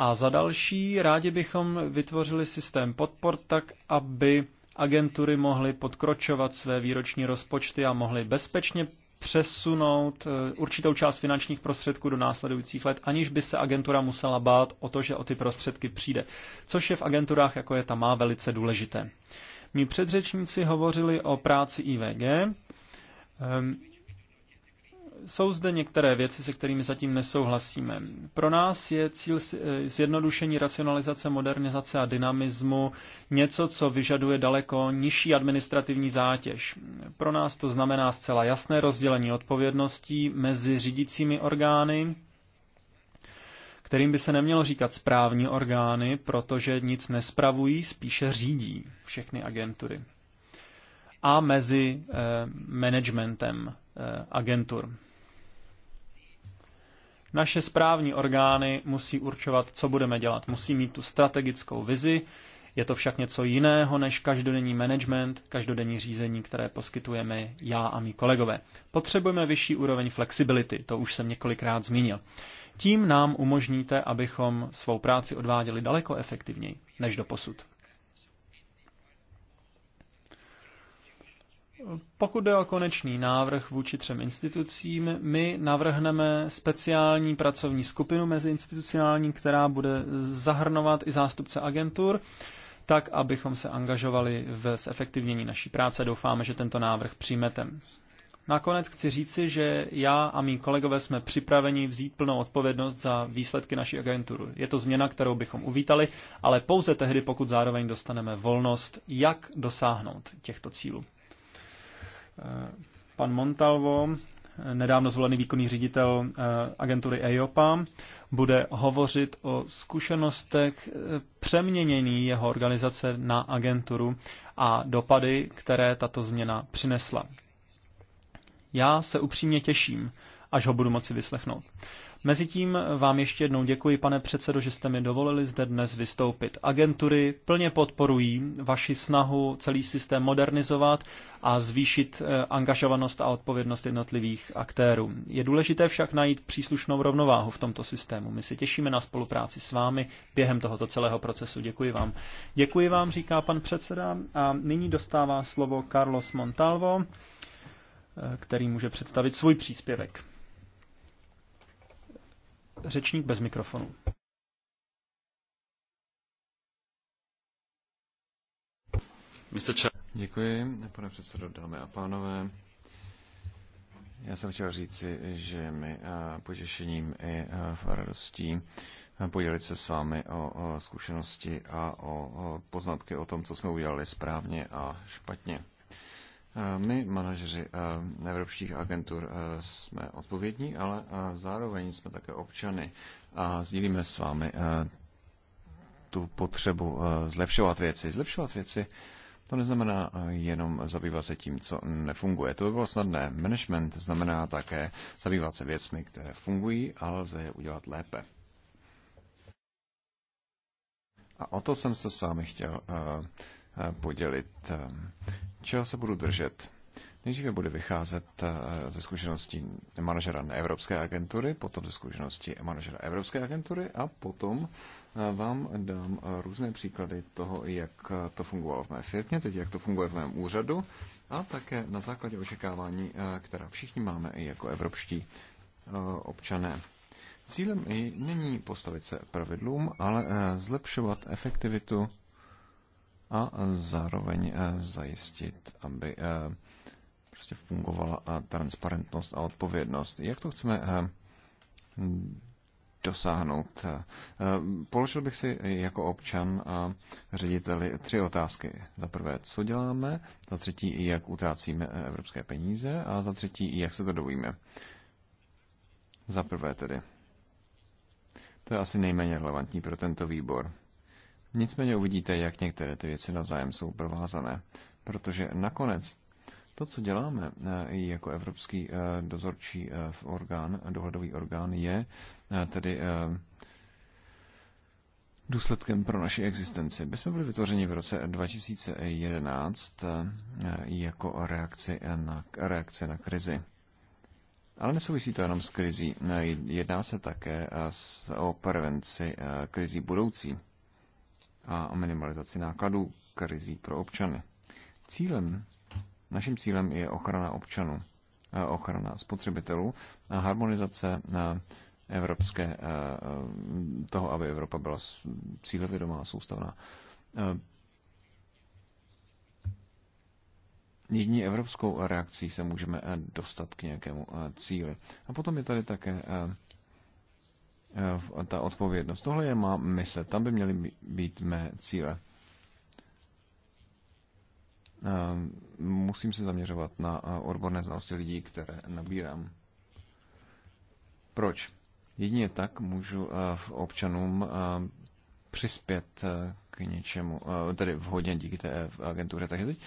a za další, rádi bychom vytvořili systém podpor tak, aby agentury mohly podkročovat své výroční rozpočty a mohly bezpečně přesunout eh, určitou část finančních prostředků do následujících let, aniž by se agentura musela bát o to, že o ty prostředky přijde, což je v agenturách, jako je ta má, velice důležité. Mí předřečníci hovořili o práci IVG. Ehm, jsou zde některé věci, se kterými zatím nesouhlasíme. Pro nás je cíl eh, zjednodušení racionalizace, modernizace a dynamismu něco, co vyžaduje daleko nižší administrativní zátěž. Pro nás to znamená zcela jasné rozdělení odpovědností mezi řídícími orgány, kterým by se nemělo říkat správní orgány, protože nic nespravují, spíše řídí všechny agentury. A mezi eh, managementem eh, agentur. Naše správní orgány musí určovat, co budeme dělat. Musí mít tu strategickou vizi. Je to však něco jiného než každodenní management, každodenní řízení, které poskytujeme já a mý kolegové. Potřebujeme vyšší úroveň flexibility, to už jsem několikrát zmínil. Tím nám umožníte, abychom svou práci odváděli daleko efektivněji než do posud. Pokud jde o konečný návrh vůči třem institucím, my navrhneme speciální pracovní skupinu meziinstitucionální, která bude zahrnovat i zástupce agentur, tak, abychom se angažovali v zefektivnění naší práce. Doufáme, že tento návrh přijmete. Nakonec chci říci, že já a mý kolegové jsme připraveni vzít plnou odpovědnost za výsledky naší agentury. Je to změna, kterou bychom uvítali, ale pouze tehdy, pokud zároveň dostaneme volnost, jak dosáhnout těchto cílů pan Montalvo, nedávno zvolený výkonný ředitel eh, agentury EIOPA, bude hovořit o zkušenostech eh, přeměnění jeho organizace na agenturu a dopady, které tato změna přinesla. Já se upřímně těším, až ho budu moci vyslechnout. Mezitím vám ještě jednou děkuji, pane předsedo, že jste mi dovolili zde dnes vystoupit. Agentury plně podporují vaši snahu celý systém modernizovat a zvýšit eh, angažovanost a odpovědnost jednotlivých aktérů. Je důležité však najít příslušnou rovnováhu v tomto systému. My se těšíme na spolupráci s vámi během tohoto celého procesu. Děkuji vám. Děkuji vám, říká pan předseda. A nyní dostává slovo Carlos Montalvo, eh, který může představit svůj příspěvek. Řečník bez mikrofonu. Děkuji, pane předsedo, dámy a pánové. Já jsem chtěl říci, že mi potěšením i radostí podělit se s vámi o zkušenosti a o poznatky o tom, co jsme udělali správně a špatně. My, manažeři evropských agentur, jsme odpovědní, ale zároveň jsme také občany a sdílíme s vámi tu potřebu zlepšovat věci. Zlepšovat věci to neznamená jenom zabývat se tím, co nefunguje. To by bylo snadné. Management znamená také zabývat se věcmi, které fungují, ale lze je udělat lépe. A o to jsem se s vámi chtěl uh, Eh, podělit. Eh, čeho se budu držet? Nejdříve bude vycházet eh, ze zkušeností manažera Evropské agentury, potom ze zkušeností manažera Evropské agentury a potom vám dám různé příklady toho, jak to fungovalo v mé firmě, teď jak to funguje v mém úřadu a také na základě očekávání, která všichni máme i jako evropští občané. Cílem i není postavit se pravidlům, ale zlepšovat efektivitu a zároveň e, zajistit, aby e, prostě fungovala e, transparentnost a odpovědnost. Jak to chceme dosáhnout? Položil bych si jako občan a řediteli tři otázky. Za prvé, co děláme? Za třetí, jak utrácíme evropské peníze? A za třetí, jak se to dovíme? Za prvé tedy. To je asi nejméně relevantní pro tento výbor. Nicméně uvidíte, jak některé ty věci navzájem jsou provázané, protože nakonec to, co děláme eh, i jako evropský eh, dozorčí eh, orgán, dohledový orgán, je tedy důsledkem pro naši existenci. My jsme byli vytvořeni v roce 2011 jako reakci na, reakce na krizi. Ale nesouvisí to jenom s krizí. Jedná se také o prevenci krizí budoucí a minimalizaci nákladů krizí pro občany. Cílem, naším cílem je ochrana občanů, eh, ochrana spotřebitelů a harmonizace na eh, evropské, eh, toho, aby Evropa byla cílevědomá a soustavná. Jední evropskou reakcí se můžeme dostat k nějakému cíli. A potom je tady také Eh, ta odpovědnost. Tohle je má mise, tam by měly být mé cíle. Eh, musím se zaměřovat na eh, odborné znalosti lidí, které nabírám. Proč? Jedině tak můžu v občanům přispět k něčemu, tedy vhodně díky té agentuře. Takže teď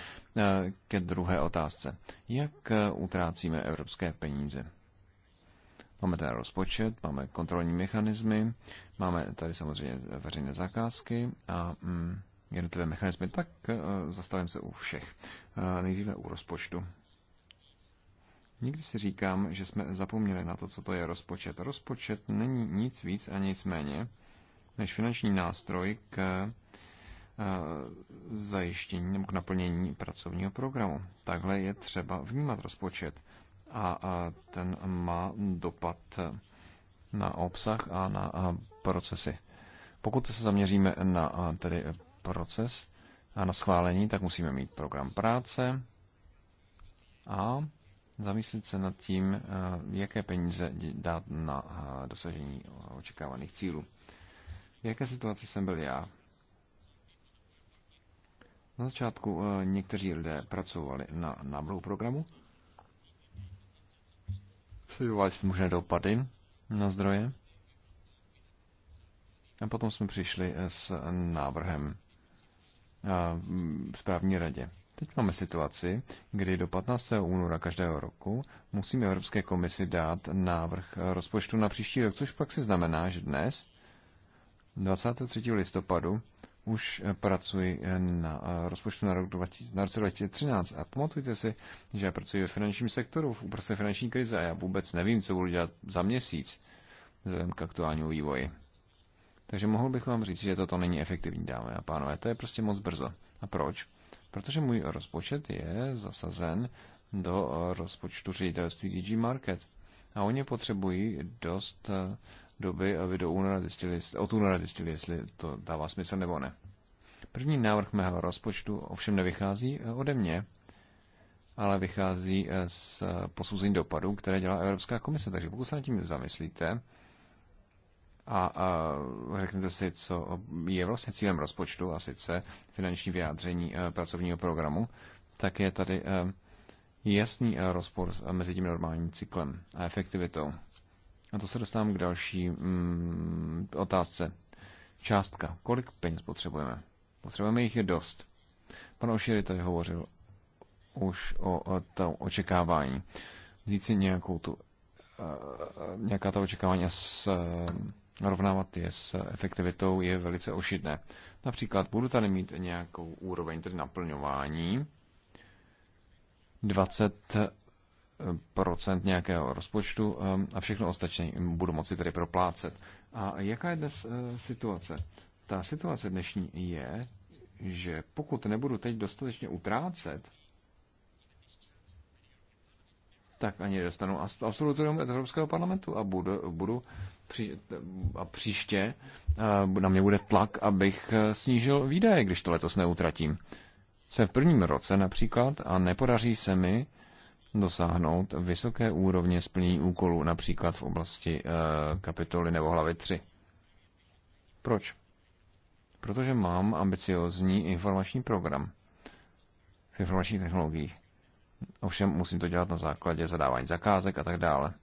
ke druhé otázce. Jak utrácíme evropské peníze? Máme tady rozpočet, máme kontrolní mechanismy, máme tady samozřejmě veřejné zakázky a mm, jednotlivé mechanismy. Tak eh, zastavím se u všech. Eh, nejdříve u rozpočtu. Nikdy si říkám, že jsme zapomněli na to, co to je rozpočet. Rozpočet není nic víc a nic méně než finanční nástroj k eh, zajištění nebo k naplnění pracovního programu. Takhle je třeba vnímat rozpočet a ten má dopad na obsah a na procesy. Pokud se zaměříme na tedy proces a na schválení, tak musíme mít program práce a zamyslet se nad tím, jaké peníze dát na dosažení očekávaných cílů. V jaké situaci jsem byl já? Na začátku někteří lidé pracovali na návrhu programu Sledovali jsme možné dopady na zdroje. A potom jsme přišli eh, s návrhem eh, v správní radě. Teď máme situaci, kdy do 15. února každého roku musíme Evropské komisi dát návrh rozpočtu na příští rok, což pak si znamená, že dnes, 23. listopadu, už eh, pracuji eh, na eh, rozpočtu na, rok 20, na roce 2013 a pamatujte si, že já pracuji ve finančním sektoru v uprostřed finanční krize a já vůbec nevím, co budu dělat za měsíc vzhledem k aktuálnímu vývoji. Takže mohl bych vám říct, že toto není efektivní, dámy a pánové. To je prostě moc brzo. A proč? Protože můj rozpočet je zasazen do rozpočtu ředitelství DG Market. A oni potřebují dost doby, aby do února zjistili, od února zjistili, jestli to dává smysl nebo ne. První návrh mého rozpočtu ovšem nevychází eh, ode mě, ale vychází eh, z eh, posouzení dopadů, které dělá Evropská komise. Takže pokud se nad tím zamyslíte a, a řeknete si, co je vlastně cílem rozpočtu, a sice finanční vyjádření pracovního programu, tak je tady jasný rozpor mezi tím normálním cyklem a efektivitou. A to se dostávám k další mm, otázce. Částka. Kolik peněz potřebujeme? Potřebujeme jich je dost. Pan Oširi tady hovořil už o, o to očekávání. Vzít si nějakou tu, uh, nějaká ta očekávání a s, uh, eh, rovnávat je s efektivitou je velice ošidné. Například budu tady mít nějakou úroveň tedy naplňování 20 procent nějakého rozpočtu a všechno ostatní budu moci tedy proplácet. A jaká je dnes eh, situace? Ta situace dnešní je, že pokud nebudu teď dostatečně utrácet, tak ani nedostanu absolutorium od Evropského parlamentu a budu, budu při, a příště eh, na mě bude tlak, abych eh, snížil výdaje, když to letos neutratím. Jsem v prvním roce například a nepodaří se mi dosáhnout vysoké úrovně splnění úkolů, například v oblasti eh, kapitoly nebo hlavy 3. Proč? Protože mám ambiciozní informační program v informačních technologiích. Ovšem musím to dělat na základě zadávání zakázek a tak dále.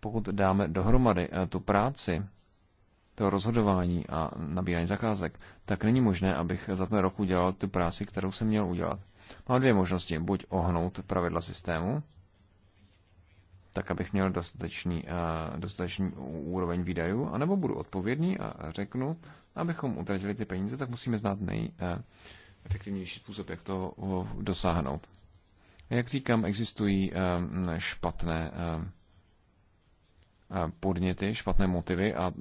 Pokud dáme dohromady eh, tu práci, to rozhodování a nabírání zakázek, tak není možné, abych za ten rok udělal tu práci, kterou jsem měl udělat. Mám dvě možnosti. Buď ohnout pravidla systému, tak abych měl dostatečný, eh, dostatečný úroveň výdajů, anebo budu odpovědný a řeknu, abychom utratili ty peníze, tak musíme znát nejefektivnější eh, způsob, jak to eh, dosáhnout. Jak říkám, existují špatné podněty, špatné motivy a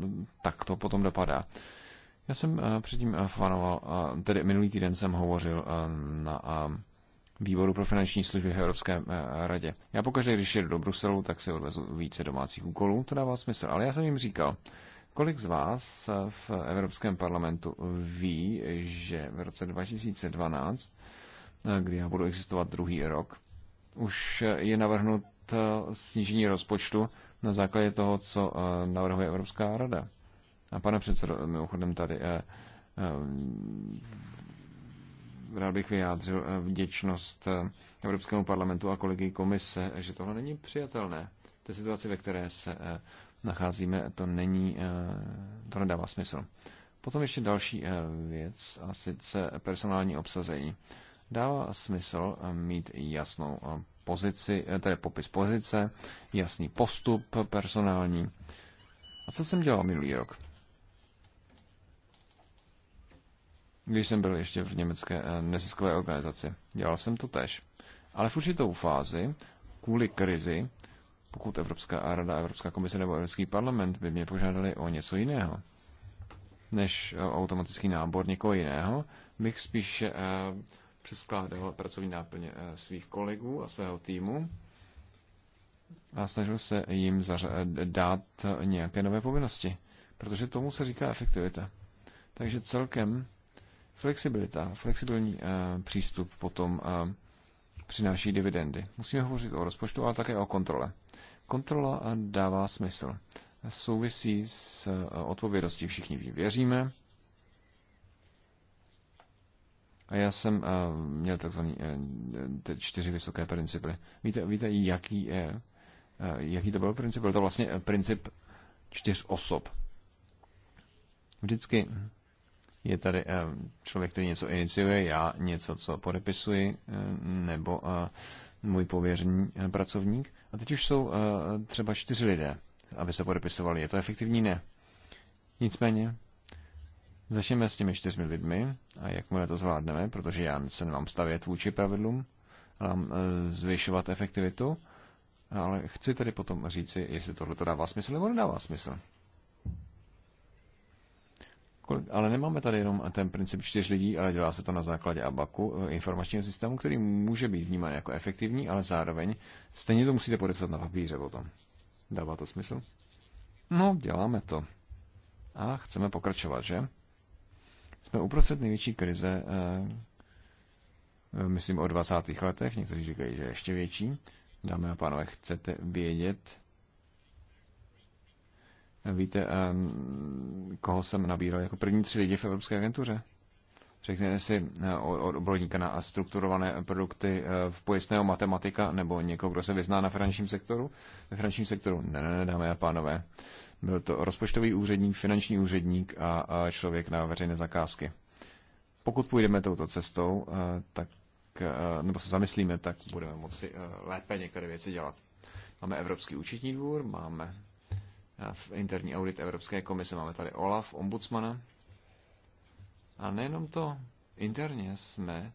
tak to potom dopadá. Já jsem eh, předtím eh, fanoval, eh, tedy minulý týden jsem hovořil na výboru pro finanční služby v Evropské radě. Já pokaždé, když jedu do Bruselu, tak si odvezu více domácích úkolů, to dává smysl. Ale já jsem jim říkal, kolik z vás v Evropském parlamentu ví, že v roce 2012, kdy já budu existovat druhý rok, už je navrhnut snížení rozpočtu na základě toho, co navrhuje Evropská rada. A pane předsedo, mimochodem tady eh, eh, rád bych vyjádřil eh, vděčnost eh, Evropskému parlamentu a kolegy komise, že tohle není přijatelné. Té situaci, ve které se eh, nacházíme, to není, eh, to nedává smysl. Potom ještě další věc, a sice personální obsazení. Dává smysl mít jasnou pozici, tedy popis pozice, jasný postup personální. A co jsem dělal minulý rok? když jsem byl ještě v německé eh, neziskové organizaci. Dělal jsem to tež. Ale v určitou fázi, kvůli krizi, pokud Evropská rada, Evropská komise nebo Evropský parlament by mě požádali o něco jiného, než eh, automatický nábor někoho jiného, bych spíš eh, přeskládal pracovní náplně svých kolegů a svého týmu a snažil se jim dát nějaké nové povinnosti, protože tomu se říká efektivita. Takže celkem Flexibilita, flexibilní eh, přístup potom eh, přináší dividendy. Musíme hovořit o rozpočtu, ale také o kontrole. Kontrola eh, dává smysl. Souvisí s odpovědností, všichni ní věříme. A já jsem měl takzvaný čtyři vysoké principy. Víte, víte jaký, je, jaký to byl princip? Byl to vlastně princip čtyř osob. Vždycky je tady eh, člověk, který něco iniciuje, já něco, co podepisuji, eh, nebo eh, můj pověřený pracovník. A teď už jsou třeba čtyři lidé, aby se podepisovali. Je to efektivní? Ne. Nicméně, začneme s těmi čtyřmi lidmi a jakmile to zvládneme, protože já se nemám stavět vůči pravidlům, mám zvyšovat efektivitu, ale chci tedy potom říci, jestli tohle to dává smysl nebo nedává smysl. Ale nemáme tady jenom ten princip čtyř lidí, ale dělá se to na základě ABAKu, eh, informačního systému, který může být vnímán jako efektivní, ale zároveň stejně to musíte podepsat na papíře potom. Dává to smysl? No, děláme to. A chceme pokračovat, že? Jsme uprostřed největší krize, eh, myslím o 20. letech, někteří říkají, že ještě větší. Dámy a pánové, chcete vědět, Víte, koho jsem nabíral jako první tři lidi v Evropské agentuře? Řekněte si e, od obrodníka na strukturované produkty e, v pojistného matematika nebo někoho, kdo se vyzná na finančním sektoru? Ve finančním sektoru? Ne, ne, ne, dámy a pánové. Byl to rozpočtový úředník, finanční úředník a člověk na veřejné zakázky. Pokud půjdeme touto cestou, e, tak, nebo se zamyslíme, tak budeme moci lépe některé věci dělat. Máme Evropský účetní dvůr, máme v interní audit Evropské komise. Máme tady OLAF, ombudsmana. A nejenom to, interně jsme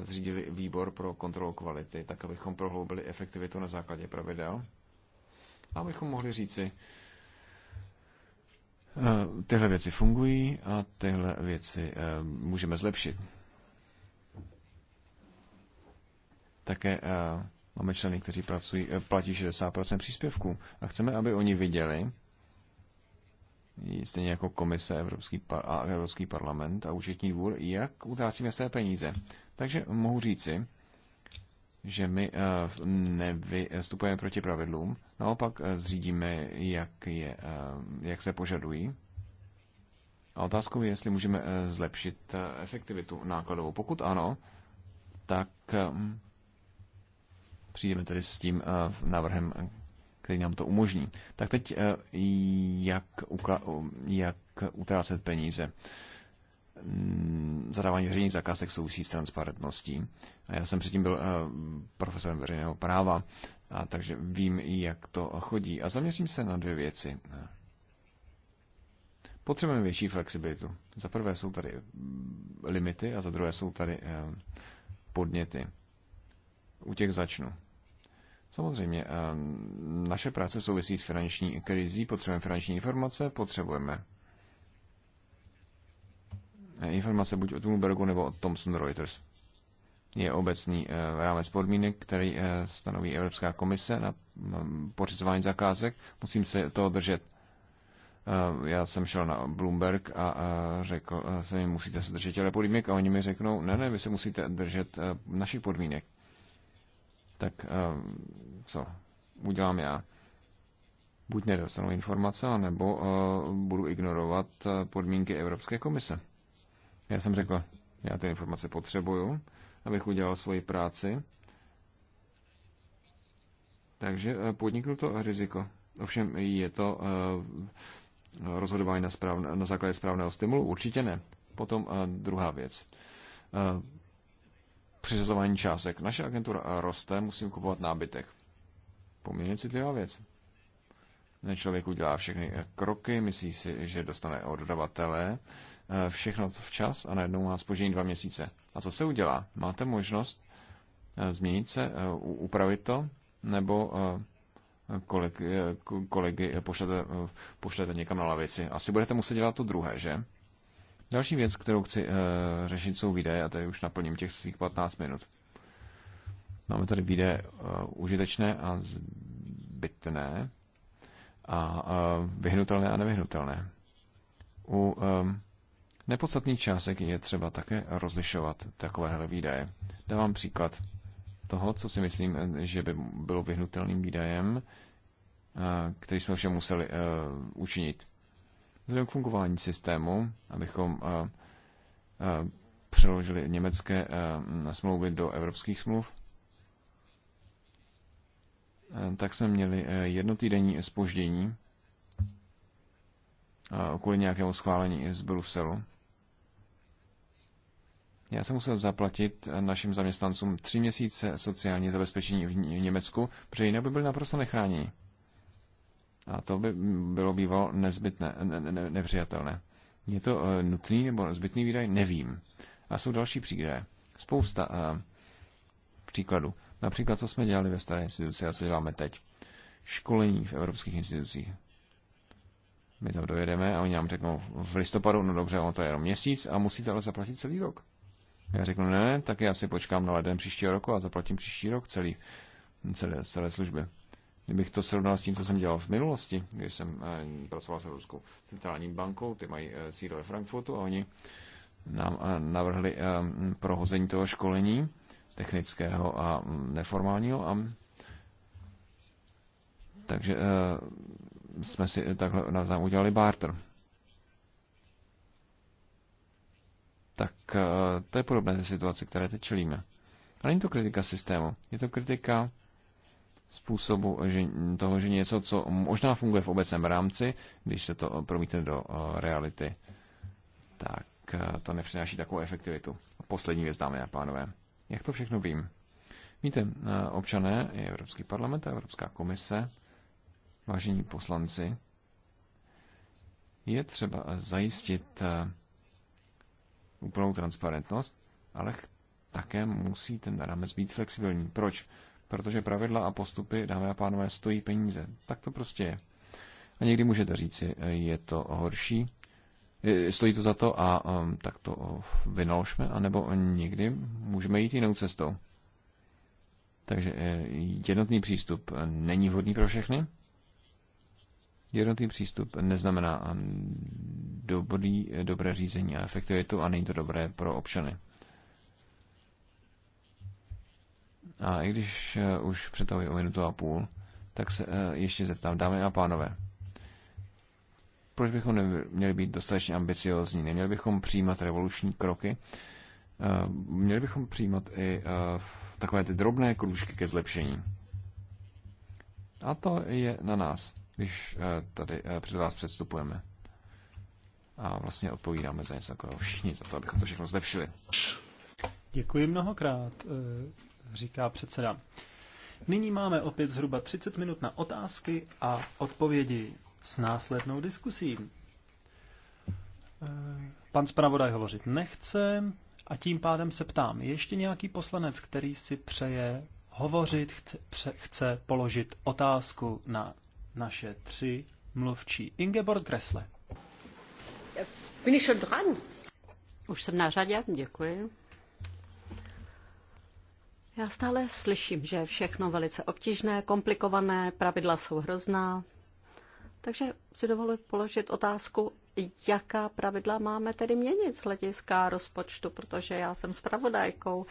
zřídili výbor pro kontrolu kvality, tak abychom prohloubili efektivitu na základě pravidel. A abychom mohli říci, eh, tyhle věci fungují a tyhle věci eh, můžeme zlepšit. Také eh, Máme členy, kteří pracují, eh, platí 60% příspěvků a chceme, aby oni viděli, stejně jako komise Evropský par- a Evropský parlament a účetní dvůr, jak utrácíme své peníze. Takže mohu říci, že my eh, nevystupujeme proti pravidlům, naopak eh, zřídíme, jak, je, jak se požadují. A otázkou je, jestli můžeme zlepšit efektivitu nákladovou. Pokud ano, tak přijdeme tedy s tím eh, návrhem, který nám to umožní. Tak teď, eh, jak, ukla- jak utrácet peníze? Mm, zadávání veřejných zakázek souvisí s transparentností. A já jsem předtím byl eh, profesorem veřejného práva, a takže vím, jak to chodí. A zaměřím se na dvě věci. Potřebujeme větší flexibilitu. Za prvé jsou tady mm, limity a za druhé jsou tady podněty. U těch začnu. Samozřejmě, naše práce souvisí s finanční krizí, potřebujeme finanční informace, potřebujeme e, informace buď od Bloombergu nebo od Thomson Reuters. Je obecný e, rámec podmínek, který e, stanoví Evropská komise na pořizování zakázek. Musím se toho držet. Já jsem šel na Bloomberg a řekl se mi musíte se držet těle podmínek a oni mi řeknou, ne, ne, vy se musíte držet našich podmínek tak eh, co udělám já? Buď nedostanu informace, nebo eh, budu ignorovat eh, podmínky Evropské komise. Já jsem řekl, já ty informace potřebuju, abych udělal svoji práci. Takže podniknu to riziko. Ovšem je to rozhodování na, správne, na základě správného stimulu? Určitě ne. Potom druhá věc přiřazování částek. Naše agentura roste, musím kupovat nábytek. Poměrně citlivá věc. Člověk udělá všechny kroky, myslí si, že dostane od dodavatele eh, všechno včas a najednou má spožení dva měsíce. A co se udělá? Máte možnost eh, změnit se, eh, upravit to, nebo kolegy, kolegy pošlete, pošlete někam na lavici. Asi budete muset dělat to druhé, že? Další věc, kterou chci eh, řešit, jsou videa, a tady už naplním těch svých 15 minut. Máme tady uh, užitečné a zbytné a eh, vyhnutelné a nevyhnutelné. U nepodstatných částek je třeba také rozlišovat takovéhle výdaje. Dávám příklad toho, co si myslím, že by bylo vyhnutelným výdajem, který jsme všem museli učinit vzhledem k fungování systému, abychom eh, eh, přeložili německé eh, smlouvy do evropských smluv, tak jsme měli jednotýdenní spoždění kvůli nějakému schválení z Bruselu. Já jsem musel zaplatit našim zaměstnancům tři měsíce sociální zabezpečení v Německu, protože jinak by byli naprosto nechráněni. A to by bylo bývalo nezbytné, ne, ne, nepřijatelné. Je to uh, nutný nebo nezbytný výdaj? Nevím. A jsou další příklady. Spousta uh, příkladů. Například, co jsme dělali ve staré instituci a co děláme teď. Školení v evropských institucích. My tam dojedeme a oni nám řeknou v listopadu, no dobře, ono to je jenom měsíc a musíte ale zaplatit celý rok. Já řeknu, ne, tak já si počkám na leden příštího roku a zaplatím příští rok celý, celé, celé služby. Kdybych to srovnal s tím, co jsem dělal v minulosti, když jsem eh, pracoval s Ruskou centrální bankou, ty mají eh, sídlo ve Frankfurtu a oni nám eh, navrhli prohození toho školení technického a mm, neformálního. A... Takže jsme si takhle navzájem udělali barter. Tak to je podobné té situaci, které teď čelíme. A není to kritika systému, je to kritika způsobu že, toho, že něco, co možná funguje v obecném rámci, když se to eh, promítne do eh, reality, tak eh, to nepřináší takovou efektivitu. Poslední věc, dámy a pánové. Jak to všechno vím? Víte, občané, Evropský parlament a Evropská komise, vážení poslanci, je třeba zajistit úplnou transparentnost, ale také musí ten rámec být flexibilní. Proč? protože pravidla a postupy, dámy a pánové, stojí peníze. Tak to prostě je. A někdy můžete říci, eh, je to horší, stojí to za to a um, tak to eh, vynaložme, anebo někdy můžeme jít jinou cestou. Takže eh, jednotný přístup není vhodný pro všechny. Jednotný přístup neznamená dobrý, dobré řízení a efektivitu a není to dobré pro občany. A i když eh, už přetahuji o minutu a půl, tak se eh, ještě zeptám, dámy a pánové, proč bychom neměli být dostatečně ambiciozní? Neměli bychom přijímat revoluční kroky? Eh, měli bychom přijímat i takové ty drobné kružky ke zlepšení. A to je na nás, když tady před vás předstupujeme. A vlastně odpovídáme za něco takového všichni, za to, abychom to všechno zlepšili. Děkuji mnohokrát říká předseda. Nyní máme opět zhruba 30 minut na otázky a odpovědi s následnou diskusí. Eh, pan zpravodaj hovořit nechce a tím pádem se ptám, ještě nějaký poslanec, který si přeje hovořit, chce, pře, chce položit otázku na naše tři mluvčí. Ingeborg Gressle. Bin ich schon dran? Už jsem na řadě, děkuji. Já stále slyším, že je všechno velice obtížné, komplikované, pravidla jsou hrozná. Takže si dovoluji položit otázku, jaká pravidla máme tedy měnit z hlediska rozpočtu, protože já jsem spravodajkou.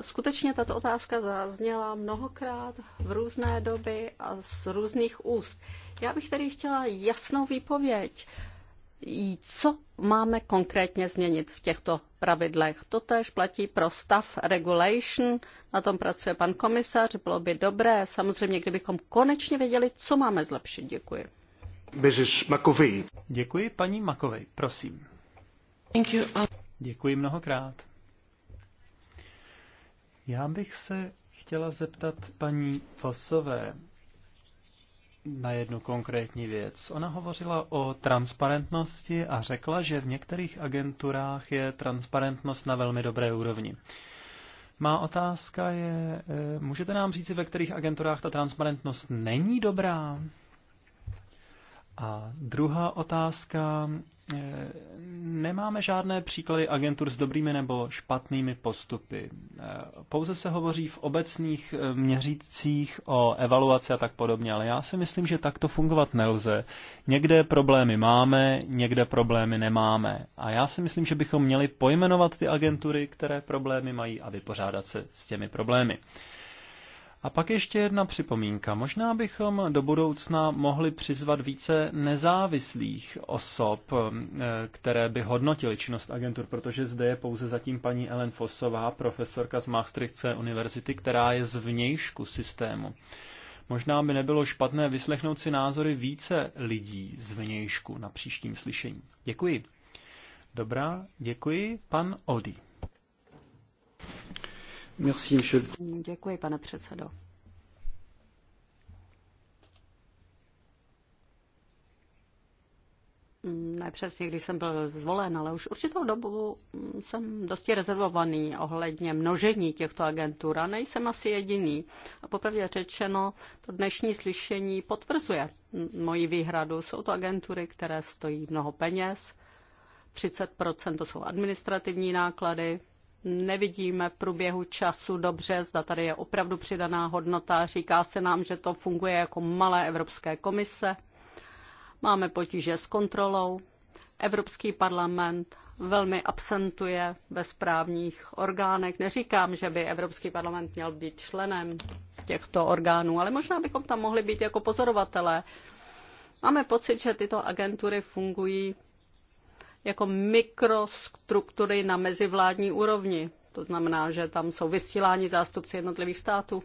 Skutečně tato otázka zazněla mnohokrát v různé doby a z různých úst. Já bych tedy chtěla jasnou výpověď co máme konkrétně změnit v těchto pravidlech. Totež platí pro staff regulation, na tom pracuje pan komisař, bylo by dobré, samozřejmě, kdybychom konečně věděli, co máme zlepšit. Děkuji. Děkuji paní Makovej, prosím. Thank you. Uh, Děkuji mnohokrát. Já bych se chtěla zeptat paní Fosové na jednu konkrétní věc. Ona hovořila o transparentnosti a řekla, že v některých agenturách je transparentnost na velmi dobré úrovni. Má otázka je, eh, můžete nám říci, ve kterých agenturách ta transparentnost není dobrá? A druhá otázka. Eh, nemáme žádné příklady agentur s dobrými nebo špatnými postupy. Eh, pouze se hovoří v obecných eh, měřících o evaluaci a tak podobně, ale já si myslím, že takto fungovat nelze. Někde problémy máme, někde problémy nemáme. A já si myslím, že bychom měli pojmenovat ty agentury, které problémy mají a vypořádat se s těmi problémy. A pak ještě jedna připomínka. Možná bychom do budoucna mohli přizvat více nezávislých osob, eh, které by hodnotily činnost agentur, protože zde je pouze zatím paní Ellen Fosová, profesorka z Maastrichtské univerzity, která je z vnějšku systému. Možná by nebylo špatné vyslechnout si názory více lidí z vnějšku na příštím slyšení. Děkuji. Dobrá, děkuji. Pan Odi. Merci, monsieur. Děkuji, pane předsedo. Ne přesně, když jsem byl zvolen, ale už určitou dobu jsem dosti rezervovaný ohledně množení těchto agentur a nejsem asi jediný. A popravdě řečeno, to dnešní slyšení potvrzuje moji výhradu. Jsou to agentury, které stojí mnoho peněz, 30% to jsou administrativní náklady, nevidíme v průběhu času dobře, zda tady je opravdu přidaná hodnota. Říká se nám, že to funguje jako malé Evropské komise. Máme potíže s kontrolou. Evropský parlament velmi absentuje ve správních orgánech. Neříkám, že by Evropský parlament měl být členem těchto orgánů, ale možná bychom tam mohli být jako pozorovatelé. Máme pocit, že tyto agentury fungují jako mikrostruktury na mezivládní úrovni. To znamená, že tam jsou vysílání zástupci jednotlivých států.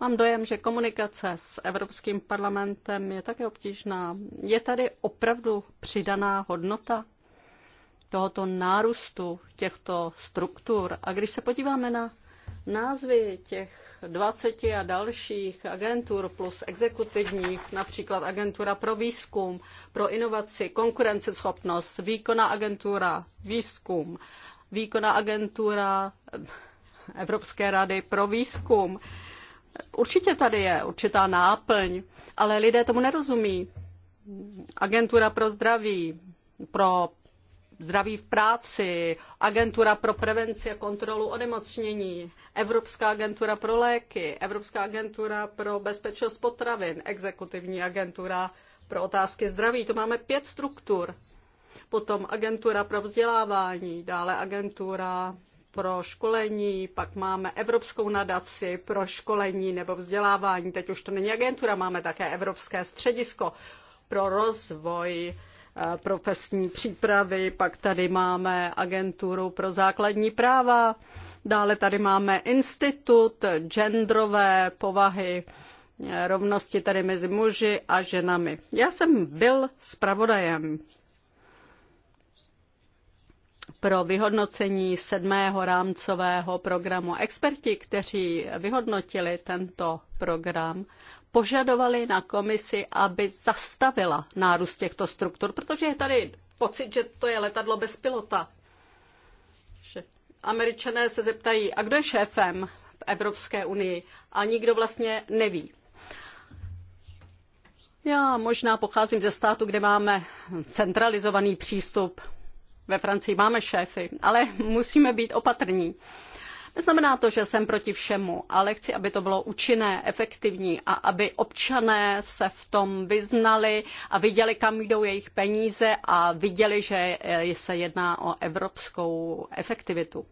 Mám dojem, že komunikace s Evropským parlamentem je také obtížná. Je tady opravdu přidaná hodnota tohoto nárůstu těchto struktur? A když se podíváme na Názvy těch 20 a dalších agentur plus exekutivních, například agentura pro výzkum, pro inovaci, konkurenceschopnost, výkonná agentura, výzkum, výkonná agentura eh, Evropské rady pro výzkum. Určitě tady je určitá náplň, ale lidé tomu nerozumí. Agentura pro zdraví, pro zdraví v práci, agentura pro prevenci a kontrolu onemocnění, Evropská agentura pro léky, Evropská agentura pro bezpečnost potravin, exekutivní agentura pro otázky zdraví. To máme pět struktur. Potom agentura pro vzdělávání, dále agentura pro školení, pak máme Evropskou nadaci pro školení nebo vzdělávání. Teď už to není agentura, máme také Evropské středisko pro rozvoj profesní přípravy, pak tady máme agenturu pro základní práva, dále tady máme institut genderové povahy, rovnosti tady mezi muži a ženami. Já jsem byl zpravodajem pro vyhodnocení sedmého rámcového programu. Experti, kteří vyhodnotili tento program, požadovali na komisi, aby zastavila nárůst těchto struktur, protože je tady pocit, že to je letadlo bez pilota. Američané se zeptají, a kdo je šéfem v Evropské unii? A nikdo vlastně neví. Já možná pocházím ze státu, kde máme centralizovaný přístup. Ve Francii máme šéfy, ale musíme být opatrní. Neznamená to, že jsem proti všemu, ale chci, aby to bylo účinné, efektivní a aby občané se v tom vyznali a viděli, kam jdou jejich peníze a viděli, že eh, se jedná o evropskou efektivitu.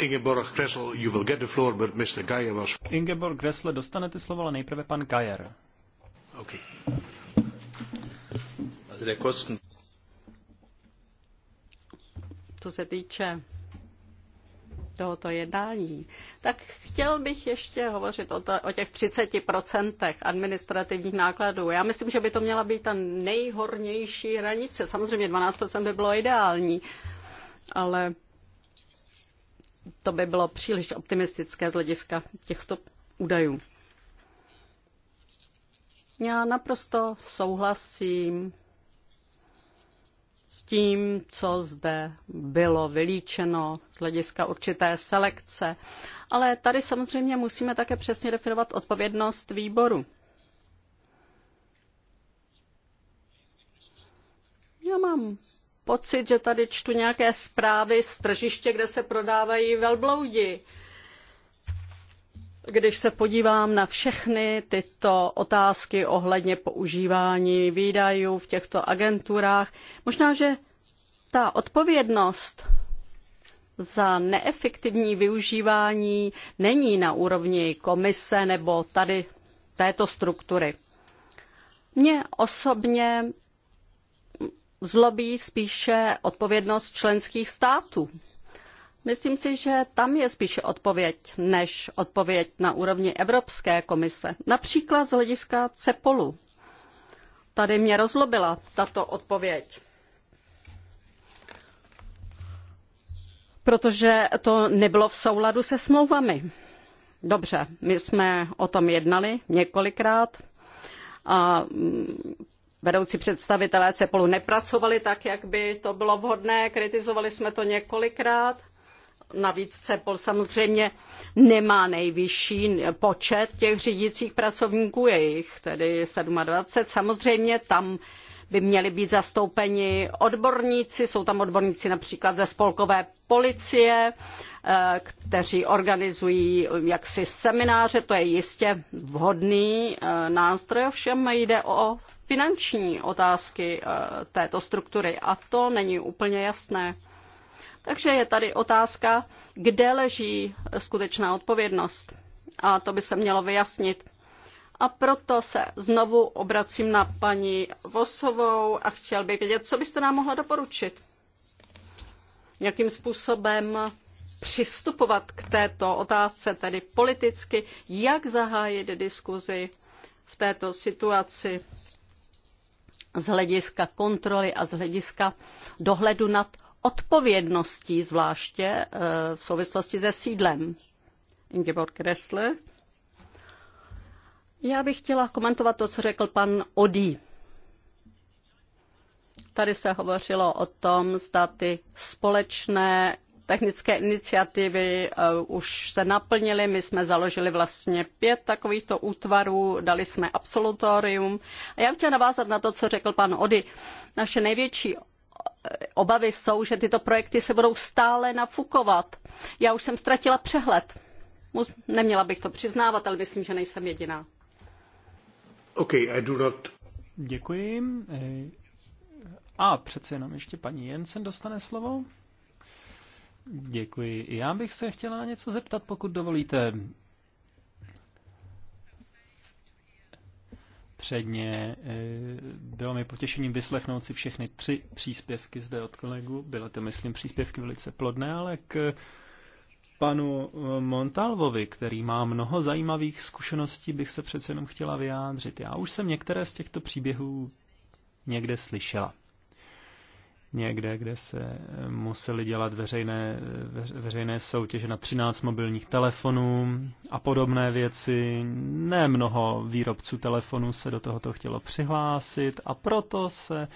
Ingeborg Gressel, you will get the floor, but Mr. Geyer was... Ingeborg Gressle, dostanete slovo, ale nejprve pan Geyer. Okay. Co se týče tohoto jednání, tak chtěl bych ještě hovořit o, to, o těch 30% administrativních nákladů. Já myslím, že by to měla být ta nejhornější hranice. Samozřejmě 12% by bylo ideální, ale to by bylo příliš optimistické z hlediska těchto údajů. Já naprosto souhlasím s tím, co zde bylo vylíčeno z hlediska určité selekce. Ale tady samozřejmě musíme také přesně definovat odpovědnost výboru. Já mám pocit, že tady čtu nějaké zprávy z tržiště, kde se prodávají velbloudi. Well když se podívám na všechny tyto otázky ohledně používání výdajů v těchto agenturách, možná, že ta odpovědnost za neefektivní využívání není na úrovni komise nebo tady této struktury. Mě osobně zlobí spíše odpovědnost členských států Myslím si, že tam je spíše odpověď než odpověď na úrovni Evropské komise. Například z hlediska CEPOLu. Tady mě rozlobila tato odpověď. Protože to nebylo v souladu se smlouvami. Dobře, my jsme o tom jednali několikrát a mm, vedoucí představitelé CEPOLu nepracovali tak, jak by to bylo vhodné, kritizovali jsme to několikrát Navíc CEPOL samozřejmě nemá nejvyšší počet těch řídících pracovníků, je jich tedy 27. Samozřejmě tam by měli být zastoupeni odborníci, jsou tam odborníci například ze spolkové policie, eh, kteří organizují jaksi semináře, to je jistě vhodný eh, nástroj, ovšem jde o finanční otázky eh, této struktury a to není úplně jasné. Takže je tady otázka, kde leží skutečná odpovědnost. A to by se mělo vyjasnit. A proto se znovu obracím na paní Vosovou a chtěl bych vědět, co byste nám mohla doporučit. Jakým způsobem přistupovat k této otázce, tedy politicky, jak zahájit diskuzi v této situaci z hlediska kontroly a z hlediska dohledu nad odpovědností, zvláště eh, v souvislosti se sídlem. Ingeborg Kressler. Já bych chtěla komentovat to, co řekl pan Odí. Tady se hovořilo o tom, zda ty společné technické iniciativy eh, už se naplnily. My jsme založili vlastně pět takovýchto útvarů, dali jsme absolutorium. A já chtěla navázat na to, co řekl pan Ody. Naše největší obavy jsou, že tyto projekty se budou stále nafukovat. Já už jsem ztratila přehled. Neměla bych to přiznávat, ale myslím, že nejsem jediná. Okay, I do not... Děkuji. A přece jenom ještě paní Jensen dostane slovo. Děkuji. Já bych se chtěla něco zeptat, pokud dovolíte. předně. Eh, bylo mi potěšením vyslechnout si všechny tři příspěvky zde od kolegů. Byly to, myslím, příspěvky velice plodné, ale k panu eh, Montalvovi, který má mnoho zajímavých zkušeností, bych se přece jenom chtěla vyjádřit. Já už jsem některé z těchto příběhů někde slyšela někde, kde se museli dělat veřejné, veřejné soutěže na 13 mobilních telefonů a podobné věci. Nemnoho výrobců telefonů se do tohoto chtělo přihlásit a proto se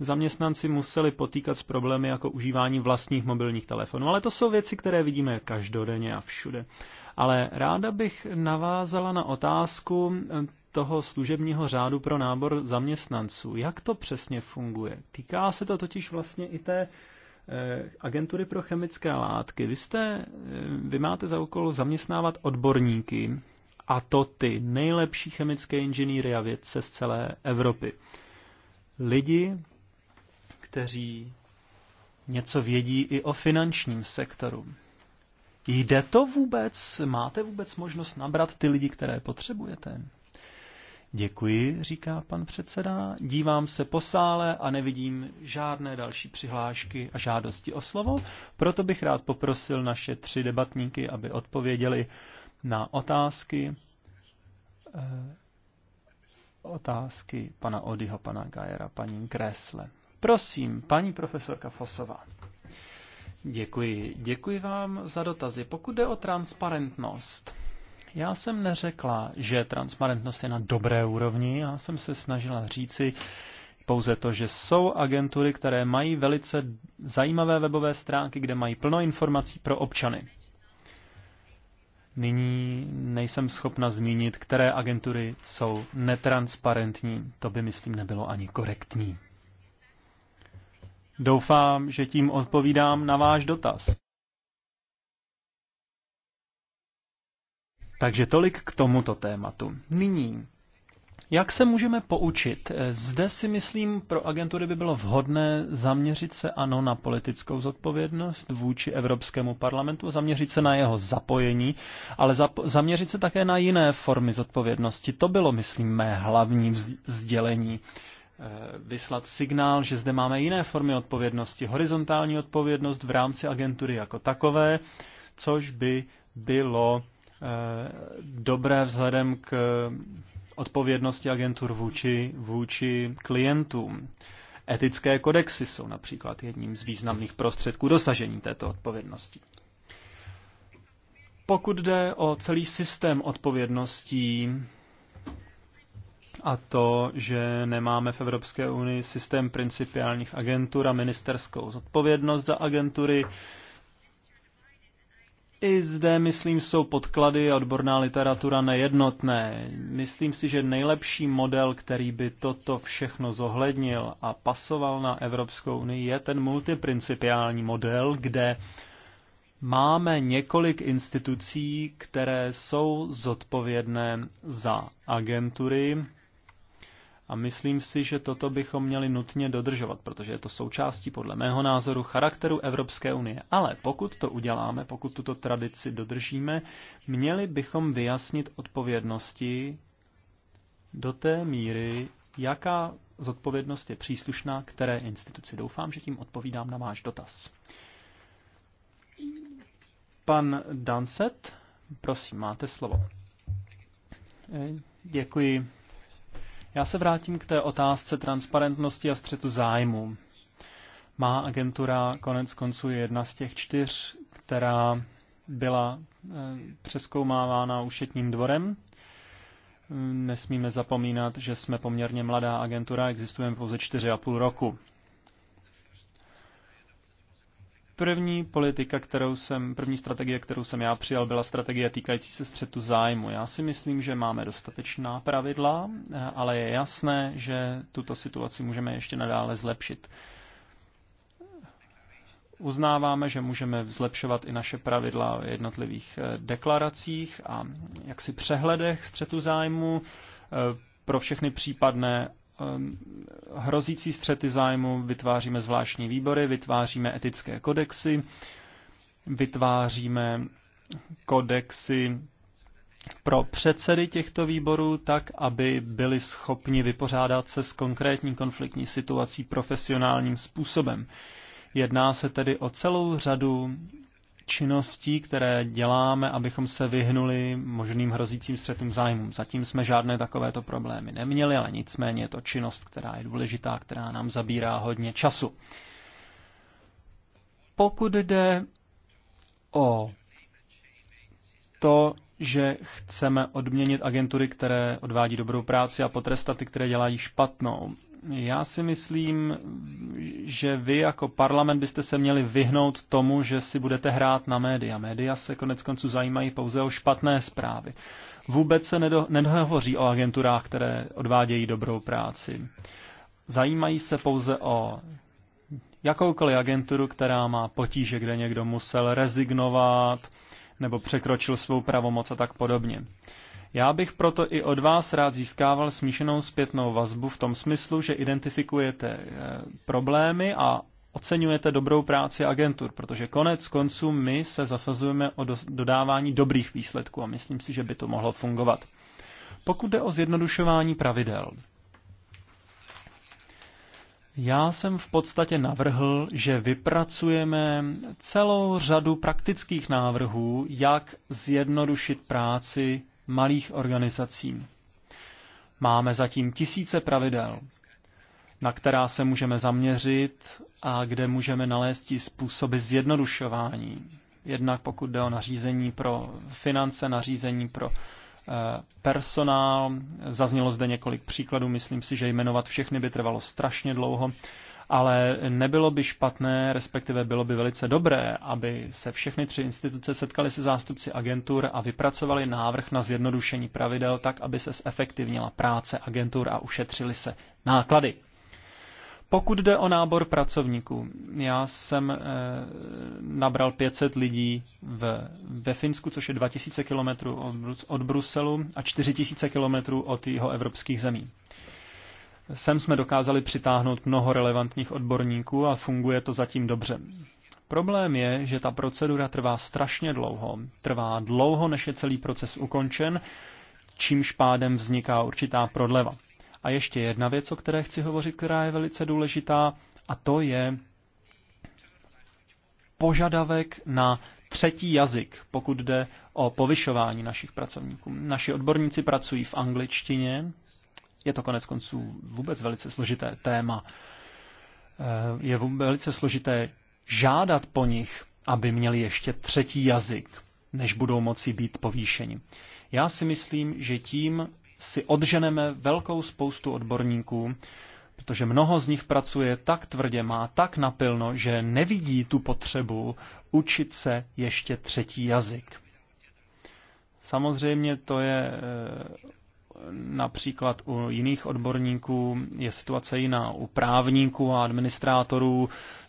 zaměstnanci museli potýkat s problémy jako užívání vlastních mobilních telefonů. Ale to jsou věci, které vidíme každodenně a všude. Ale ráda bych navázala na otázku toho služebního řádu pro nábor zaměstnanců. Jak to přesně funguje? Týká se to totiž vlastně i té eh, agentury pro chemické látky. Vy, jste, eh, vy máte za úkol zaměstnávat odborníky, a to ty nejlepší chemické inženýry a vědce z celé Evropy. Lidi, kteří něco vědí i o finančním sektoru. Jde to vůbec? Máte vůbec možnost nabrat ty lidi, které potřebujete? Děkuji, říká pan předseda. Dívám se po sále a nevidím žádné další přihlášky a žádosti o slovo, proto bych rád poprosil naše tři debatníky, aby odpověděli na otázky eh, otázky pana Odyho, pana Gajera, paní Kresle. Prosím, paní profesorka Fosová. Děkuji. Děkuji vám za dotazy. Pokud jde o transparentnost, já jsem neřekla, že transparentnost je na dobré úrovni, já jsem se snažila říci pouze to, že jsou agentury, které mají velice zajímavé webové stránky, kde mají plno informací pro občany. Nyní nejsem schopna zmínit, které agentury jsou netransparentní. To by, myslím, nebylo ani korektní. Doufám, že tím odpovídám na váš dotaz. Takže tolik k tomuto tématu. Nyní, jak se můžeme poučit? Zde si myslím, pro agentury by bylo vhodné zaměřit se ano na politickou zodpovědnost vůči Evropskému parlamentu, zaměřit se na jeho zapojení, ale zap- zaměřit se také na jiné formy zodpovědnosti. To bylo, myslím, mé hlavní sdělení eh, vyslat signál, že zde máme jiné formy odpovědnosti, horizontální odpovědnost v rámci agentury jako takové, což by bylo Eh, dobré vzhledem k odpovědnosti agentur vůči, vůči klientům. Etické kodexy jsou například jedním z významných prostředků dosažení této odpovědnosti. Pokud jde o celý systém odpovědností a to, že nemáme v Evropské unii systém principiálních agentur a ministerskou zodpovědnost za agentury, i zde, myslím, jsou podklady a odborná literatura nejednotné. Myslím si, že nejlepší model, který by toto všechno zohlednil a pasoval na Evropskou unii, je ten multiprincipiální model, kde máme několik institucí, které jsou zodpovědné za agentury, a myslím si, že toto bychom měli nutně dodržovat, protože je to součástí podle mého názoru charakteru Evropské unie. Ale pokud to uděláme, pokud tuto tradici dodržíme, měli bychom vyjasnit odpovědnosti do té míry, jaká zodpovědnost je příslušná které instituci. Doufám, že tím odpovídám na váš dotaz. Pan Danset, prosím, máte slovo. Eh, děkuji, já se vrátím k té otázce transparentnosti a střetu zájmu. Má agentura konec konců je jedna z těch čtyř, která byla eh, přeskoumávána ušetním dvorem. Nesmíme zapomínat, že jsme poměrně mladá agentura, existujeme pouze 4,5 roku. První politika, kterou jsem, první strategie, kterou jsem já přijal, byla strategie týkající se střetu zájmu. Já si myslím, že máme dostatečná pravidla, eh, ale je jasné, že tuto situaci můžeme ještě nadále zlepšit. Uznáváme, že můžeme zlepšovat i naše pravidla o jednotlivých eh, deklaracích a jaksi přehledech střetu zájmu eh, pro všechny případné Ehm, hrozící střety zájmu, vytváříme zvláštní výbory, vytváříme etické kodexy, vytváříme kodexy pro předsedy těchto výborů, tak aby byli schopni vypořádat se s konkrétní konfliktní situací profesionálním způsobem. Jedná se tedy o celou řadu činností, které děláme, abychom se vyhnuli možným hrozícím střetům zájmů. Zatím jsme žádné takovéto problémy neměli, ale nicméně je to činnost, která je důležitá, která nám zabírá hodně času. Pokud jde o to, že chceme odměnit agentury, které odvádí dobrou práci a potrestat ty, které dělají špatnou. Já si myslím, že vy jako parlament byste se měli vyhnout tomu, že si budete hrát na média. Média se konec konců zajímají pouze o špatné zprávy. Vůbec se nedo, nedohovoří o agenturách, které odvádějí dobrou práci. Zajímají se pouze o jakoukoliv agenturu, která má potíže, kde někdo musel rezignovat nebo překročil svou pravomoc a tak podobně. Já bych proto i od vás rád získával smíšenou zpětnou vazbu v tom smyslu, že identifikujete eh, problémy a oceňujete dobrou práci agentur, protože konec konců my se zasazujeme o dodávání dobrých výsledků a myslím si, že by to mohlo fungovat. Pokud jde o zjednodušování pravidel, já jsem v podstatě navrhl, že vypracujeme celou řadu praktických návrhů, jak zjednodušit práci malých organizací. Máme zatím tisíce pravidel, na která se můžeme zaměřit a kde můžeme nalézt i způsoby zjednodušování. Jednak pokud jde o nařízení pro finance, nařízení pro eh, personál. Zaznělo zde několik příkladů, myslím si, že jmenovat všechny by trvalo strašně dlouho ale nebylo by špatné, respektive bylo by velice dobré, aby se všechny tři instituce setkaly se zástupci agentur a vypracovali návrh na zjednodušení pravidel tak, aby se zefektivnila práce agentur a ušetřili se náklady. Pokud jde o nábor pracovníků, já jsem e, nabral 500 lidí v, ve Finsku, což je 2000 km od, od Bruselu a 4000 km od jeho evropských zemí. Sem jsme dokázali přitáhnout mnoho relevantních odborníků a funguje to zatím dobře. Problém je, že ta procedura trvá strašně dlouho. Trvá dlouho, než je celý proces ukončen, čímž pádem vzniká určitá prodleva. A ještě jedna věc, o které chci hovořit, která je velice důležitá, a to je požadavek na třetí jazyk, pokud jde o povyšování našich pracovníků. Naši odborníci pracují v angličtině, je to konec konců vůbec velice složité téma. Eh, je velice složité žádat po nich, aby měli ještě třetí jazyk, než budou moci být povýšeni. Já si myslím, že tím si odženeme velkou spoustu odborníků, protože mnoho z nich pracuje tak tvrdě, má tak napilno, že nevidí tu potřebu učit se ještě třetí jazyk. Samozřejmě to je eh, například u jiných odborníků je situace jiná. U právníků a administrátorů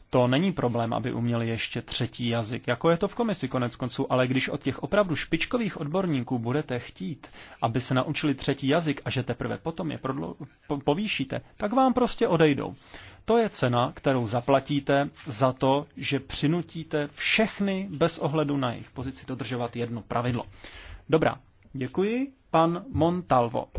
to není problém, aby uměli ještě třetí jazyk, jako je to v komisi konec konců, ale když od těch opravdu špičkových odborníků budete chtít, aby se naučili třetí jazyk a že teprve potom je prodlo- po- povýšíte, tak vám prostě odejdou. To je cena, kterou zaplatíte za to, že přinutíte všechny bez ohledu na jejich pozici dodržovat jedno pravidlo. Dobrá, děkuji pan Montalvo.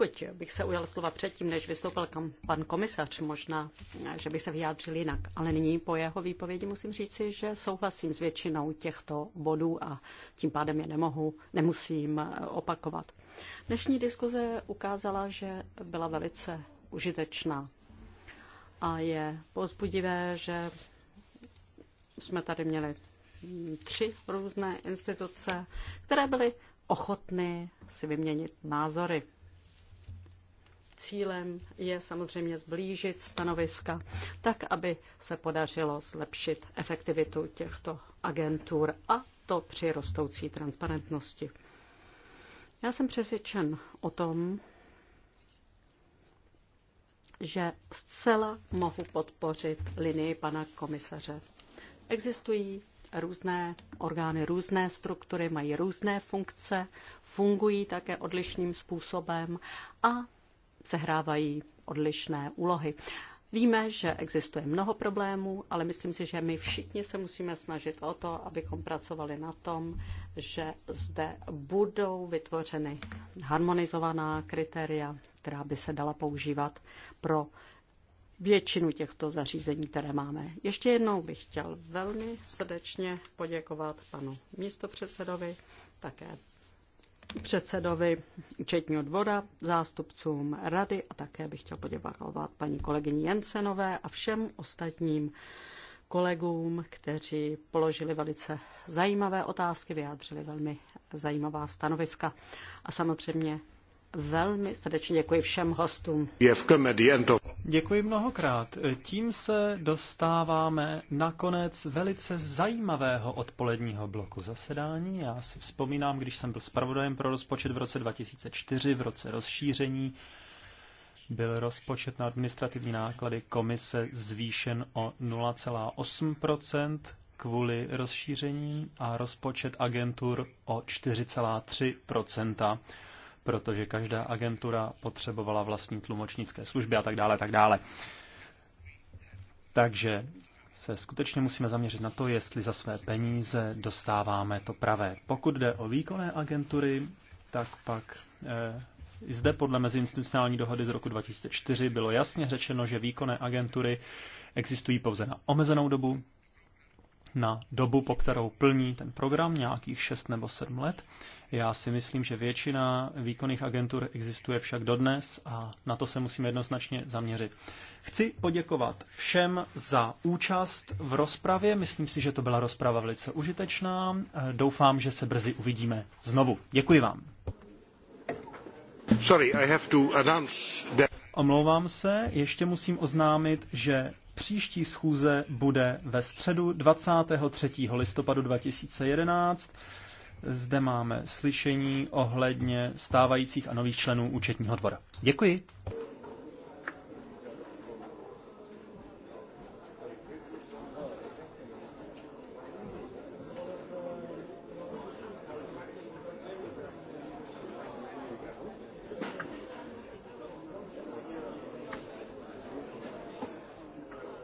Pokud bych se ujal slova předtím, než vystoupil kam pan komisař, možná, že bych se vyjádřil jinak, ale nyní po jeho výpovědi musím říci, že souhlasím s většinou těchto bodů a tím pádem je nemohu, nemusím eh, opakovat. Dnešní diskuze ukázala, že byla velice užitečná a je pozbudivé, že jsme tady měli hm, tři různé instituce, které byly ochotny si vyměnit názory. Cílem je samozřejmě zblížit stanoviska tak, aby se podařilo zlepšit efektivitu těchto agentur a to při rostoucí transparentnosti. Já jsem přesvědčen o tom, že zcela mohu podpořit linii pana komisaře. Existují různé orgány, různé struktury, mají různé funkce, fungují také odlišným způsobem a sehrávají odlišné úlohy. Víme, že existuje mnoho problémů, ale myslím si, že my všichni se musíme snažit o to, abychom pracovali na tom, že zde budou vytvořeny harmonizovaná kritéria, která by se dala používat pro většinu těchto zařízení, které máme. Ještě jednou bych chtěl velmi srdečně poděkovat panu místopředsedovi, také předsedovi účetního dvora, zástupcům rady a také bych chtěl poděkovat paní kolegyni Jensenové a všem ostatním kolegům, kteří položili velice zajímavé otázky, vyjádřili velmi zajímavá stanoviska. A samozřejmě velmi srdečně děkuji všem hostům. Děkuji mnohokrát. Tím se dostáváme na konec velice zajímavého odpoledního bloku zasedání. Já si vzpomínám, když jsem byl zpravodajem pro rozpočet v roce 2004, v roce rozšíření, byl rozpočet na administrativní náklady komise zvýšen o 0,8 kvůli rozšíření a rozpočet agentur o 4,3 protože každá agentura potřebovala vlastní tlumočnické služby a tak dále, tak dále. Takže se skutečně musíme zaměřit na to, jestli za své peníze dostáváme to pravé. Pokud jde o výkonné agentury, tak pak eh, zde podle meziinstitucionální dohody z roku 2004 bylo jasně řečeno, že výkonné agentury existují pouze na omezenou dobu, na dobu, po kterou plní ten program, nějakých 6 nebo 7 let, já si myslím, že většina výkonných agentur existuje však dodnes a na to se musíme jednoznačně zaměřit. Chci poděkovat všem za účast v rozpravě. Myslím si, že to byla rozprava velice užitečná. Doufám, že se brzy uvidíme znovu. Děkuji vám. Sorry, I have to announce that... Omlouvám se, ještě musím oznámit, že příští schůze bude ve středu 23. listopadu 2011 zde máme slyšení ohledně stávajících a nových členů účetního dvora. Děkuji.